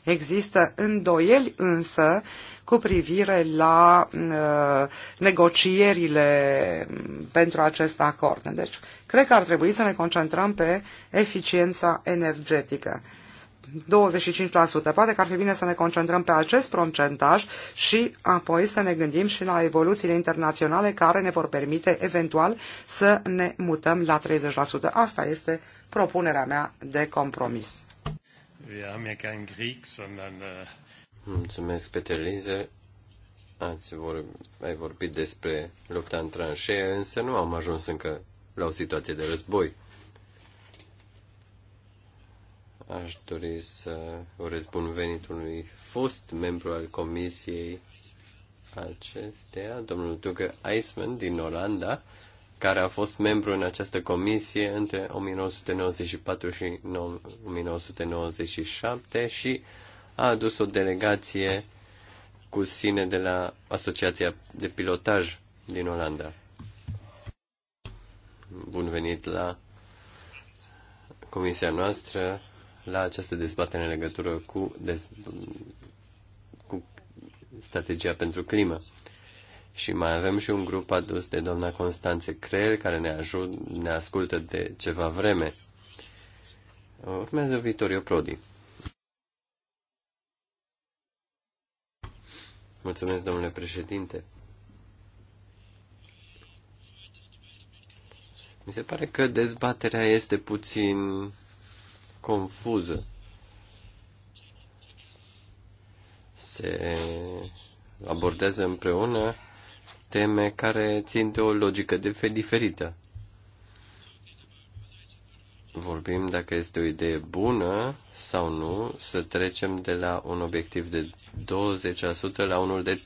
Există îndoieli însă cu privire la uh, negocierile pentru acest acord. Deci, cred că ar trebui să ne concentrăm pe eficiența energetică. 25%. Poate că ar fi bine să ne concentrăm pe acest procentaj și apoi să ne gândim și la evoluțiile internaționale care ne vor permite eventual să ne mutăm la 30%. Asta este propunerea mea de compromis. Wir haben ja keinen Krieg, sondern äh, Mulțumesc, Peter Lize. Ați vor, ai vorbit despre lupta în tranșee, însă nu am ajuns încă la o situație de război. Aș dori să urez bun venit unui fost membru al comisiei acesteia, domnul Duke Eisman din Olanda, care a fost membru în această comisie între 1994 și 1997 și a adus o delegație cu sine de la Asociația de Pilotaj din Olanda. Bun venit la comisia noastră, la această dezbatere în legătură cu, dez... cu strategia pentru climă. Și mai avem și un grup adus de doamna Constanțe Creel, care ne, ajut, ne ascultă de ceva vreme. Urmează Vitorio Prodi. Mulțumesc, domnule președinte. Mi se pare că dezbaterea este puțin confuză. Se abordează împreună teme care țin de o logică diferită vorbim dacă este o idee bună sau nu să trecem de la un obiectiv de 20% la unul de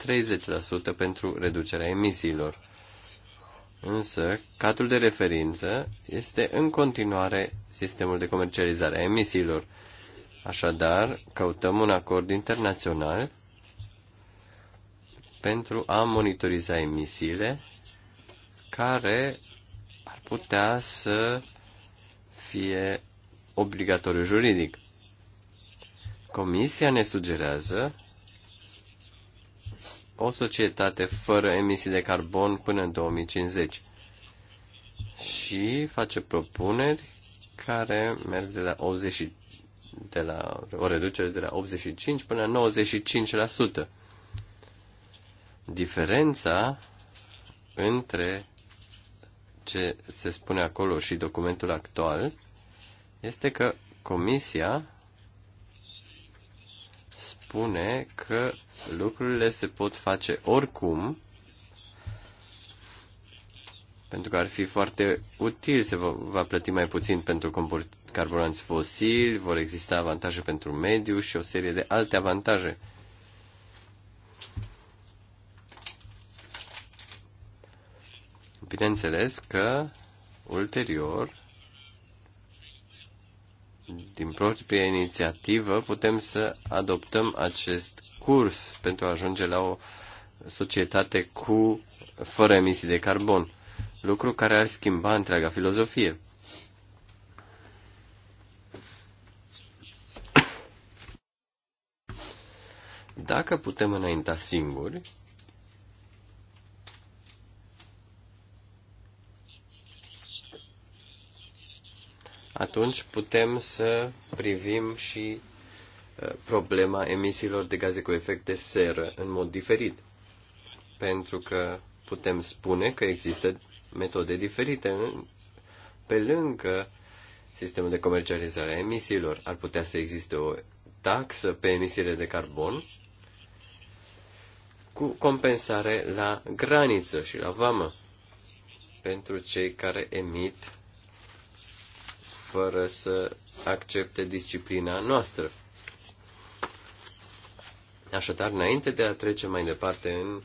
30% pentru reducerea emisiilor. Însă, cadrul de referință este în continuare sistemul de comercializare a emisiilor. Așadar, căutăm un acord internațional pentru a monitoriza emisiile care ar putea să uh, fie obligatoriu juridic. Comisia ne sugerează o societate fără emisii de carbon până în 2050 și face propuneri care merg de la 80 de la o reducere de la 85 până la 95%. Diferența între ce se spune acolo și documentul actual este că Comisia spune că lucrurile se pot face oricum, pentru că ar fi foarte util să va plăti mai puțin pentru carburanți fosili, vor exista avantaje pentru mediu și o serie de alte avantaje. Bineînțeles că ulterior, din propria inițiativă, putem să adoptăm acest curs pentru a ajunge la o societate cu fără emisii de carbon, lucru care ar schimba întreaga filozofie. Dacă putem înainta singuri, atunci putem să privim și uh, problema emisiilor de gaze cu efect de seră în mod diferit. Pentru că putem spune că există metode diferite pe lângă sistemul de comercializare a emisiilor. Ar putea să existe o taxă pe emisiile de carbon cu compensare la graniță și la vamă pentru cei care emit fără să accepte disciplina noastră. Așadar, înainte de a trece mai departe în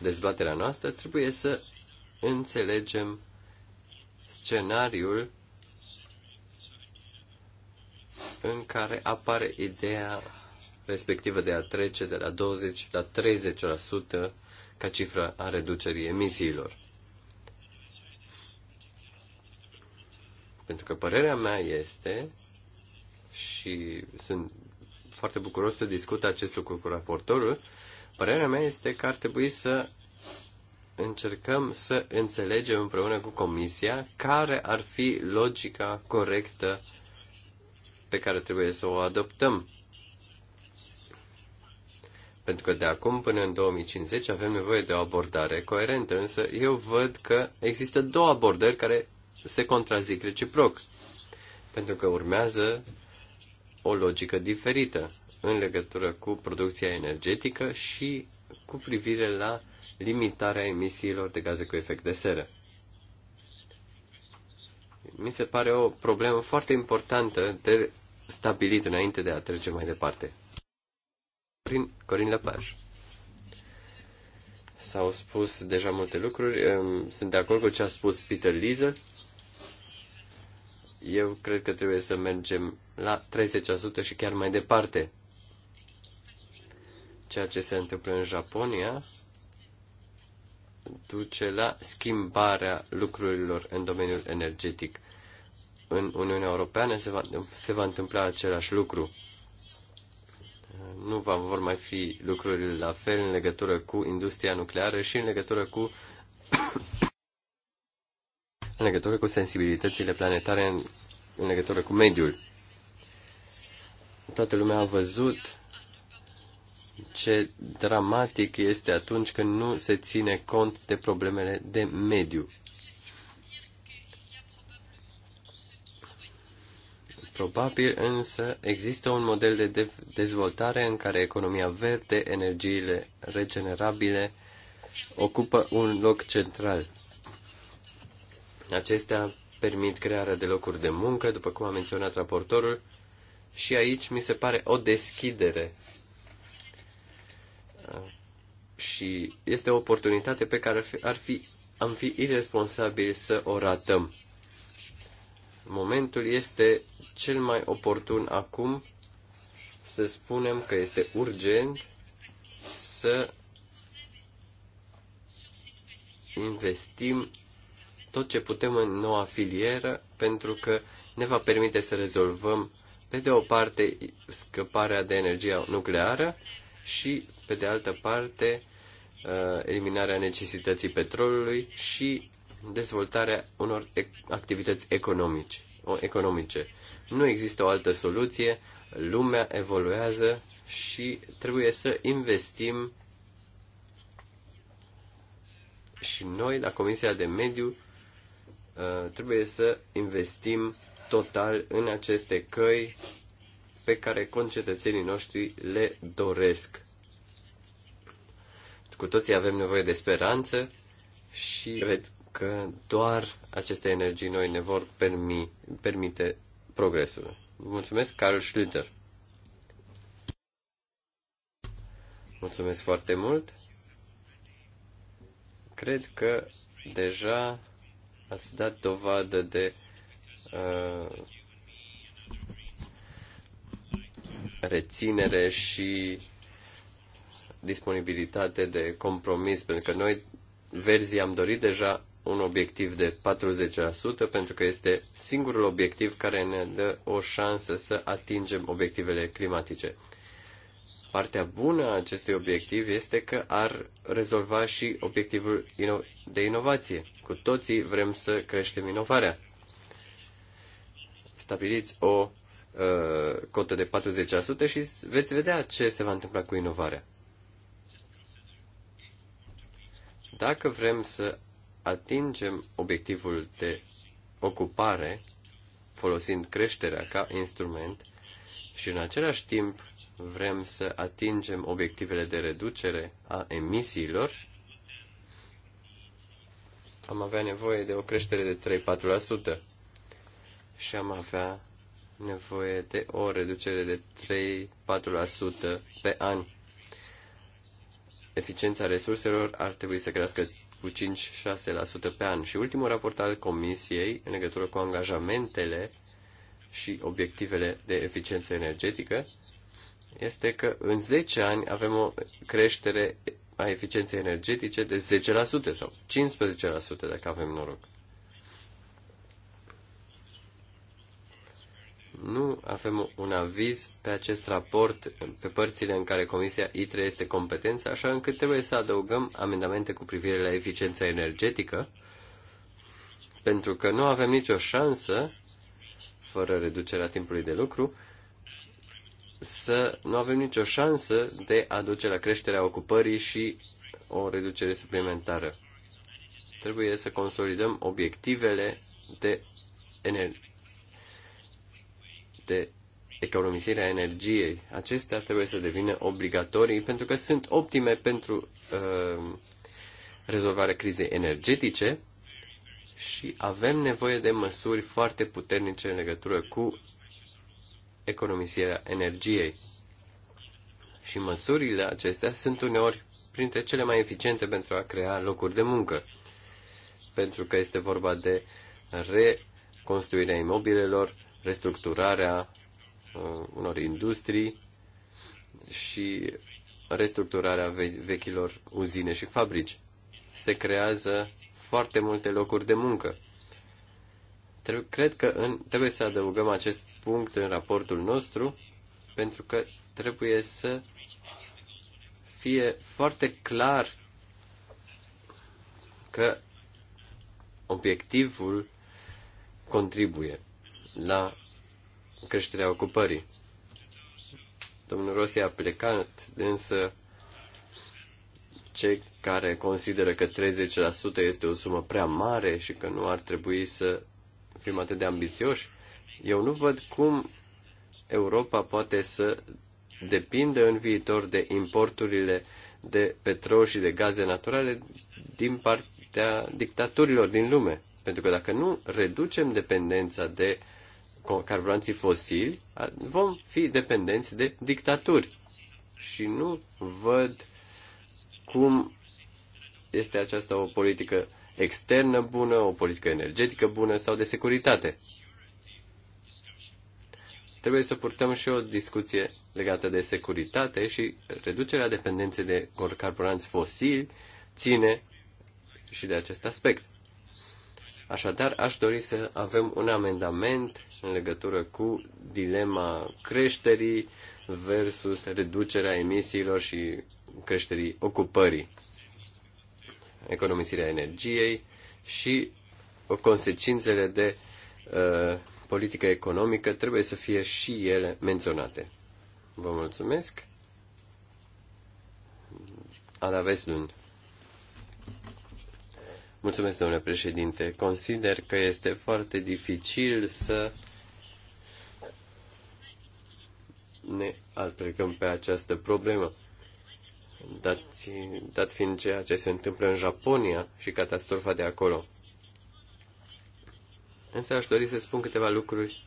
dezbaterea noastră, trebuie să înțelegem scenariul în care apare ideea respectivă de a trece de la 20 la 30% ca cifră a reducerii emisiilor. Pentru că părerea mea este și sunt foarte bucuros să discut acest lucru cu raportorul, părerea mea este că ar trebui să încercăm să înțelegem împreună cu Comisia care ar fi logica corectă pe care trebuie să o adoptăm. Pentru că de acum până în 2050 avem nevoie de o abordare coerentă, însă eu văd că există două abordări care se contrazic reciproc, pentru că urmează o logică diferită în legătură cu producția energetică și cu privire la limitarea emisiilor de gaze cu efect de seră. Mi se pare o problemă foarte importantă de stabilit înainte de a trece mai departe. Prin Corin Lepaj. S-au spus deja multe lucruri. Ehm, sunt de acord cu ce a spus Peter Liesel eu cred că trebuie să mergem la 30% și chiar mai departe. Ceea ce se întâmplă în Japonia duce la schimbarea lucrurilor în domeniul energetic. În Uniunea Europeană se va, se va întâmpla același lucru. Nu va, vor mai fi lucruri la fel în legătură cu industria nucleară și în legătură cu în legătură cu sensibilitățile planetare în, în legătură cu mediul. Toată lumea a văzut ce dramatic este atunci când nu se ține cont de problemele de mediu. Probabil însă există un model de, de dezvoltare în care economia verde, energiile regenerabile ocupă un loc central. Acestea permit crearea de locuri de muncă, după cum a menționat raportorul, și aici mi se pare o deschidere. Și este o oportunitate pe care ar fi, ar fi, am fi irresponsabil să o ratăm. Momentul este cel mai oportun acum să spunem că este urgent să investim tot ce putem în noua filieră pentru că ne va permite să rezolvăm, pe de o parte, scăparea de energia nucleară și, pe de altă parte, uh, eliminarea necesității petrolului și dezvoltarea unor activități economici, economice. Nu există o altă soluție, lumea evoluează și trebuie să investim și noi la Comisia de Mediu Uh, trebuie să investim total în aceste căi pe care concetățenii noștri le doresc. Cu toții avem nevoie de speranță și cred că doar aceste energii noi ne vor permi, permite progresul. Mulțumesc, Carl Schlüter. Mulțumesc foarte mult. Cred că deja ați dat dovadă de uh, reținere și disponibilitate de compromis, pentru că noi, verzii, am dorit deja un obiectiv de 40%, pentru că este singurul obiectiv care ne dă o șansă să atingem obiectivele climatice. Partea bună a acestui obiectiv este că ar rezolva și obiectivul de inovație. Cu toții vrem să creștem inovarea. Stabiliți o uh, cotă de 40% și veți vedea ce se va întâmpla cu inovarea. Dacă vrem să atingem obiectivul de ocupare folosind creșterea ca instrument și în același timp vrem să atingem obiectivele de reducere a emisiilor, am avea nevoie de o creștere de 3-4% și am avea nevoie de o reducere de 3-4% pe an. Eficiența resurselor ar trebui să crească cu 5-6% pe an. Și ultimul raport al Comisiei în legătură cu angajamentele și obiectivele de eficiență energetică este că în 10 ani avem o creștere a eficienței energetice de 10% sau 15% dacă avem noroc. Nu avem un aviz pe acest raport, pe părțile în care Comisia ITRE este competență, așa încât trebuie să adăugăm amendamente cu privire la eficiența energetică, pentru că nu avem nicio șansă, fără reducerea timpului de lucru, să nu avem nicio șansă de a duce la creșterea ocupării și o reducere suplimentară. Trebuie să consolidăm obiectivele de, ener- de economisire a energiei. Acestea trebuie să devină obligatorii pentru că sunt optime pentru uh, rezolvarea crizei energetice și avem nevoie de măsuri foarte puternice în legătură cu economisirea energiei. Și măsurile acestea sunt uneori printre cele mai eficiente pentru a crea locuri de muncă, pentru că este vorba de reconstruirea imobilelor, restructurarea uh, unor industrii și restructurarea ve- vechilor uzine și fabrici. Se creează foarte multe locuri de muncă. Cred că în, trebuie să adăugăm acest punct în raportul nostru, pentru că trebuie să fie foarte clar că obiectivul contribuie la creșterea ocupării. Domnul Rossi a plecat, însă cei care consideră că 30% este o sumă prea mare și că nu ar trebui să fim atât de ambițioși, eu nu văd cum Europa poate să depindă în viitor de importurile de petrol și de gaze naturale din partea dictaturilor din lume. Pentru că dacă nu reducem dependența de carburanții fosili, vom fi dependenți de dictaturi. Și nu văd cum este aceasta o politică externă bună, o politică energetică bună sau de securitate. Trebuie să purtăm și o discuție legată de securitate și reducerea dependenței de carburanți fosili ține și de acest aspect. Așadar, aș dori să avem un amendament în legătură cu dilema creșterii versus reducerea emisiilor și creșterii ocupării, economisirea energiei și consecințele de uh, politică economică trebuie să fie și ele menționate. Vă mulțumesc. Ada Vestlund. Mulțumesc, domnule președinte. Consider că este foarte dificil să ne aplicăm pe această problemă. Dat, dat fiind ceea ce se întâmplă în Japonia și catastrofa de acolo. Însă aș dori să spun câteva lucruri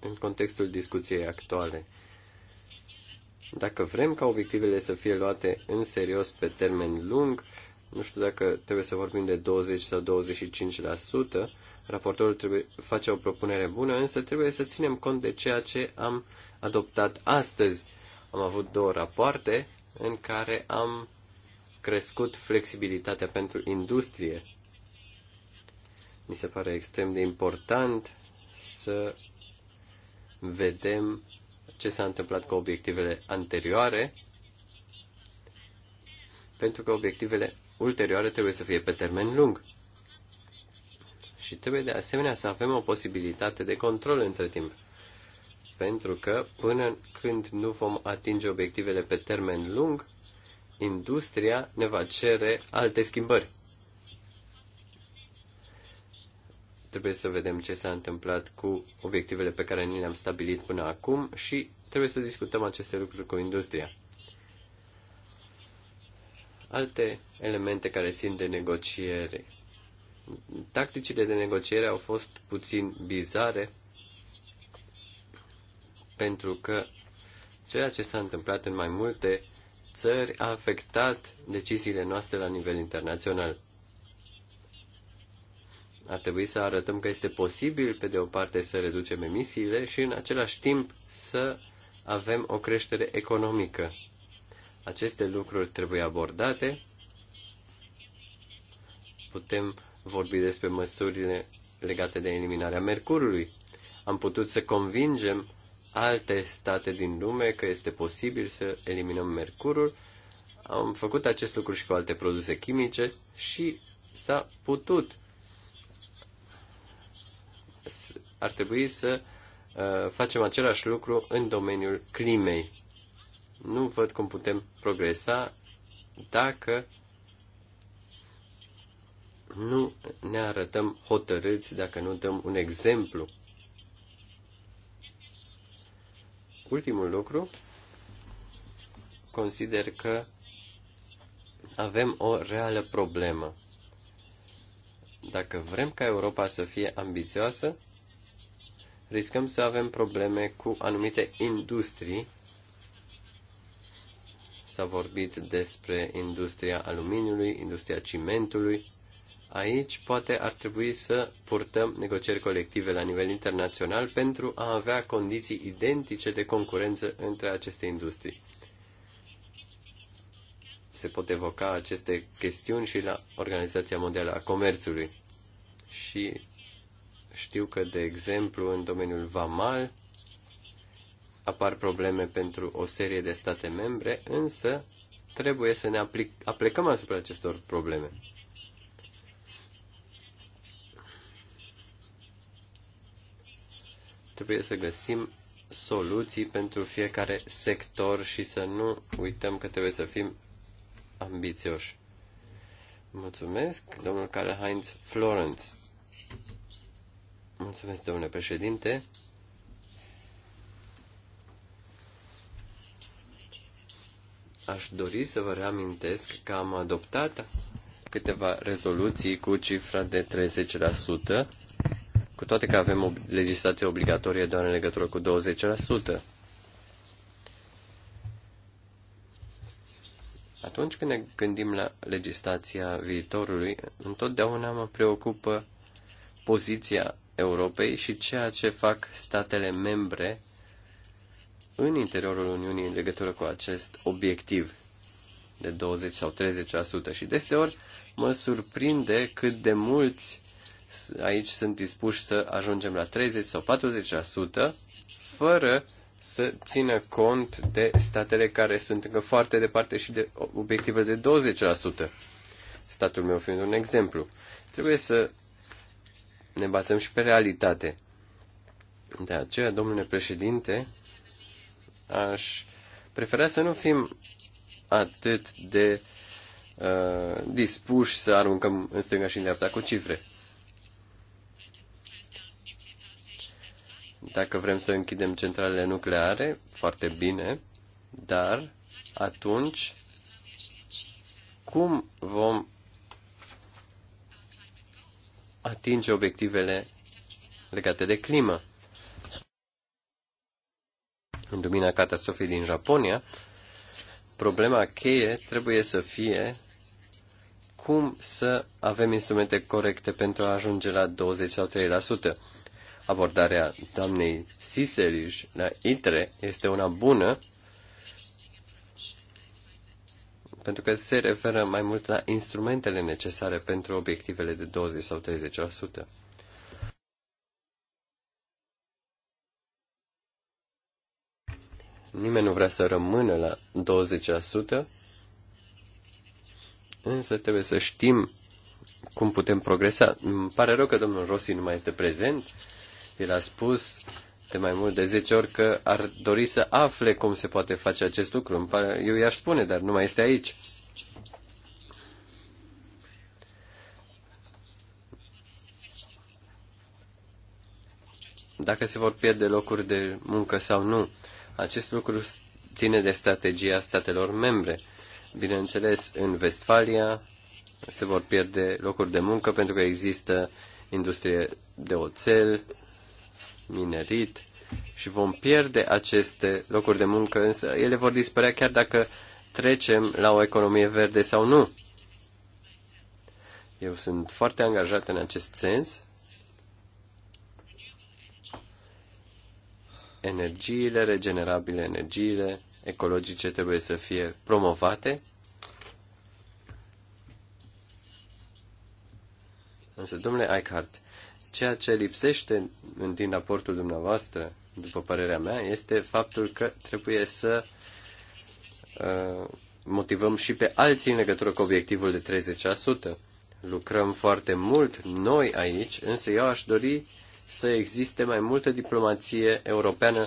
în contextul discuției actuale. Dacă vrem ca obiectivele să fie luate în serios pe termen lung, nu știu dacă trebuie să vorbim de 20 sau 25%, raportorul trebuie face o propunere bună, însă trebuie să ținem cont de ceea ce am adoptat astăzi. Am avut două rapoarte în care am crescut flexibilitatea pentru industrie mi se pare extrem de important să vedem ce s-a întâmplat cu obiectivele anterioare, pentru că obiectivele ulterioare trebuie să fie pe termen lung. Și trebuie de asemenea să avem o posibilitate de control între timp. Pentru că până când nu vom atinge obiectivele pe termen lung, industria ne va cere alte schimbări. Trebuie să vedem ce s-a întâmplat cu obiectivele pe care ni le-am stabilit până acum și trebuie să discutăm aceste lucruri cu industria. Alte elemente care țin de negociere. Tacticile de negociere au fost puțin bizare pentru că ceea ce s-a întâmplat în mai multe țări a afectat deciziile noastre la nivel internațional. Ar trebui să arătăm că este posibil, pe de o parte, să reducem emisiile și, în același timp, să avem o creștere economică. Aceste lucruri trebuie abordate. Putem vorbi despre măsurile legate de eliminarea mercurului. Am putut să convingem alte state din lume că este posibil să eliminăm mercurul. Am făcut acest lucru și cu alte produse chimice și s-a putut ar trebui să uh, facem același lucru în domeniul climei. Nu văd cum putem progresa dacă nu ne arătăm hotărâți, dacă nu dăm un exemplu. Ultimul lucru, consider că avem o reală problemă. Dacă vrem ca Europa să fie ambițioasă, riscăm să avem probleme cu anumite industrii. S-a vorbit despre industria aluminiului, industria cimentului. Aici poate ar trebui să purtăm negocieri colective la nivel internațional pentru a avea condiții identice de concurență între aceste industrii. Se pot evoca aceste chestiuni și la Organizația Mondială a Comerțului. Și știu că, de exemplu, în domeniul VAMAL apar probleme pentru o serie de state membre, însă trebuie să ne aplicăm asupra acestor probleme. Trebuie să găsim soluții pentru fiecare sector și să nu uităm că trebuie să fim ambițioși. Mulțumesc, domnul Karl-Heinz Florence. Mulțumesc, domnule președinte. Aș dori să vă reamintesc că am adoptat câteva rezoluții cu cifra de 30%, cu toate că avem o legislație obligatorie doar în legătură cu 20%. Atunci când ne gândim la legislația viitorului, întotdeauna mă preocupă poziția Europei și ceea ce fac statele membre în interiorul Uniunii în legătură cu acest obiectiv de 20 sau 30% și deseori mă surprinde cât de mulți aici sunt dispuși să ajungem la 30 sau 40% fără să țină cont de statele care sunt încă foarte departe și de obiectivele de 20%. Statul meu fiind un exemplu. Trebuie să ne bazăm și pe realitate. De aceea, domnule președinte, aș prefera să nu fim atât de uh, dispuși să aruncăm în stânga și în dreapta cu cifre. Dacă vrem să închidem centralele nucleare, foarte bine, dar atunci cum vom atinge obiectivele legate de climă. În lumina catastrofei din Japonia, problema cheie trebuie să fie cum să avem instrumente corecte pentru a ajunge la 20 sau 3%. Abordarea doamnei Siselij la ITRE este una bună pentru că se referă mai mult la instrumentele necesare pentru obiectivele de 20 sau 30%. Nimeni nu vrea să rămână la 20%, însă trebuie să știm cum putem progresa. Îmi pare rău că domnul Rossi nu mai este prezent. El a spus de mai mult de 10 ori că ar dori să afle cum se poate face acest lucru. Eu i-aș spune, dar nu mai este aici. Dacă se vor pierde locuri de muncă sau nu, acest lucru ține de strategia statelor membre. Bineînțeles, în Vestfalia se vor pierde locuri de muncă pentru că există industrie de oțel, minerit și vom pierde aceste locuri de muncă, însă ele vor dispărea chiar dacă trecem la o economie verde sau nu. Eu sunt foarte angajat în acest sens. Energiile regenerabile, energiile ecologice trebuie să fie promovate. Însă, domnule Eichhardt, Ceea ce lipsește din raportul dumneavoastră, după părerea mea, este faptul că trebuie să uh, motivăm și pe alții în legătură cu obiectivul de 30%. Lucrăm foarte mult noi aici, însă eu aș dori să existe mai multă diplomație europeană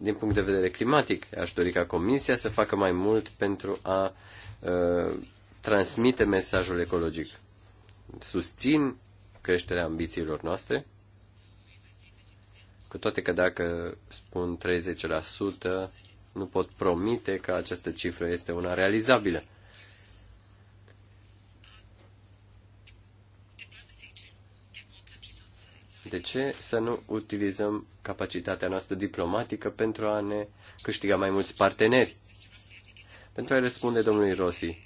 din punct de vedere climatic. Aș dori ca Comisia să facă mai mult pentru a uh, transmite mesajul ecologic. Susțin creșterea ambițiilor noastre. Cu toate că dacă spun 30%, nu pot promite că această cifră este una realizabilă. De ce să nu utilizăm capacitatea noastră diplomatică pentru a ne câștiga mai mulți parteneri? Pentru a răspunde domnului Rossi,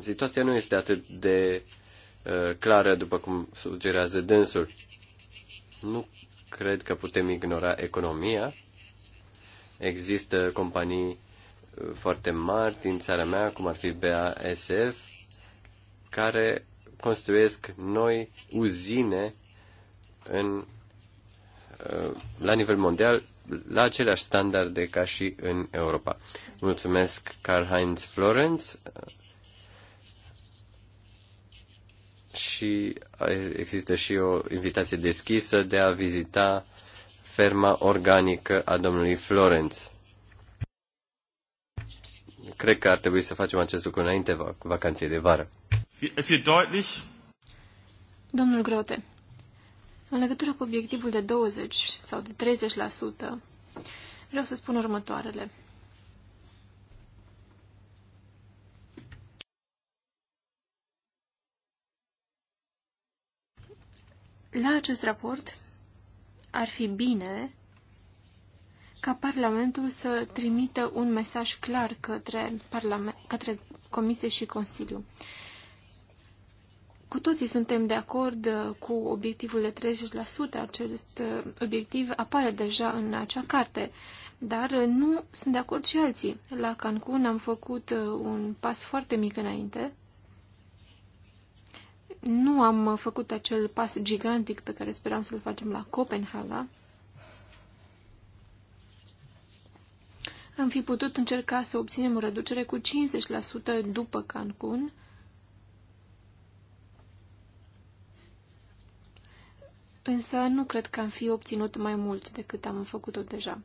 situația nu este atât de uh, Uh, clară, după cum sugerează dânsul. Nu cred că putem ignora economia. Există companii uh, foarte mari din țara mea, cum ar fi BASF, care construiesc noi uzine în, uh, la nivel mondial la aceleași standarde ca și în Europa. Mulțumesc Karl-Heinz Florenz și există și o invitație deschisă de a vizita ferma organică a domnului Florenț. Cred că ar trebui să facem acest lucru înainte vac vacanței de vară. Domnul Grote, în legătură cu obiectivul de 20 sau de 30%, vreau să spun următoarele. La acest raport ar fi bine ca Parlamentul să trimită un mesaj clar către, Parlament, către Comisie și Consiliu. Cu toții suntem de acord uh, cu obiectivul de 30%, acest uh, obiectiv apare deja în acea carte, dar uh, nu sunt de acord și alții. La Cancun am făcut un pas foarte mic înainte, nu am făcut acel pas gigantic pe care speram să-l facem la Copenhaga, am fi putut încerca să obținem o reducere cu 50% după Cancun. Însă nu cred că am fi obținut mai mult decât am făcut-o deja.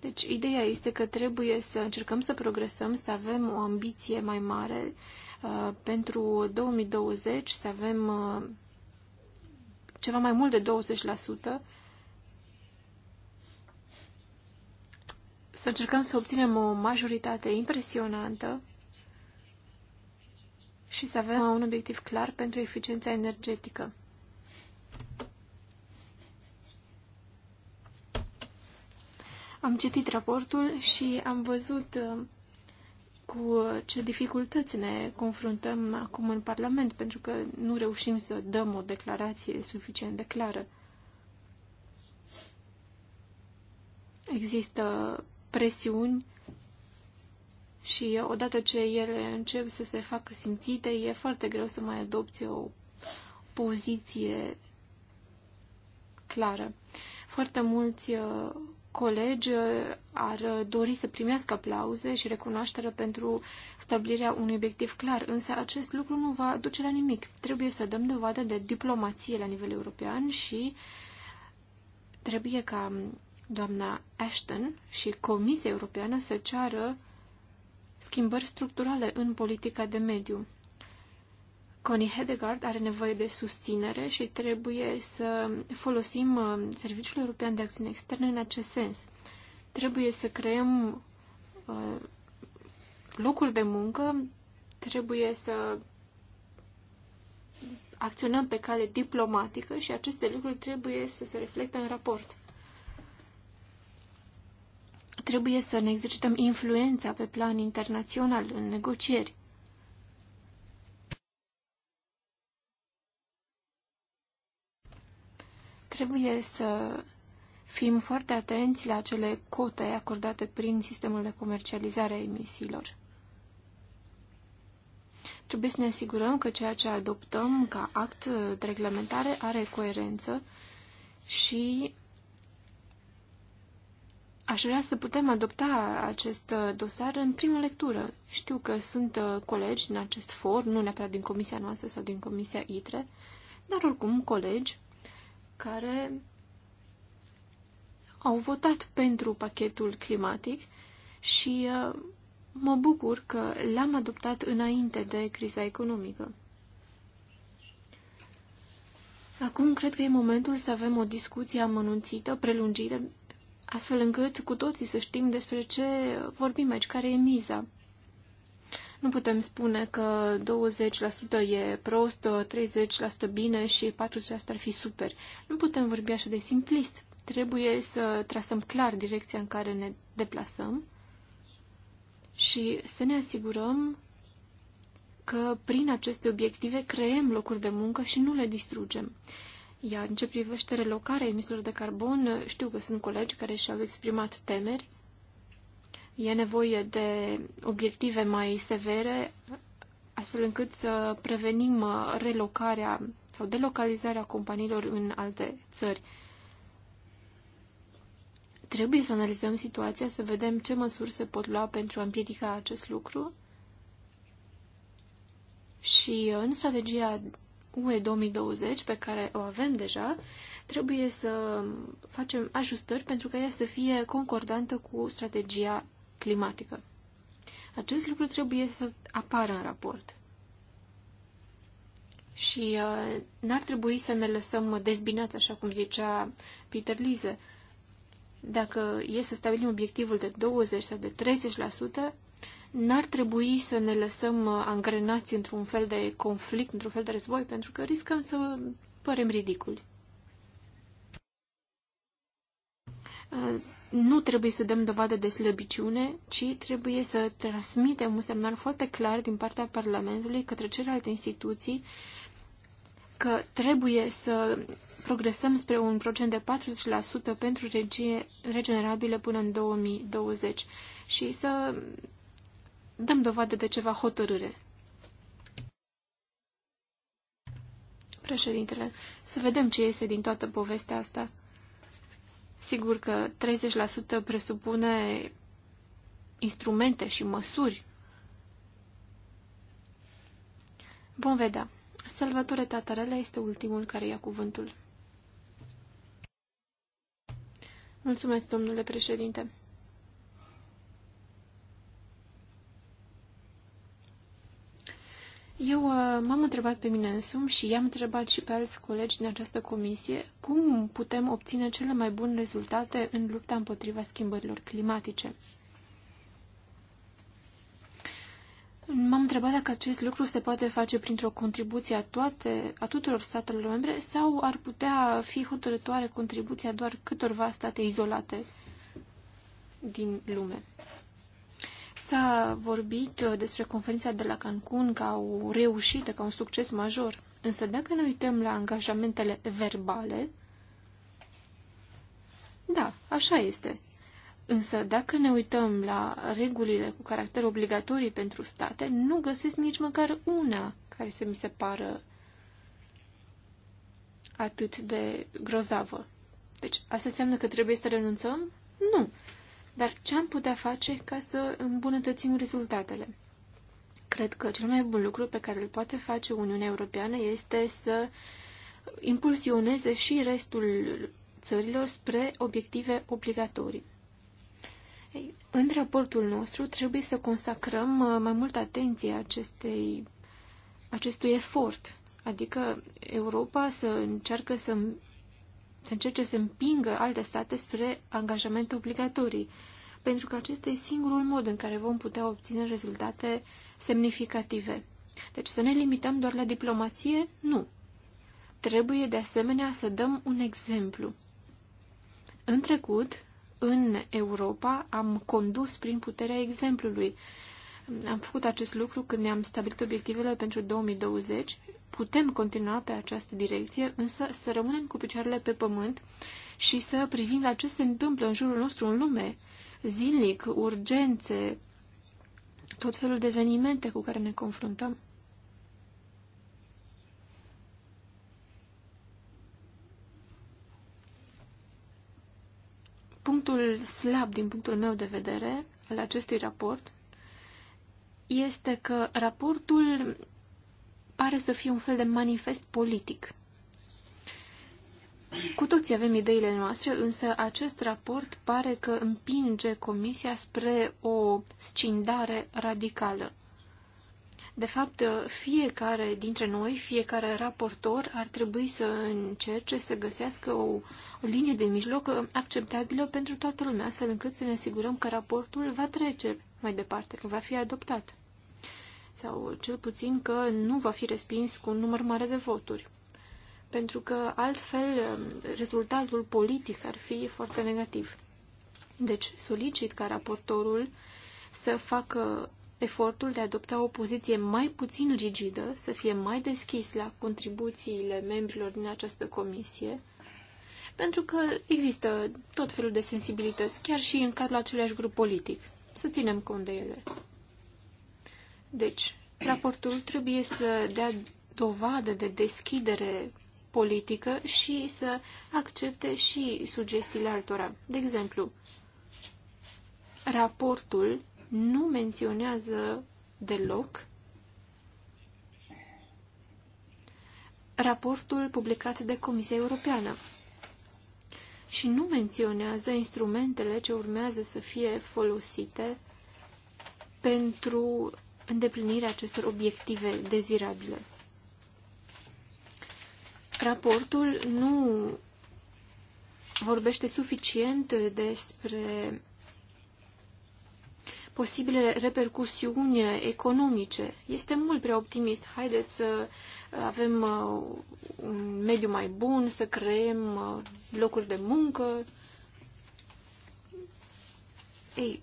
Deci, ideea este că trebuie să încercăm să progresăm, să avem o ambiție mai mare, uh, Uh, pentru 2020 să avem uh, ceva mai mult de 20%, să încercăm să obținem o majoritate impresionantă și să avem un obiectiv clar pentru eficiența energetică. Am citit raportul și am văzut uh, cu ce dificultăți ne confruntăm acum în Parlament, pentru că nu reușim să dăm o declarație suficient de clară. Există presiuni și odată ce ele încep să se facă simțite, e foarte greu să mai adopți o poziție clară. Foarte mulți uh, colegi uh, ar uh, dori să primească aplauze și recunoaștere pentru stabilirea unui obiectiv clar, însă acest lucru nu va duce la nimic. Trebuie să dăm dovadă de diplomație la nivel european și trebuie ca um, doamna Ashton și Comisia Europeană să ceară schimbări structurale în politica de mediu. Connie Hedegaard are nevoie de susținere și trebuie să folosim uh, Serviciul European de Acțiune Externă în acest sens. Trebuie să creăm uh, locuri de muncă, trebuie să acționăm pe cale diplomatică și aceste lucruri trebuie să se reflecte în raport. Trebuie să ne exercităm influența pe plan internațional în negocieri. trebuie să fim foarte atenți la cele cote acordate prin sistemul de comercializare a emisiilor. Trebuie să ne asigurăm că ceea ce adoptăm ca act de reglementare are coerență și aș vrea să putem adopta acest dosar în primă lectură. Știu că sunt colegi din acest for, nu neapărat din comisia noastră sau din comisia ITRE, dar oricum colegi care au votat pentru pachetul climatic și uh, mă bucur că l-am adoptat înainte de criza economică. Acum cred că e momentul să avem o discuție amănunțită, prelungită, astfel încât cu toții să știm despre ce vorbim aici, care e miza. Nu putem spune că 20% e prost, 30% bine și 40% ar fi super. Nu putem vorbi așa de simplist. Trebuie să trasăm clar direcția în care ne deplasăm și să ne asigurăm că prin aceste obiective creăm locuri de muncă și nu le distrugem. Iar în ce privește relocarea emisiilor de carbon, știu că sunt colegi care și-au exprimat temeri E nevoie de obiective mai severe, astfel încât să prevenim uh, relocarea sau delocalizarea companiilor în alte țări. Trebuie să analizăm situația, să vedem ce măsuri se pot lua pentru a împiedica acest lucru. Și uh, în strategia UE 2020, pe care o avem deja, trebuie să facem ajustări pentru ca ea să fie concordantă cu strategia climatică. Acest lucru trebuie să apară în raport. Și uh, n-ar trebui să ne lăsăm dezbinați, așa cum zicea Peter Lise. Dacă e să stabilim obiectivul de 20 sau de 30%, n-ar trebui să ne lăsăm uh, angrenați într-un fel de conflict, într-un fel de război, pentru că riscăm să părem ridiculi. Uh, nu trebuie să dăm dovadă de slăbiciune, ci trebuie să transmitem un semnal foarte clar din partea Parlamentului către celelalte instituții că trebuie să progresăm spre un procent de 40% pentru regie regenerabilă până în 2020 și să dăm dovadă de ceva hotărâre. Președintele, să vedem ce iese din toată povestea asta. Sigur că 30% presupune instrumente și măsuri. Vom vedea. Salvatore Tatarele este ultimul care ia cuvântul. Mulțumesc, domnule președinte. Eu uh, m-am întrebat pe mine însumi și i-am întrebat și pe alți colegi din această comisie cum putem obține cele mai bune rezultate în lupta împotriva schimbărilor climatice. M-am întrebat dacă acest lucru se poate face printr-o contribuție a, toate, a tuturor statelor membre sau ar putea fi hotărătoare contribuția doar câtorva state izolate din lume. S-a vorbit uh, despre conferința de la Cancun ca o reușită, ca un succes major. Însă dacă ne uităm la angajamentele verbale, da, așa este. Însă dacă ne uităm la regulile cu caracter obligatorii pentru state, nu găsesc nici măcar una care să mi se pară atât de grozavă. Deci, asta înseamnă că trebuie să renunțăm? Nu. Dar ce am putea face ca să îmbunătățim rezultatele? Cred că cel mai bun lucru pe care îl poate face Uniunea Europeană este să impulsioneze și restul țărilor spre obiective obligatorii. Ei, în raportul nostru trebuie să consacrăm uh, mai multă atenție acestei, acestui efort, adică Europa să încearcă să să încerce să împingă alte state spre angajamente obligatorii, pentru că acesta e singurul mod în care vom putea obține rezultate semnificative. Deci să ne limităm doar la diplomație? Nu. Trebuie de asemenea să dăm un exemplu. În trecut, în Europa, am condus prin puterea exemplului am făcut acest lucru când ne-am stabilit obiectivele pentru 2020. Putem continua pe această direcție, însă să rămânem cu picioarele pe pământ și să privim la ce se întâmplă în jurul nostru în lume, zilnic, urgențe, tot felul de evenimente cu care ne confruntăm. Punctul slab din punctul meu de vedere al acestui raport este că raportul pare să fie un fel de manifest politic. Cu toții avem ideile noastre, însă acest raport pare că împinge Comisia spre o scindare radicală. De fapt, fiecare dintre noi, fiecare raportor ar trebui să încerce să găsească o, o linie de mijloc acceptabilă pentru toată lumea, astfel încât să ne asigurăm că raportul va trece mai departe, că va fi adoptat. Sau cel puțin că nu va fi respins cu un număr mare de voturi. Pentru că altfel rezultatul politic ar fi foarte negativ. Deci solicit ca raportorul să facă efortul de a adopta o poziție mai puțin rigidă, să fie mai deschis la contribuțiile membrilor din această comisie, pentru că există tot felul de sensibilități, chiar și în cadrul aceluiași grup politic să ținem cont de ele. Deci, raportul trebuie să dea dovadă de deschidere politică și să accepte și sugestiile altora. De exemplu, raportul nu menționează deloc raportul publicat de Comisia Europeană și nu menționează instrumentele ce urmează să fie folosite pentru îndeplinirea acestor obiective dezirabile. Raportul nu vorbește suficient despre posibile repercusiuni economice. Este mult prea optimist. Haideți să uh, avem uh, un mediu mai bun, să creăm uh, locuri de muncă. Ei,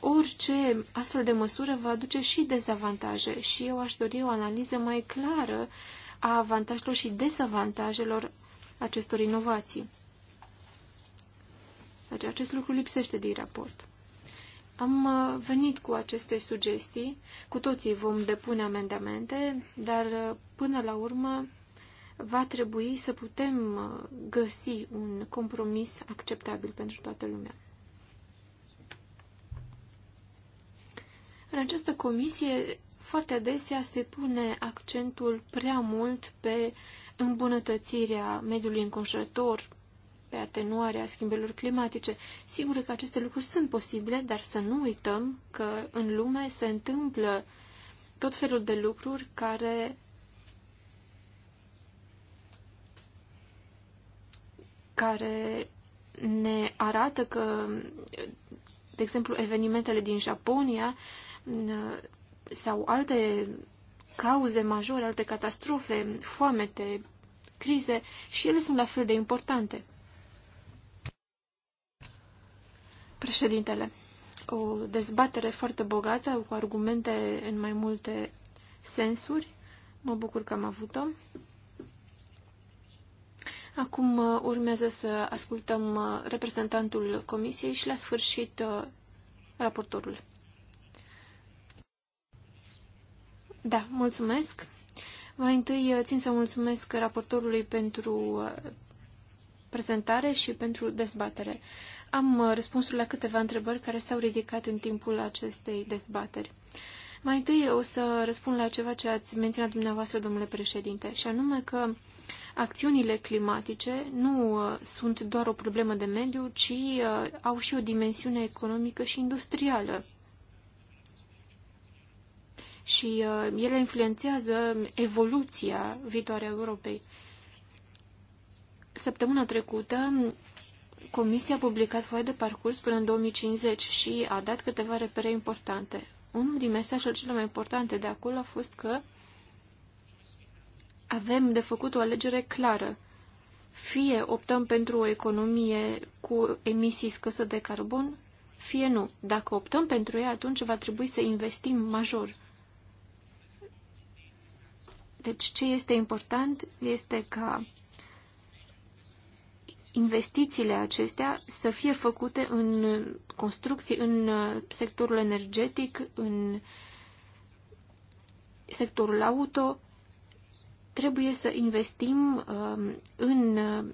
orice astfel de măsură va aduce și dezavantaje și eu aș dori o analiză mai clară a avantajelor și dezavantajelor acestor inovații. Deci acest lucru lipsește din raport. Am uh, venit cu aceste sugestii, cu toții vom depune amendamente, dar uh, până la urmă va trebui să putem uh, găsi un compromis acceptabil pentru toată lumea. În această comisie foarte adesea se pune accentul prea mult pe îmbunătățirea mediului înconjurător, pe atenuarea schimbărilor climatice. Sigur că aceste lucruri sunt posibile, dar să nu uităm că în lume se întâmplă tot felul de lucruri care care ne arată că, de exemplu, evenimentele din Japonia sau alte cauze majore, alte catastrofe, foamete, crize, și ele sunt la fel de importante. Președintele, o dezbatere foarte bogată, cu argumente în mai multe sensuri. Mă bucur că am avut-o. Acum uh, urmează să ascultăm uh, reprezentantul Comisiei și la sfârșit uh, raportorul. Da, mulțumesc. Mai întâi țin să mulțumesc raportorului pentru prezentare și pentru dezbatere am uh, răspunsuri la câteva întrebări care s-au ridicat în timpul acestei dezbateri. Mai întâi o să răspund la ceva ce ați menționat dumneavoastră, domnule președinte, și anume că acțiunile climatice nu uh, sunt doar o problemă de mediu, ci uh, au și o dimensiune economică și industrială. Și ele influențează evoluția viitoare a Europei. Săptămâna trecută Comisia a publicat foaia de parcurs până în 2050 și a dat câteva repere importante. Unul din mesajele cele mai importante de acolo a fost că avem de făcut o alegere clară. Fie optăm pentru o economie cu emisii scăzute de carbon, fie nu. Dacă optăm pentru ea, atunci va trebui să investim major. Deci ce este important este ca investițiile acestea să fie făcute în construcții, în uh, sectorul energetic, în sectorul auto. Trebuie să investim um, în uh,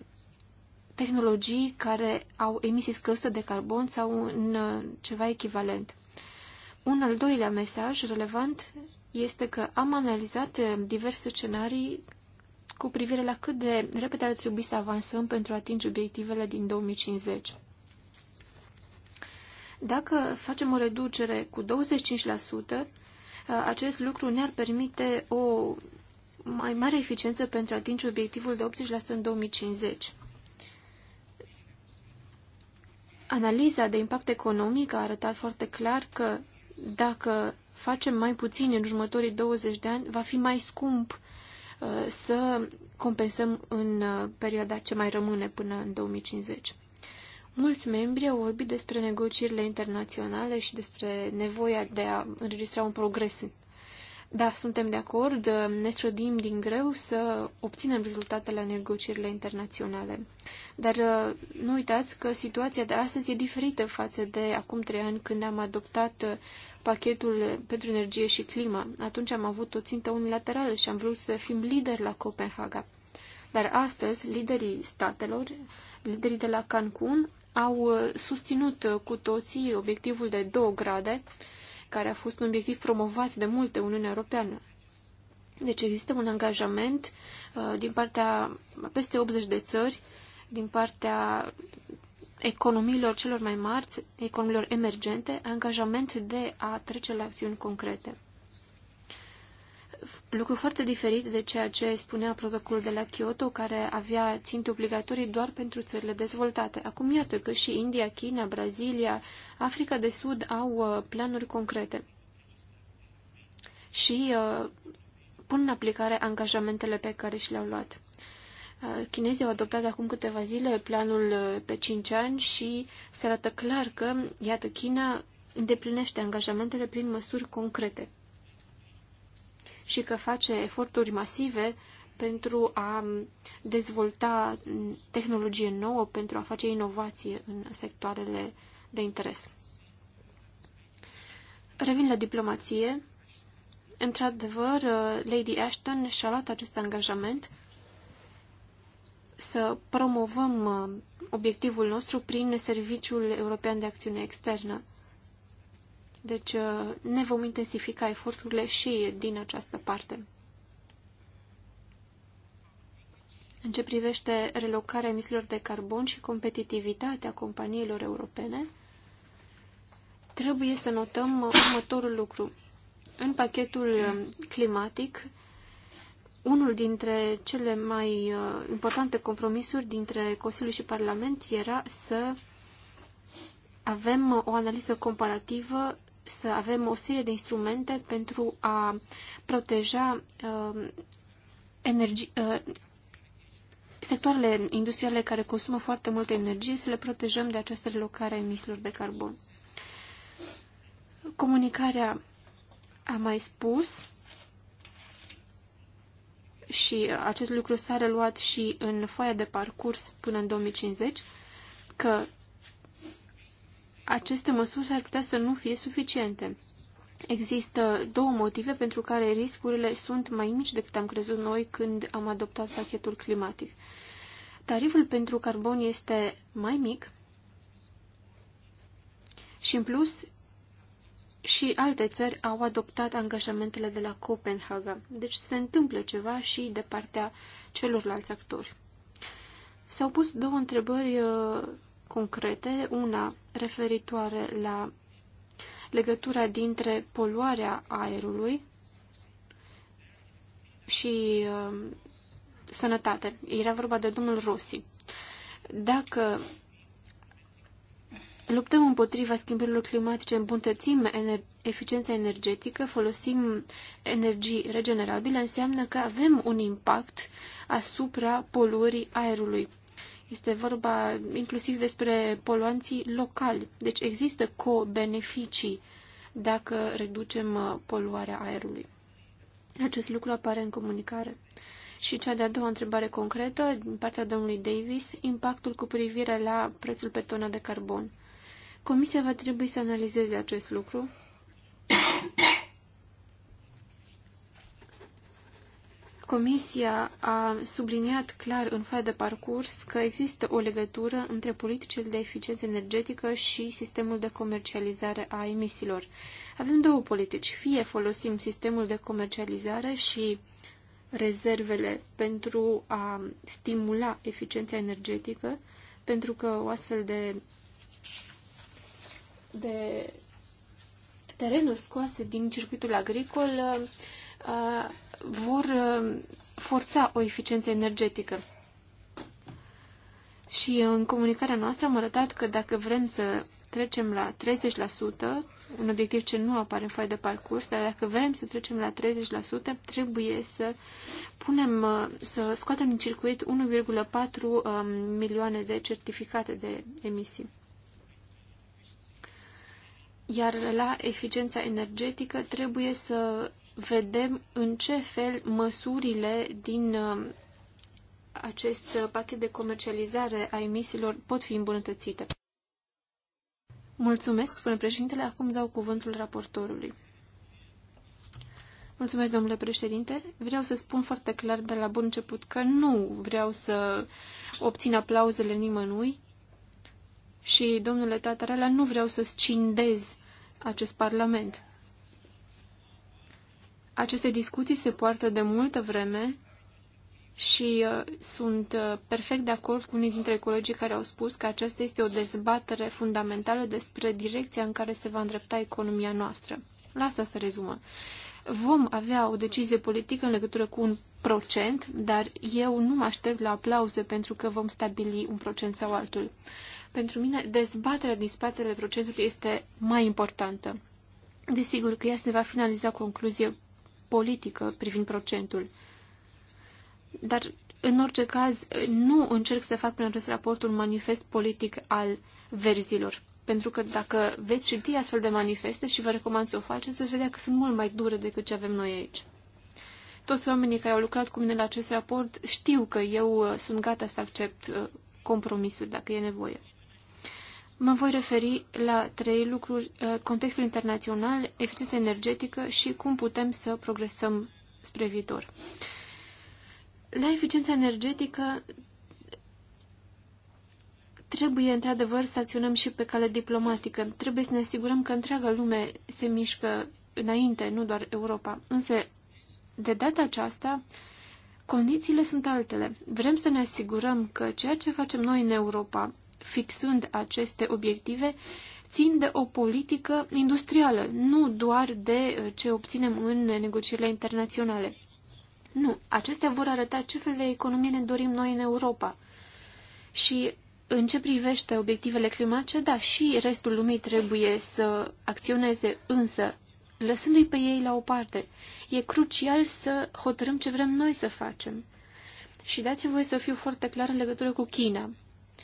tehnologii care au emisii scăzute de carbon sau în uh, ceva echivalent. Un al doilea mesaj relevant este că am analizat diverse scenarii cu privire la cât de repede ar trebui să avansăm pentru a atinge obiectivele din 2050. Dacă facem o reducere cu 25%, acest lucru ne-ar permite o mai mare eficiență pentru a atinge obiectivul de 80% în 2050. Analiza de impact economic a arătat foarte clar că dacă facem mai puțin în următorii 20 de ani, va fi mai scump să compensăm în uh, perioada ce mai rămâne până în 2050. Mulți membri au vorbit despre negocierile internaționale și despre nevoia de a înregistra un progres. Da, suntem de acord, ne străduim din greu să obținem rezultate la negocierile internaționale. Dar uh, nu uitați că situația de astăzi e diferită față de acum trei ani când am adoptat uh, pachetul pentru energie și climă. Atunci am avut o țintă unilaterală și am vrut să fim lideri la Copenhaga. Dar astăzi, liderii statelor, liderii de la Cancun, au uh, susținut uh, cu toții obiectivul de 2 grade, care a fost un obiectiv promovat de multe Uniunea Europeană. Deci există un angajament uh, din partea peste 80 de țări, din partea economiilor celor mai mari, economiilor emergente, angajament de a trece la acțiuni concrete. Lucru foarte diferit de ceea ce spunea protocolul de la Kyoto, care avea ținte obligatorii doar pentru țările dezvoltate. Acum iată că și India, China, Brazilia, Africa de Sud au uh, planuri concrete și uh, pun în aplicare angajamentele pe care și le-au luat. Uh, chinezii au adoptat acum câteva zile planul uh, pe 5 ani și se arată clar că, iată, China îndeplinește angajamentele prin măsuri concrete și că face eforturi masive pentru a um, dezvolta um, tehnologie nouă, pentru a face inovație în sectoarele de interes. Revin la diplomație. Într-adevăr, uh, Lady Ashton și-a luat acest angajament să promovăm uh, obiectivul nostru prin Serviciul European de Acțiune Externă. Deci uh, ne vom intensifica eforturile și din această parte. În ce privește relocarea emisiilor de carbon și competitivitatea companiilor europene, trebuie să notăm următorul lucru. În pachetul uh, climatic unul dintre cele mai uh, importante compromisuri dintre Consiliu și Parlament era să avem o analiză comparativă, să avem o serie de instrumente pentru a proteja uh, energi- uh, sectoarele industriale care consumă foarte multă energie, să le protejăm de această relocare a emisiilor de carbon. Comunicarea a mai spus și acest lucru s-a reluat și în foaia de parcurs până în 2050, că aceste măsuri ar putea să nu fie suficiente. Există două motive pentru care riscurile sunt mai mici decât am crezut noi când am adoptat pachetul climatic. Tariful pentru carbon este mai mic și, în plus, și alte țări au adoptat angajamentele de la Copenhaga. Deci se întâmplă ceva și de partea celorlalți actori. S-au pus două întrebări uh, concrete, una referitoare la legătura dintre poluarea aerului și uh, sănătate. Era vorba de domnul Rossi. Dacă Luptăm împotriva schimbărilor climatice, îmbunătățim ener- eficiența energetică, folosim energii regenerabile, înseamnă că avem un impact asupra poluării aerului. Este vorba inclusiv despre poluanții locali, deci există co-beneficii dacă reducem uh, poluarea aerului. Acest lucru apare în comunicare. Și cea de-a doua întrebare concretă din partea domnului Davis, impactul cu privire la prețul pe tonă de carbon. Comisia va trebui să analizeze acest lucru. Comisia a subliniat clar în faia de parcurs că există o legătură între politicile de eficiență energetică și sistemul de comercializare a emisiilor. Avem două politici. Fie folosim sistemul de comercializare și rezervele pentru a stimula eficiența energetică, pentru că o astfel de de terenuri scoase din circuitul agricol uh, vor uh, forța o eficiență energetică. Și în comunicarea noastră am arătat că dacă vrem să trecem la 30%, un obiectiv ce nu apare în foaie de parcurs, dar dacă vrem să trecem la 30%, trebuie să punem, uh, să scoatem din circuit 1,4 um, milioane de certificate de emisii. Iar la eficiența energetică trebuie să vedem în ce fel măsurile din uh, acest pachet de comercializare a emisiilor pot fi îmbunătățite. Mulțumesc, spune președintele. Acum dau cuvântul raportorului. Mulțumesc, domnule președinte. Vreau să spun foarte clar de la bun început că nu vreau să obțin aplauzele nimănui și, domnule Tatarela, nu vreau să scindez acest Parlament. Aceste discuții se poartă de multă vreme și uh, sunt uh, perfect de acord cu unii dintre ecologii care au spus că aceasta este o dezbatere fundamentală despre direcția în care se va îndrepta economia noastră. La asta se rezumă. Vom avea o decizie politică în legătură cu un procent, dar eu nu mă aștept la aplauze pentru că vom stabili un procent sau altul. Uh, pentru mine, dezbaterea din spatele procesului este mai importantă. Desigur că ea se va finaliza cu o concluzie politică privind procentul. Dar, în orice caz, nu încerc să fac prin acest raport un manifest politic al verzilor. Pentru că dacă veți citi astfel de manifeste și vă recomand să o faceți, veți vedea că sunt mult mai dure decât ce avem noi aici. Toți oamenii care au lucrat cu mine la acest raport știu că eu uh, sunt gata să accept uh, compromisuri dacă e nevoie. Mă voi referi la trei lucruri, uh, contextul internațional, eficiența energetică și cum putem să progresăm spre viitor. La eficiența energetică trebuie într-adevăr să acționăm și pe cale diplomatică. Trebuie să ne asigurăm că întreaga lume se mișcă înainte, nu doar Europa. Însă, de data aceasta, condițiile sunt altele. Vrem să ne asigurăm că ceea ce facem noi în Europa fixând aceste obiective, țin de o politică industrială, nu doar de uh, ce obținem în negocierile internaționale. Nu, acestea vor arăta ce fel de economie ne dorim noi în Europa. Și în ce privește obiectivele climatice, da, și restul lumii trebuie să acționeze, însă, lăsându-i pe ei la o parte, e crucial să hotărâm ce vrem noi să facem. Și dați-mi voie să fiu foarte clar în legătură cu China.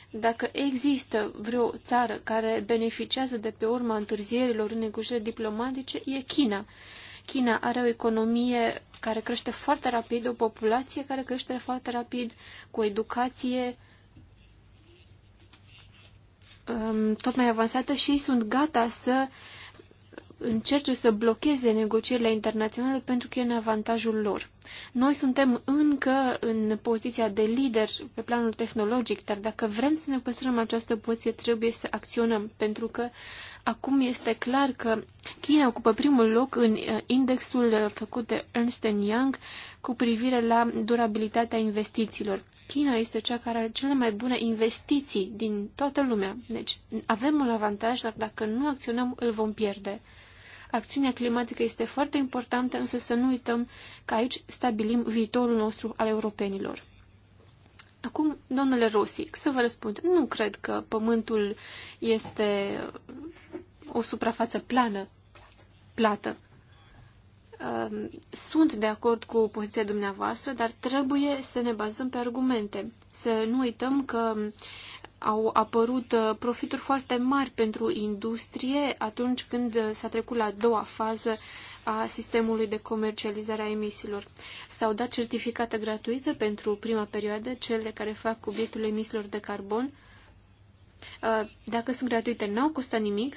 Dacă există vreo țară care beneficiază de pe urma întârzierilor în negocieri diplomatice, e China. China are o economie care crește foarte rapid, o populație care crește foarte rapid, cu educație um, tot mai avansată și ei sunt gata să încerce să blocheze negocierile internaționale pentru că e în avantajul lor. Noi suntem încă în poziția de lider pe planul tehnologic, dar dacă vrem să ne păstrăm această poziție, trebuie să acționăm, pentru că acum este clar că China ocupă primul loc în uh, indexul făcut de Ernst Young cu privire la durabilitatea investițiilor. China este cea care are cele mai bune investiții din toată lumea. Deci avem un avantaj, dar dacă nu acționăm, îl vom pierde. Acțiunea climatică este foarte importantă, însă să nu uităm că aici stabilim viitorul nostru al europenilor. Acum, domnule Rosic, să vă răspund. Nu cred că Pământul este o suprafață plană, plată. Sunt de acord cu poziția dumneavoastră, dar trebuie să ne bazăm pe argumente. Să nu uităm că au apărut uh, profituri foarte mari pentru industrie atunci când s-a trecut la a doua fază a sistemului de comercializare a emisiilor. S-au dat certificate gratuite pentru prima perioadă, cele care fac obiectul emisiilor de carbon. Uh, dacă sunt gratuite, n-au costat nimic,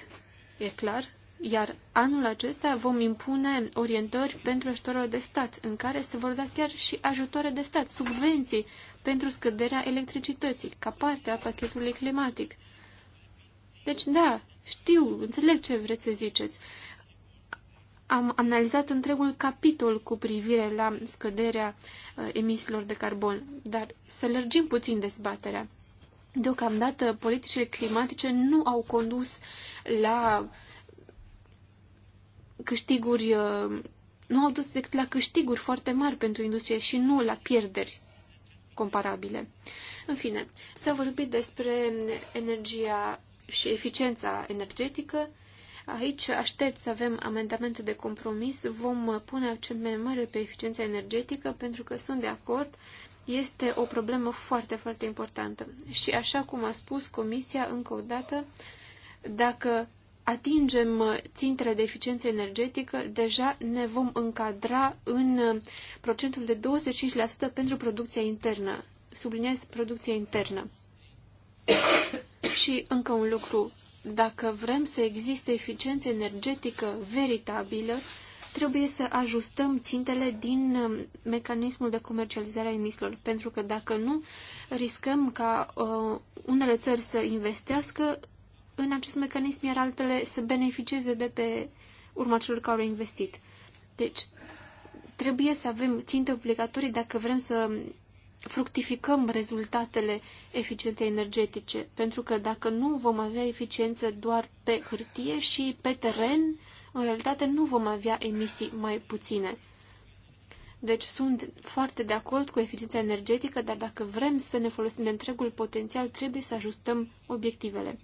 e clar, iar anul acesta vom impune orientări pentru ajutorul de stat, în care se vor da chiar și ajutoare de stat, subvenții pentru scăderea electricității, ca parte a pachetului climatic. Deci, da, știu, înțeleg ce vreți să ziceți. Am analizat întregul capitol cu privire la scăderea uh, emisiilor de carbon, dar să lărgim puțin dezbaterea. Deocamdată, politicile climatice nu au condus la câștiguri, uh, nu au dus decât la câștiguri foarte mari pentru industrie și nu la pierderi comparabile. În fine, s-a vorbit despre energia și eficiența energetică. Aici aștept să avem amendamente de compromis. Vom pune accent mai mare pe eficiența energetică pentru că sunt de acord. Este o problemă foarte, foarte importantă. Și așa cum a spus Comisia încă o dată, dacă atingem țintele de eficiență energetică, deja ne vom încadra în procentul de 25% pentru producția internă. Subliniez producția internă. Și încă un lucru. Dacă vrem să existe eficiență energetică veritabilă, trebuie să ajustăm țintele din um, mecanismul de comercializare a emisiilor, pentru că dacă nu, riscăm ca uh, unele țări să investească în acest mecanism, iar altele să beneficieze de pe urma celor care au investit. Deci, trebuie să avem ținte obligatorii dacă vrem să fructificăm rezultatele eficienței energetice, pentru că dacă nu vom avea eficiență doar pe hârtie și pe teren, în realitate nu vom avea emisii mai puține. Deci sunt foarte de acord cu eficiența energetică, dar dacă vrem să ne folosim de întregul potențial, trebuie să ajustăm obiectivele.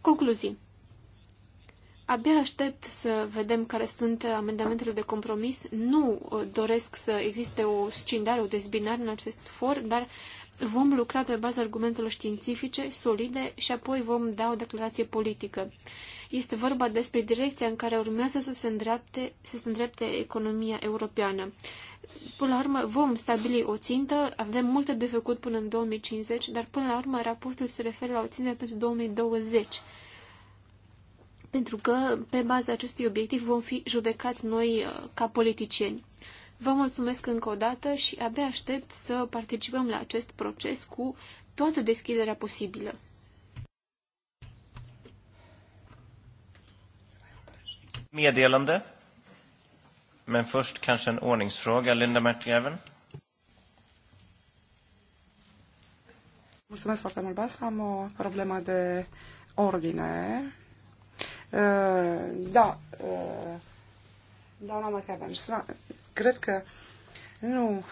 Concluzii. Abia aștept să vedem care sunt amendamentele de compromis. Nu uh, doresc să existe o scindare, o dezbinare în acest for, dar vom lucra pe baza argumentelor științifice, solide și apoi vom da o declarație politică. Este vorba despre direcția în care urmează să se îndrepte, să se îndrepte economia europeană. Până la urmă vom stabili o țintă, avem multe de făcut până în 2050, dar până la urmă raportul se referă la o țintă pentru 2020. Pentru că pe baza acestui obiectiv vom fi judecați noi uh, ca politicieni. Vă mulțumesc încă o dată și abia aștept să participăm la acest proces cu toată deschiderea posibilă. Meddelande. Men först kanske en ordningsfråga. Linda McGavin. Mulțumesc foarte mult, Bas. Am o problemă de ordine. Ă, da, ă, doamna McEvans, cred că nu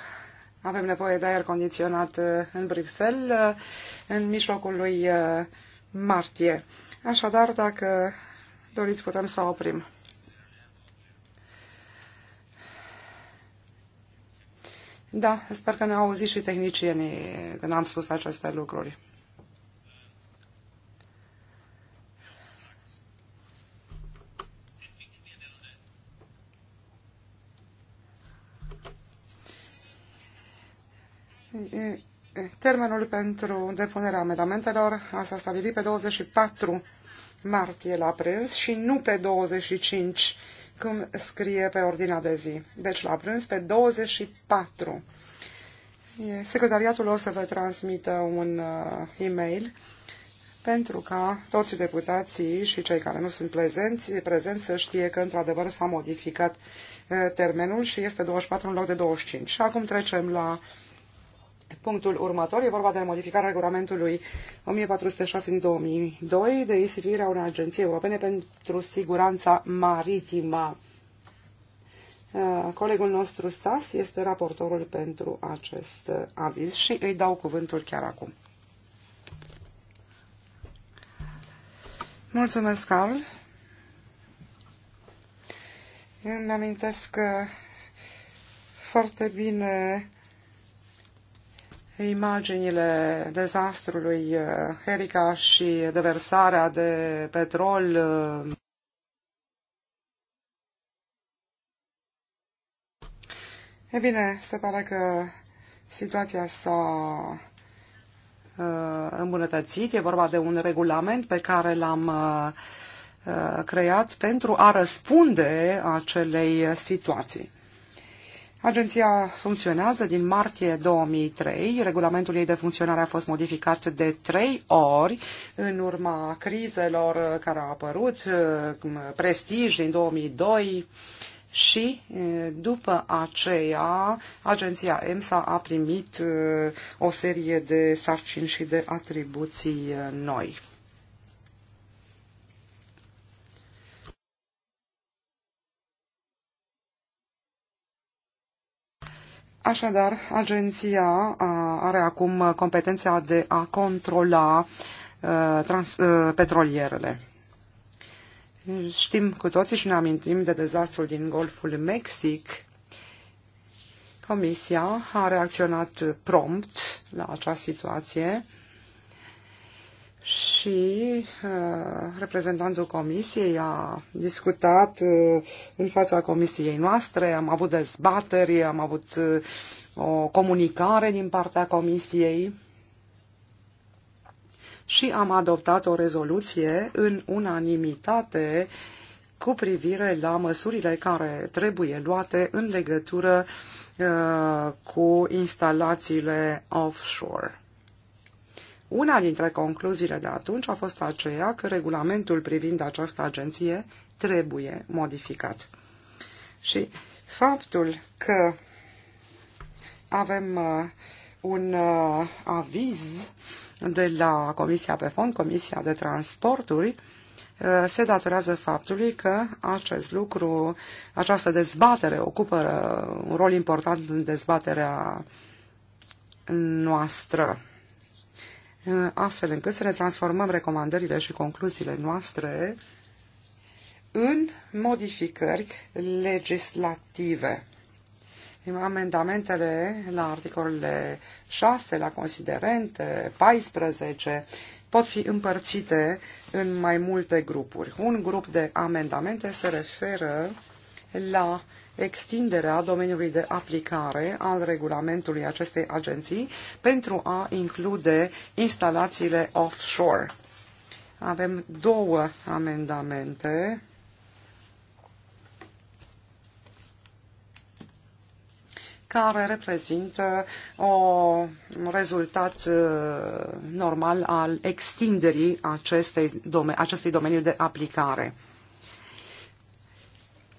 avem nevoie de aer condiționat ă, în Bruxelles în mijlocul lui martie. Așadar, dacă doriți, putem să oprim. Da, sper că ne-au auzit și tehnicienii când am spus aceste lucruri. Termenul pentru depunerea amendamentelor a stabilit pe 24 martie la prânz și nu pe 25 cum scrie pe ordinea de zi. Deci la prânz pe 24. Secretariatul o să vă transmită un uh, e-mail pentru ca toți deputații și cei care nu sunt prezenți, prezenți să știe că într-adevăr s-a modificat uh, termenul și este 24 în loc de 25. Și acum trecem la punctul următor. E vorba de modificarea regulamentului 1406 din 2002 de instituirea unei agenții europene pentru siguranța maritimă. Uh, colegul nostru Stas este raportorul pentru acest uh, aviz și îi dau cuvântul chiar acum. Mulțumesc, Carl. Îmi amintesc uh, foarte bine imaginile dezastrului uh, Herica și deversarea de petrol uh, E bine, se pare că situația s-a uh, îmbunătățit. E vorba de un regulament pe care l-am creat pentru a răspunde acelei situații. Agenția funcționează din martie 2003. Regulamentul ei de funcționare a fost modificat de trei ori în urma crizelor care au apărut, prestij din 2002 și după aceea agenția EMSA a primit o serie de sarcini și de atribuții noi. Așadar, agenția are acum competența de a controla trans, petrolierele. Știm cu toții și ne amintim de dezastrul din Golful Mexic. Comisia a reacționat prompt la această situație și uh, reprezentantul comisiei a discutat uh, în fața comisiei noastre, am avut dezbateri, am avut uh, o comunicare din partea comisiei și am adoptat o rezoluție în unanimitate cu privire la măsurile care trebuie luate în legătură uh, cu instalațiile offshore. Una dintre concluziile de atunci a fost aceea că regulamentul privind această agenție trebuie modificat. Și faptul că avem uh, un uh, aviz de la Comisia pe Fond, Comisia de Transporturi, uh, se datorează faptului că acest lucru, această dezbatere ocupă un rol important în dezbaterea noastră. Uh, astfel încât să ne transformăm recomandările și concluziile noastre în modificări legislative. Amendamentele la articolele 6, la considerente, 14, pot fi împărțite în mai multe grupuri. Un grup de amendamente se referă la extinderea domeniului de aplicare al regulamentului acestei agenții pentru a include instalațiile offshore. Avem două amendamente. care reprezintă un rezultat uh, normal al extinderii acestei, acestui domeniu de aplicare.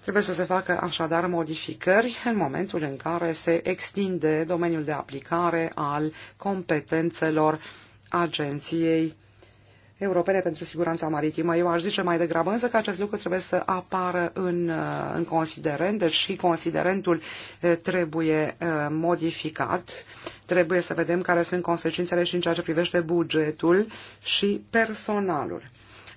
Trebuie să se facă așadar modificări în momentul în care se extinde domeniul de aplicare al competențelor Agenției Europene pentru Siguranța Maritimă. Eu aș zice mai degrabă însă că acest lucru trebuie să apară în, uh, în considerent, deci și considerentul uh, trebuie uh, modificat. Trebuie să vedem care sunt consecințele și în ceea ce privește bugetul și personalul.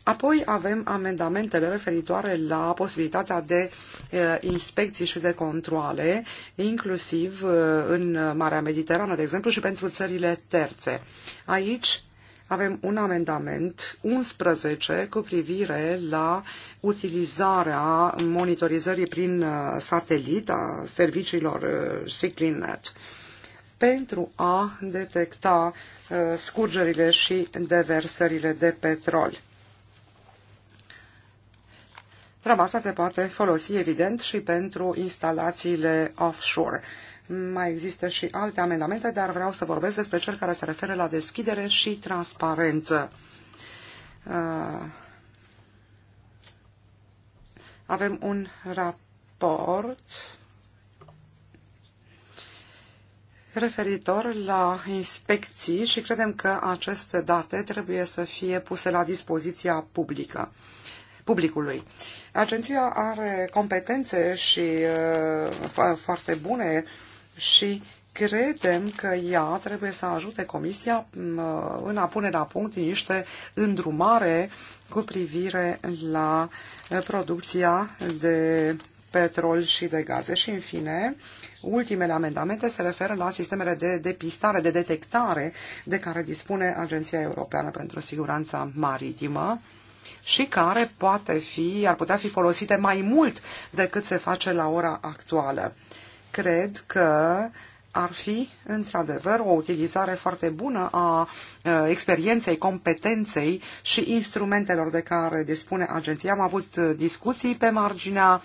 Apoi avem amendamentele referitoare la posibilitatea de eh, inspecții și de controle, inclusiv eh, în Marea Mediterană, de exemplu, și pentru țările terțe. Aici avem un amendament 11 cu privire la utilizarea monitorizării prin eh, satelit a serviciilor SICLINET pentru a detecta scurgerile și deversările de petrol. Treaba asta se poate folosi, evident, și pentru instalațiile offshore. Mai există și alte amendamente, dar vreau să vorbesc despre cel care se referă la deschidere și transparență. Uh, avem un raport referitor la inspecții și credem că aceste date trebuie să fie puse la dispoziția publică publicului. Agenția are competențe și uh, foarte bune și credem că ea trebuie să ajute Comisia mm, uh, în a pune la punct niște îndrumare cu privire la uh, producția de petrol și de gaze. Și, în fine, ultimele amendamente se referă la sistemele de depistare, de detectare de care dispune Agenția Europeană pentru Siguranța Maritimă și care poate fi, ar putea fi folosite mai mult decât se face la ora actuală. Cred că ar fi, într-adevăr, o utilizare foarte bună a experienței, competenței și instrumentelor de care dispune agenția. Am avut discuții pe marginea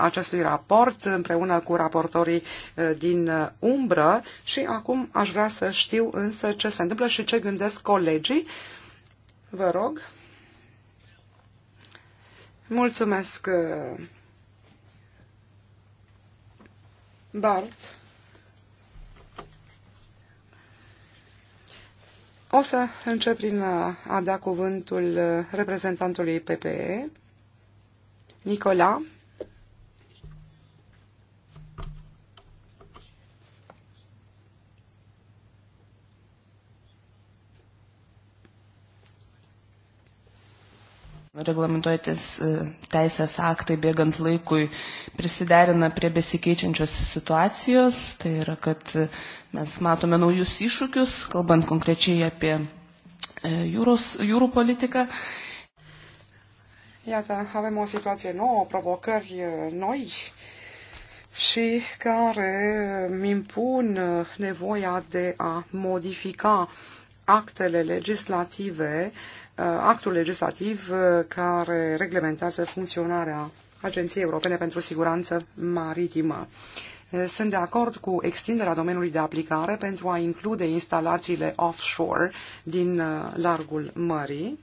acestui raport împreună cu raportorii din umbră și acum aș vrea să știu însă ce se întâmplă și ce gândesc colegii. Vă rog. Mulțumesc, uh, Bart. O să încep prin a da cuvântul uh, reprezentantului PPE, Nicola, reglamentuojantis teisės aktai bėgant laikui prisiderina prie besikeičiančios situacijos, tai yra, kad mes matome naujus iššūkius, kalbant konkrečiai apie jūros, jūrų politiką. Iată, avem o situație nouă, provocări noi și care impun nevoia de a modifica actele legislative uh, actul legislativ uh, care reglementează funcționarea Agenției Europene pentru Siguranță Maritimă. Uh, sunt de acord cu extinderea domeniului de aplicare pentru a include instalațiile offshore din uh, largul mării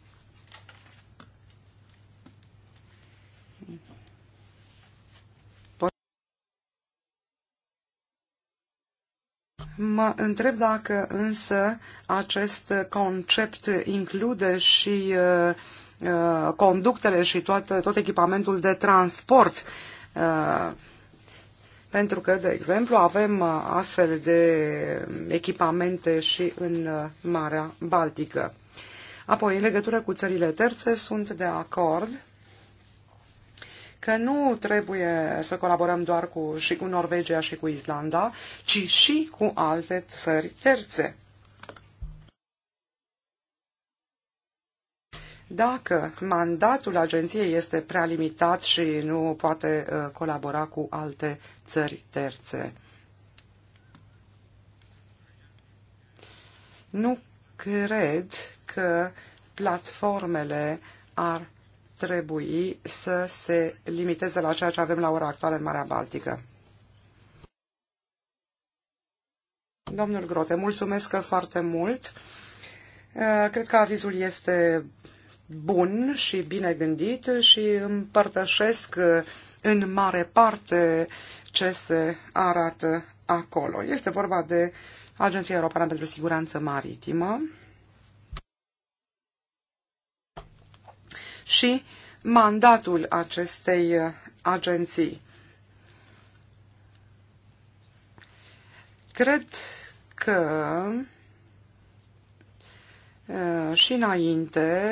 Mă întreb dacă însă acest concept include și uh, uh, conductele și toată, tot echipamentul de transport. Uh, pentru că, de exemplu, avem uh, astfel de echipamente și în uh, Marea Baltică. Apoi, în legătură cu țările terțe, sunt de acord că nu trebuie să colaborăm doar cu, și cu Norvegia și cu Islanda, ci și cu alte țări terțe. Dacă mandatul agenției este prea limitat și nu poate uh, colabora cu alte țări terțe. Nu cred că platformele ar trebui să se limiteze la ceea ce avem la ora actuală în Marea Baltică. Domnul Grote, mulțumesc foarte mult. Uh, cred că avizul este bun și bine gândit și împărtășesc uh, în mare parte ce se arată acolo. Este vorba de Agenția Europeană pentru Siguranță Maritimă, și mandatul acestei uh, agenții. Cred că uh, și înainte,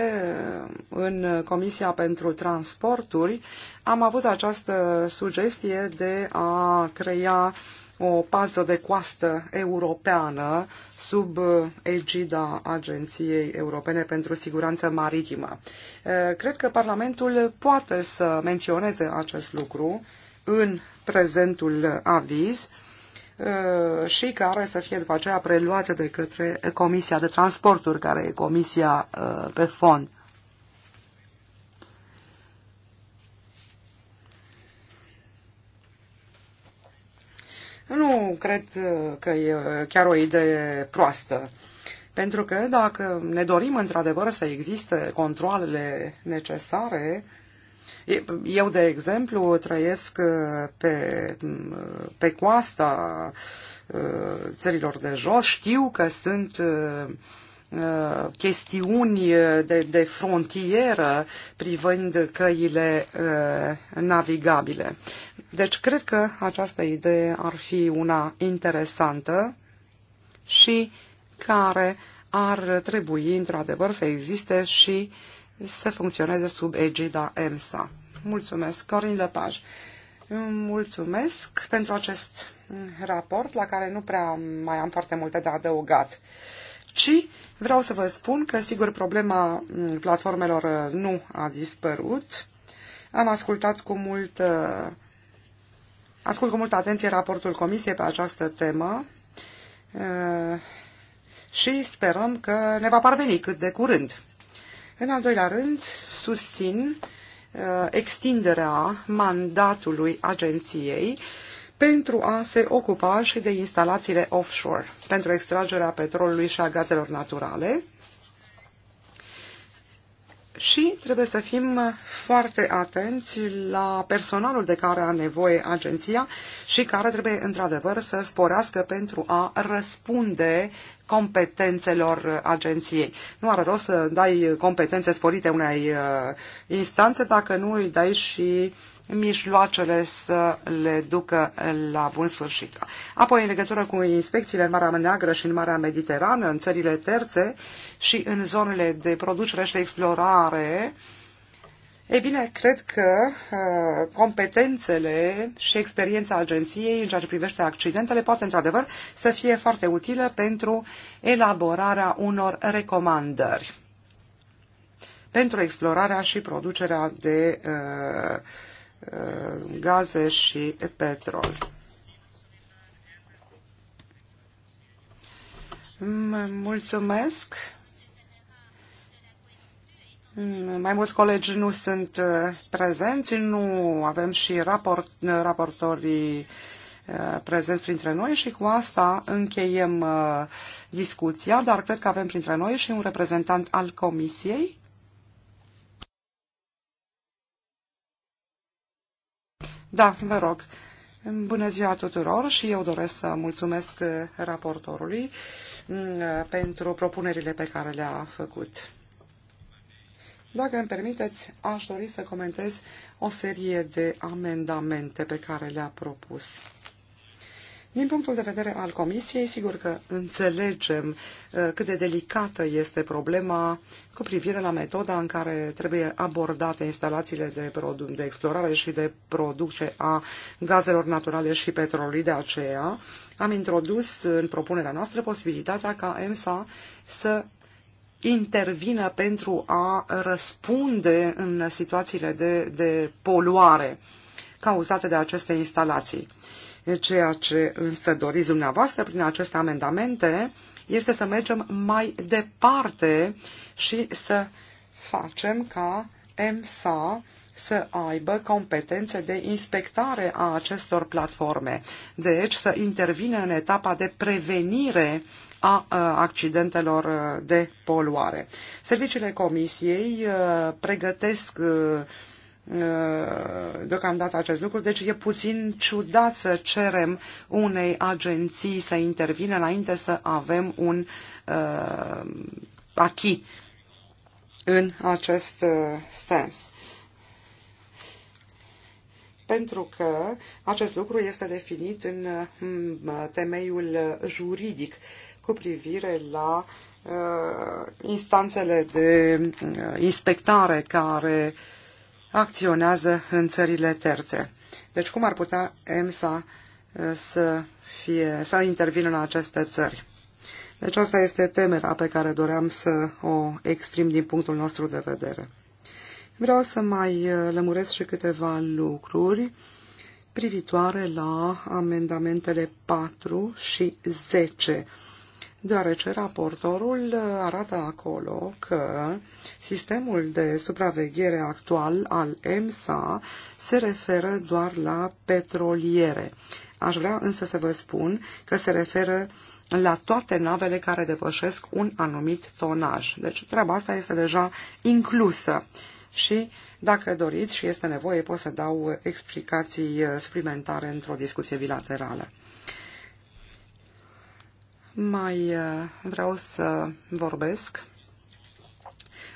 uh, în Comisia pentru Transporturi, am avut această sugestie de a crea o pază de coastă europeană sub egida Agenției Europene pentru Siguranță Maritimă. Cred că Parlamentul poate să menționeze acest lucru în prezentul aviz și care să fie după aceea preluată de către Comisia de Transporturi, care e comisia pe fond. Nu cred uh, că e uh, chiar o idee proastă. Pentru că dacă ne dorim într-adevăr să existe controlele necesare, eu, de exemplu, trăiesc uh, pe, pe coasta țărilor de jos, știu că sunt chestiuni de, de frontieră privind căile navigabile. Deci cred că această idee ar fi una interesantă și care ar trebui, într-adevăr, să existe și să funcționeze sub egida EMSA. Mulțumesc, Corin Lepaj. Mulțumesc pentru acest raport, la care nu prea mai am foarte multe de adăugat, ci vreau să vă spun că, sigur, problema platformelor nu a dispărut. Am ascultat cu multă Ascult cu multă atenție raportul Comisiei pe această temă eh, și sperăm că ne va parveni cât de curând. În al doilea rând, susțin eh, extinderea mandatului agenției pentru a se ocupa și de instalațiile offshore, pentru extragerea petrolului și a gazelor naturale, și trebuie să fim foarte atenți la personalul de care are nevoie agenția și care trebuie într-adevăr să sporească pentru a răspunde competențelor agenției. Nu are rost să dai competențe sporite unei uh, instanțe dacă nu îi dai și mișloacele să le ducă la bun sfârșit. Apoi, în legătură cu inspecțiile în Marea Neagră și în Marea Mediterană, în țările terțe și în zonele de producere și de explorare, uh, ei bine, cred că uh, competențele și experiența agenției în ceea ce privește accidentele poate într-adevăr să fie foarte utilă pentru elaborarea unor recomandări pentru explorarea și producerea de uh, uh, gaze și petrol. Mulțumesc! Mm, mai mulți colegi nu sunt uh, prezenți, nu avem și raport, raportorii uh, prezenți printre noi și cu asta încheiem uh, discuția, dar cred că avem printre noi și un reprezentant al Comisiei. Da, vă rog. Bună ziua tuturor și eu doresc să mulțumesc raportorului mm, pentru propunerile pe care le-a făcut. Dacă îmi permiteți, aș dori să comentez o serie de amendamente pe care le-a propus. Din punctul de vedere al Comisiei, sigur că înțelegem uh, cât de delicată este problema cu privire la metoda în care trebuie abordate instalațiile de, produ- de explorare și de producție a gazelor naturale și petrolului. De aceea am introdus în propunerea noastră posibilitatea ca EMSA să intervină pentru a răspunde în situațiile de, de poluare cauzate de aceste instalații. Ceea ce însă doriți dumneavoastră prin aceste amendamente este să mergem mai departe și să facem ca EMSA să aibă competențe de inspectare a acestor platforme. Deci să intervină în etapa de prevenire a accidentelor de poluare. Serviciile Comisiei pregătesc deocamdată acest lucru, deci e puțin ciudat să cerem unei agenții să intervină înainte să avem un achi în acest sens. Pentru că acest lucru este definit în temeiul juridic cu privire la uh, instanțele de uh, inspectare care acționează în țările terțe. Deci cum ar putea EMSA uh, să, fie, să intervină în aceste țări? Deci asta este temerea pe care doream să o exprim din punctul nostru de vedere. Vreau să mai uh, lămuresc și câteva lucruri privitoare la amendamentele 4 și 10 deoarece raportorul uh, arată acolo că sistemul de supraveghere actual al EMSA se referă doar la petroliere. Aș vrea însă să vă spun că se referă la toate navele care depășesc un anumit tonaj. Deci treaba asta este deja inclusă și dacă doriți și este nevoie pot să dau explicații uh, suplimentare într-o discuție bilaterală mai uh, vreau să vorbesc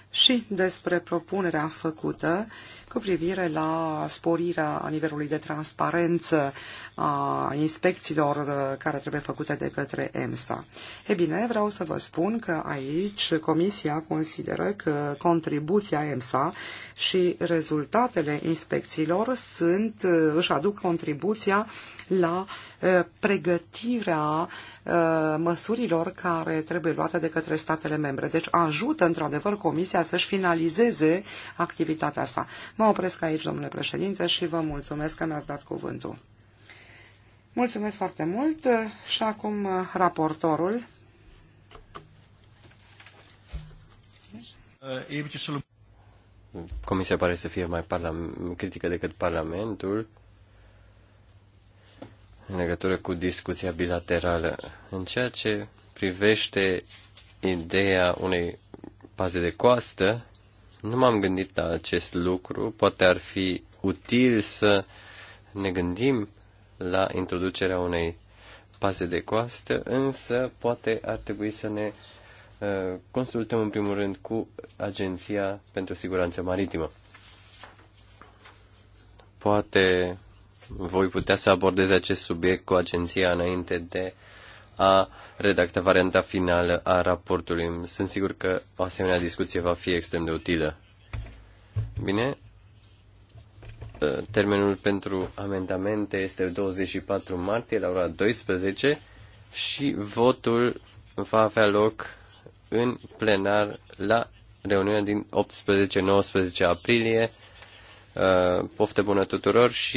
și despre propunerea făcută cu privire la sporirea nivelului de transparență a inspecțiilor uh, care trebuie făcute de către EMSA. E bine, vreau să vă spun că aici Comisia consideră că contribuția EMSA și rezultatele inspecțiilor sunt, uh, își aduc contribuția la pregătirea uh, Uh, măsurilor care trebuie luate de către statele membre. Deci ajută, într-adevăr, Comisia să-și finalizeze activitatea sa. Mă opresc aici, domnule președinte, și vă mulțumesc că mi-ați dat cuvântul. Mulțumesc foarte mult și acum uh, raportorul. Uh, Comisia pare să fie mai critică decât Parlamentul în legătură cu discuția bilaterală. În ceea ce privește ideea unei paze de coastă, nu m-am gândit la acest lucru. Poate ar fi util să ne gândim la introducerea unei paze de coastă, însă poate ar trebui să ne uh, consultăm în primul rând cu Agenția pentru Siguranță Maritimă. Poate voi putea să abordez acest subiect cu agenția înainte de a redacta varianta finală a raportului. Sunt sigur că o asemenea discuție va fi extrem de utilă. Bine, uh, termenul pentru amendamente este 24 martie la ora 12 și votul va avea loc în plenar la reuniunea din 18-19 aprilie. Uh, poftă bună tuturor și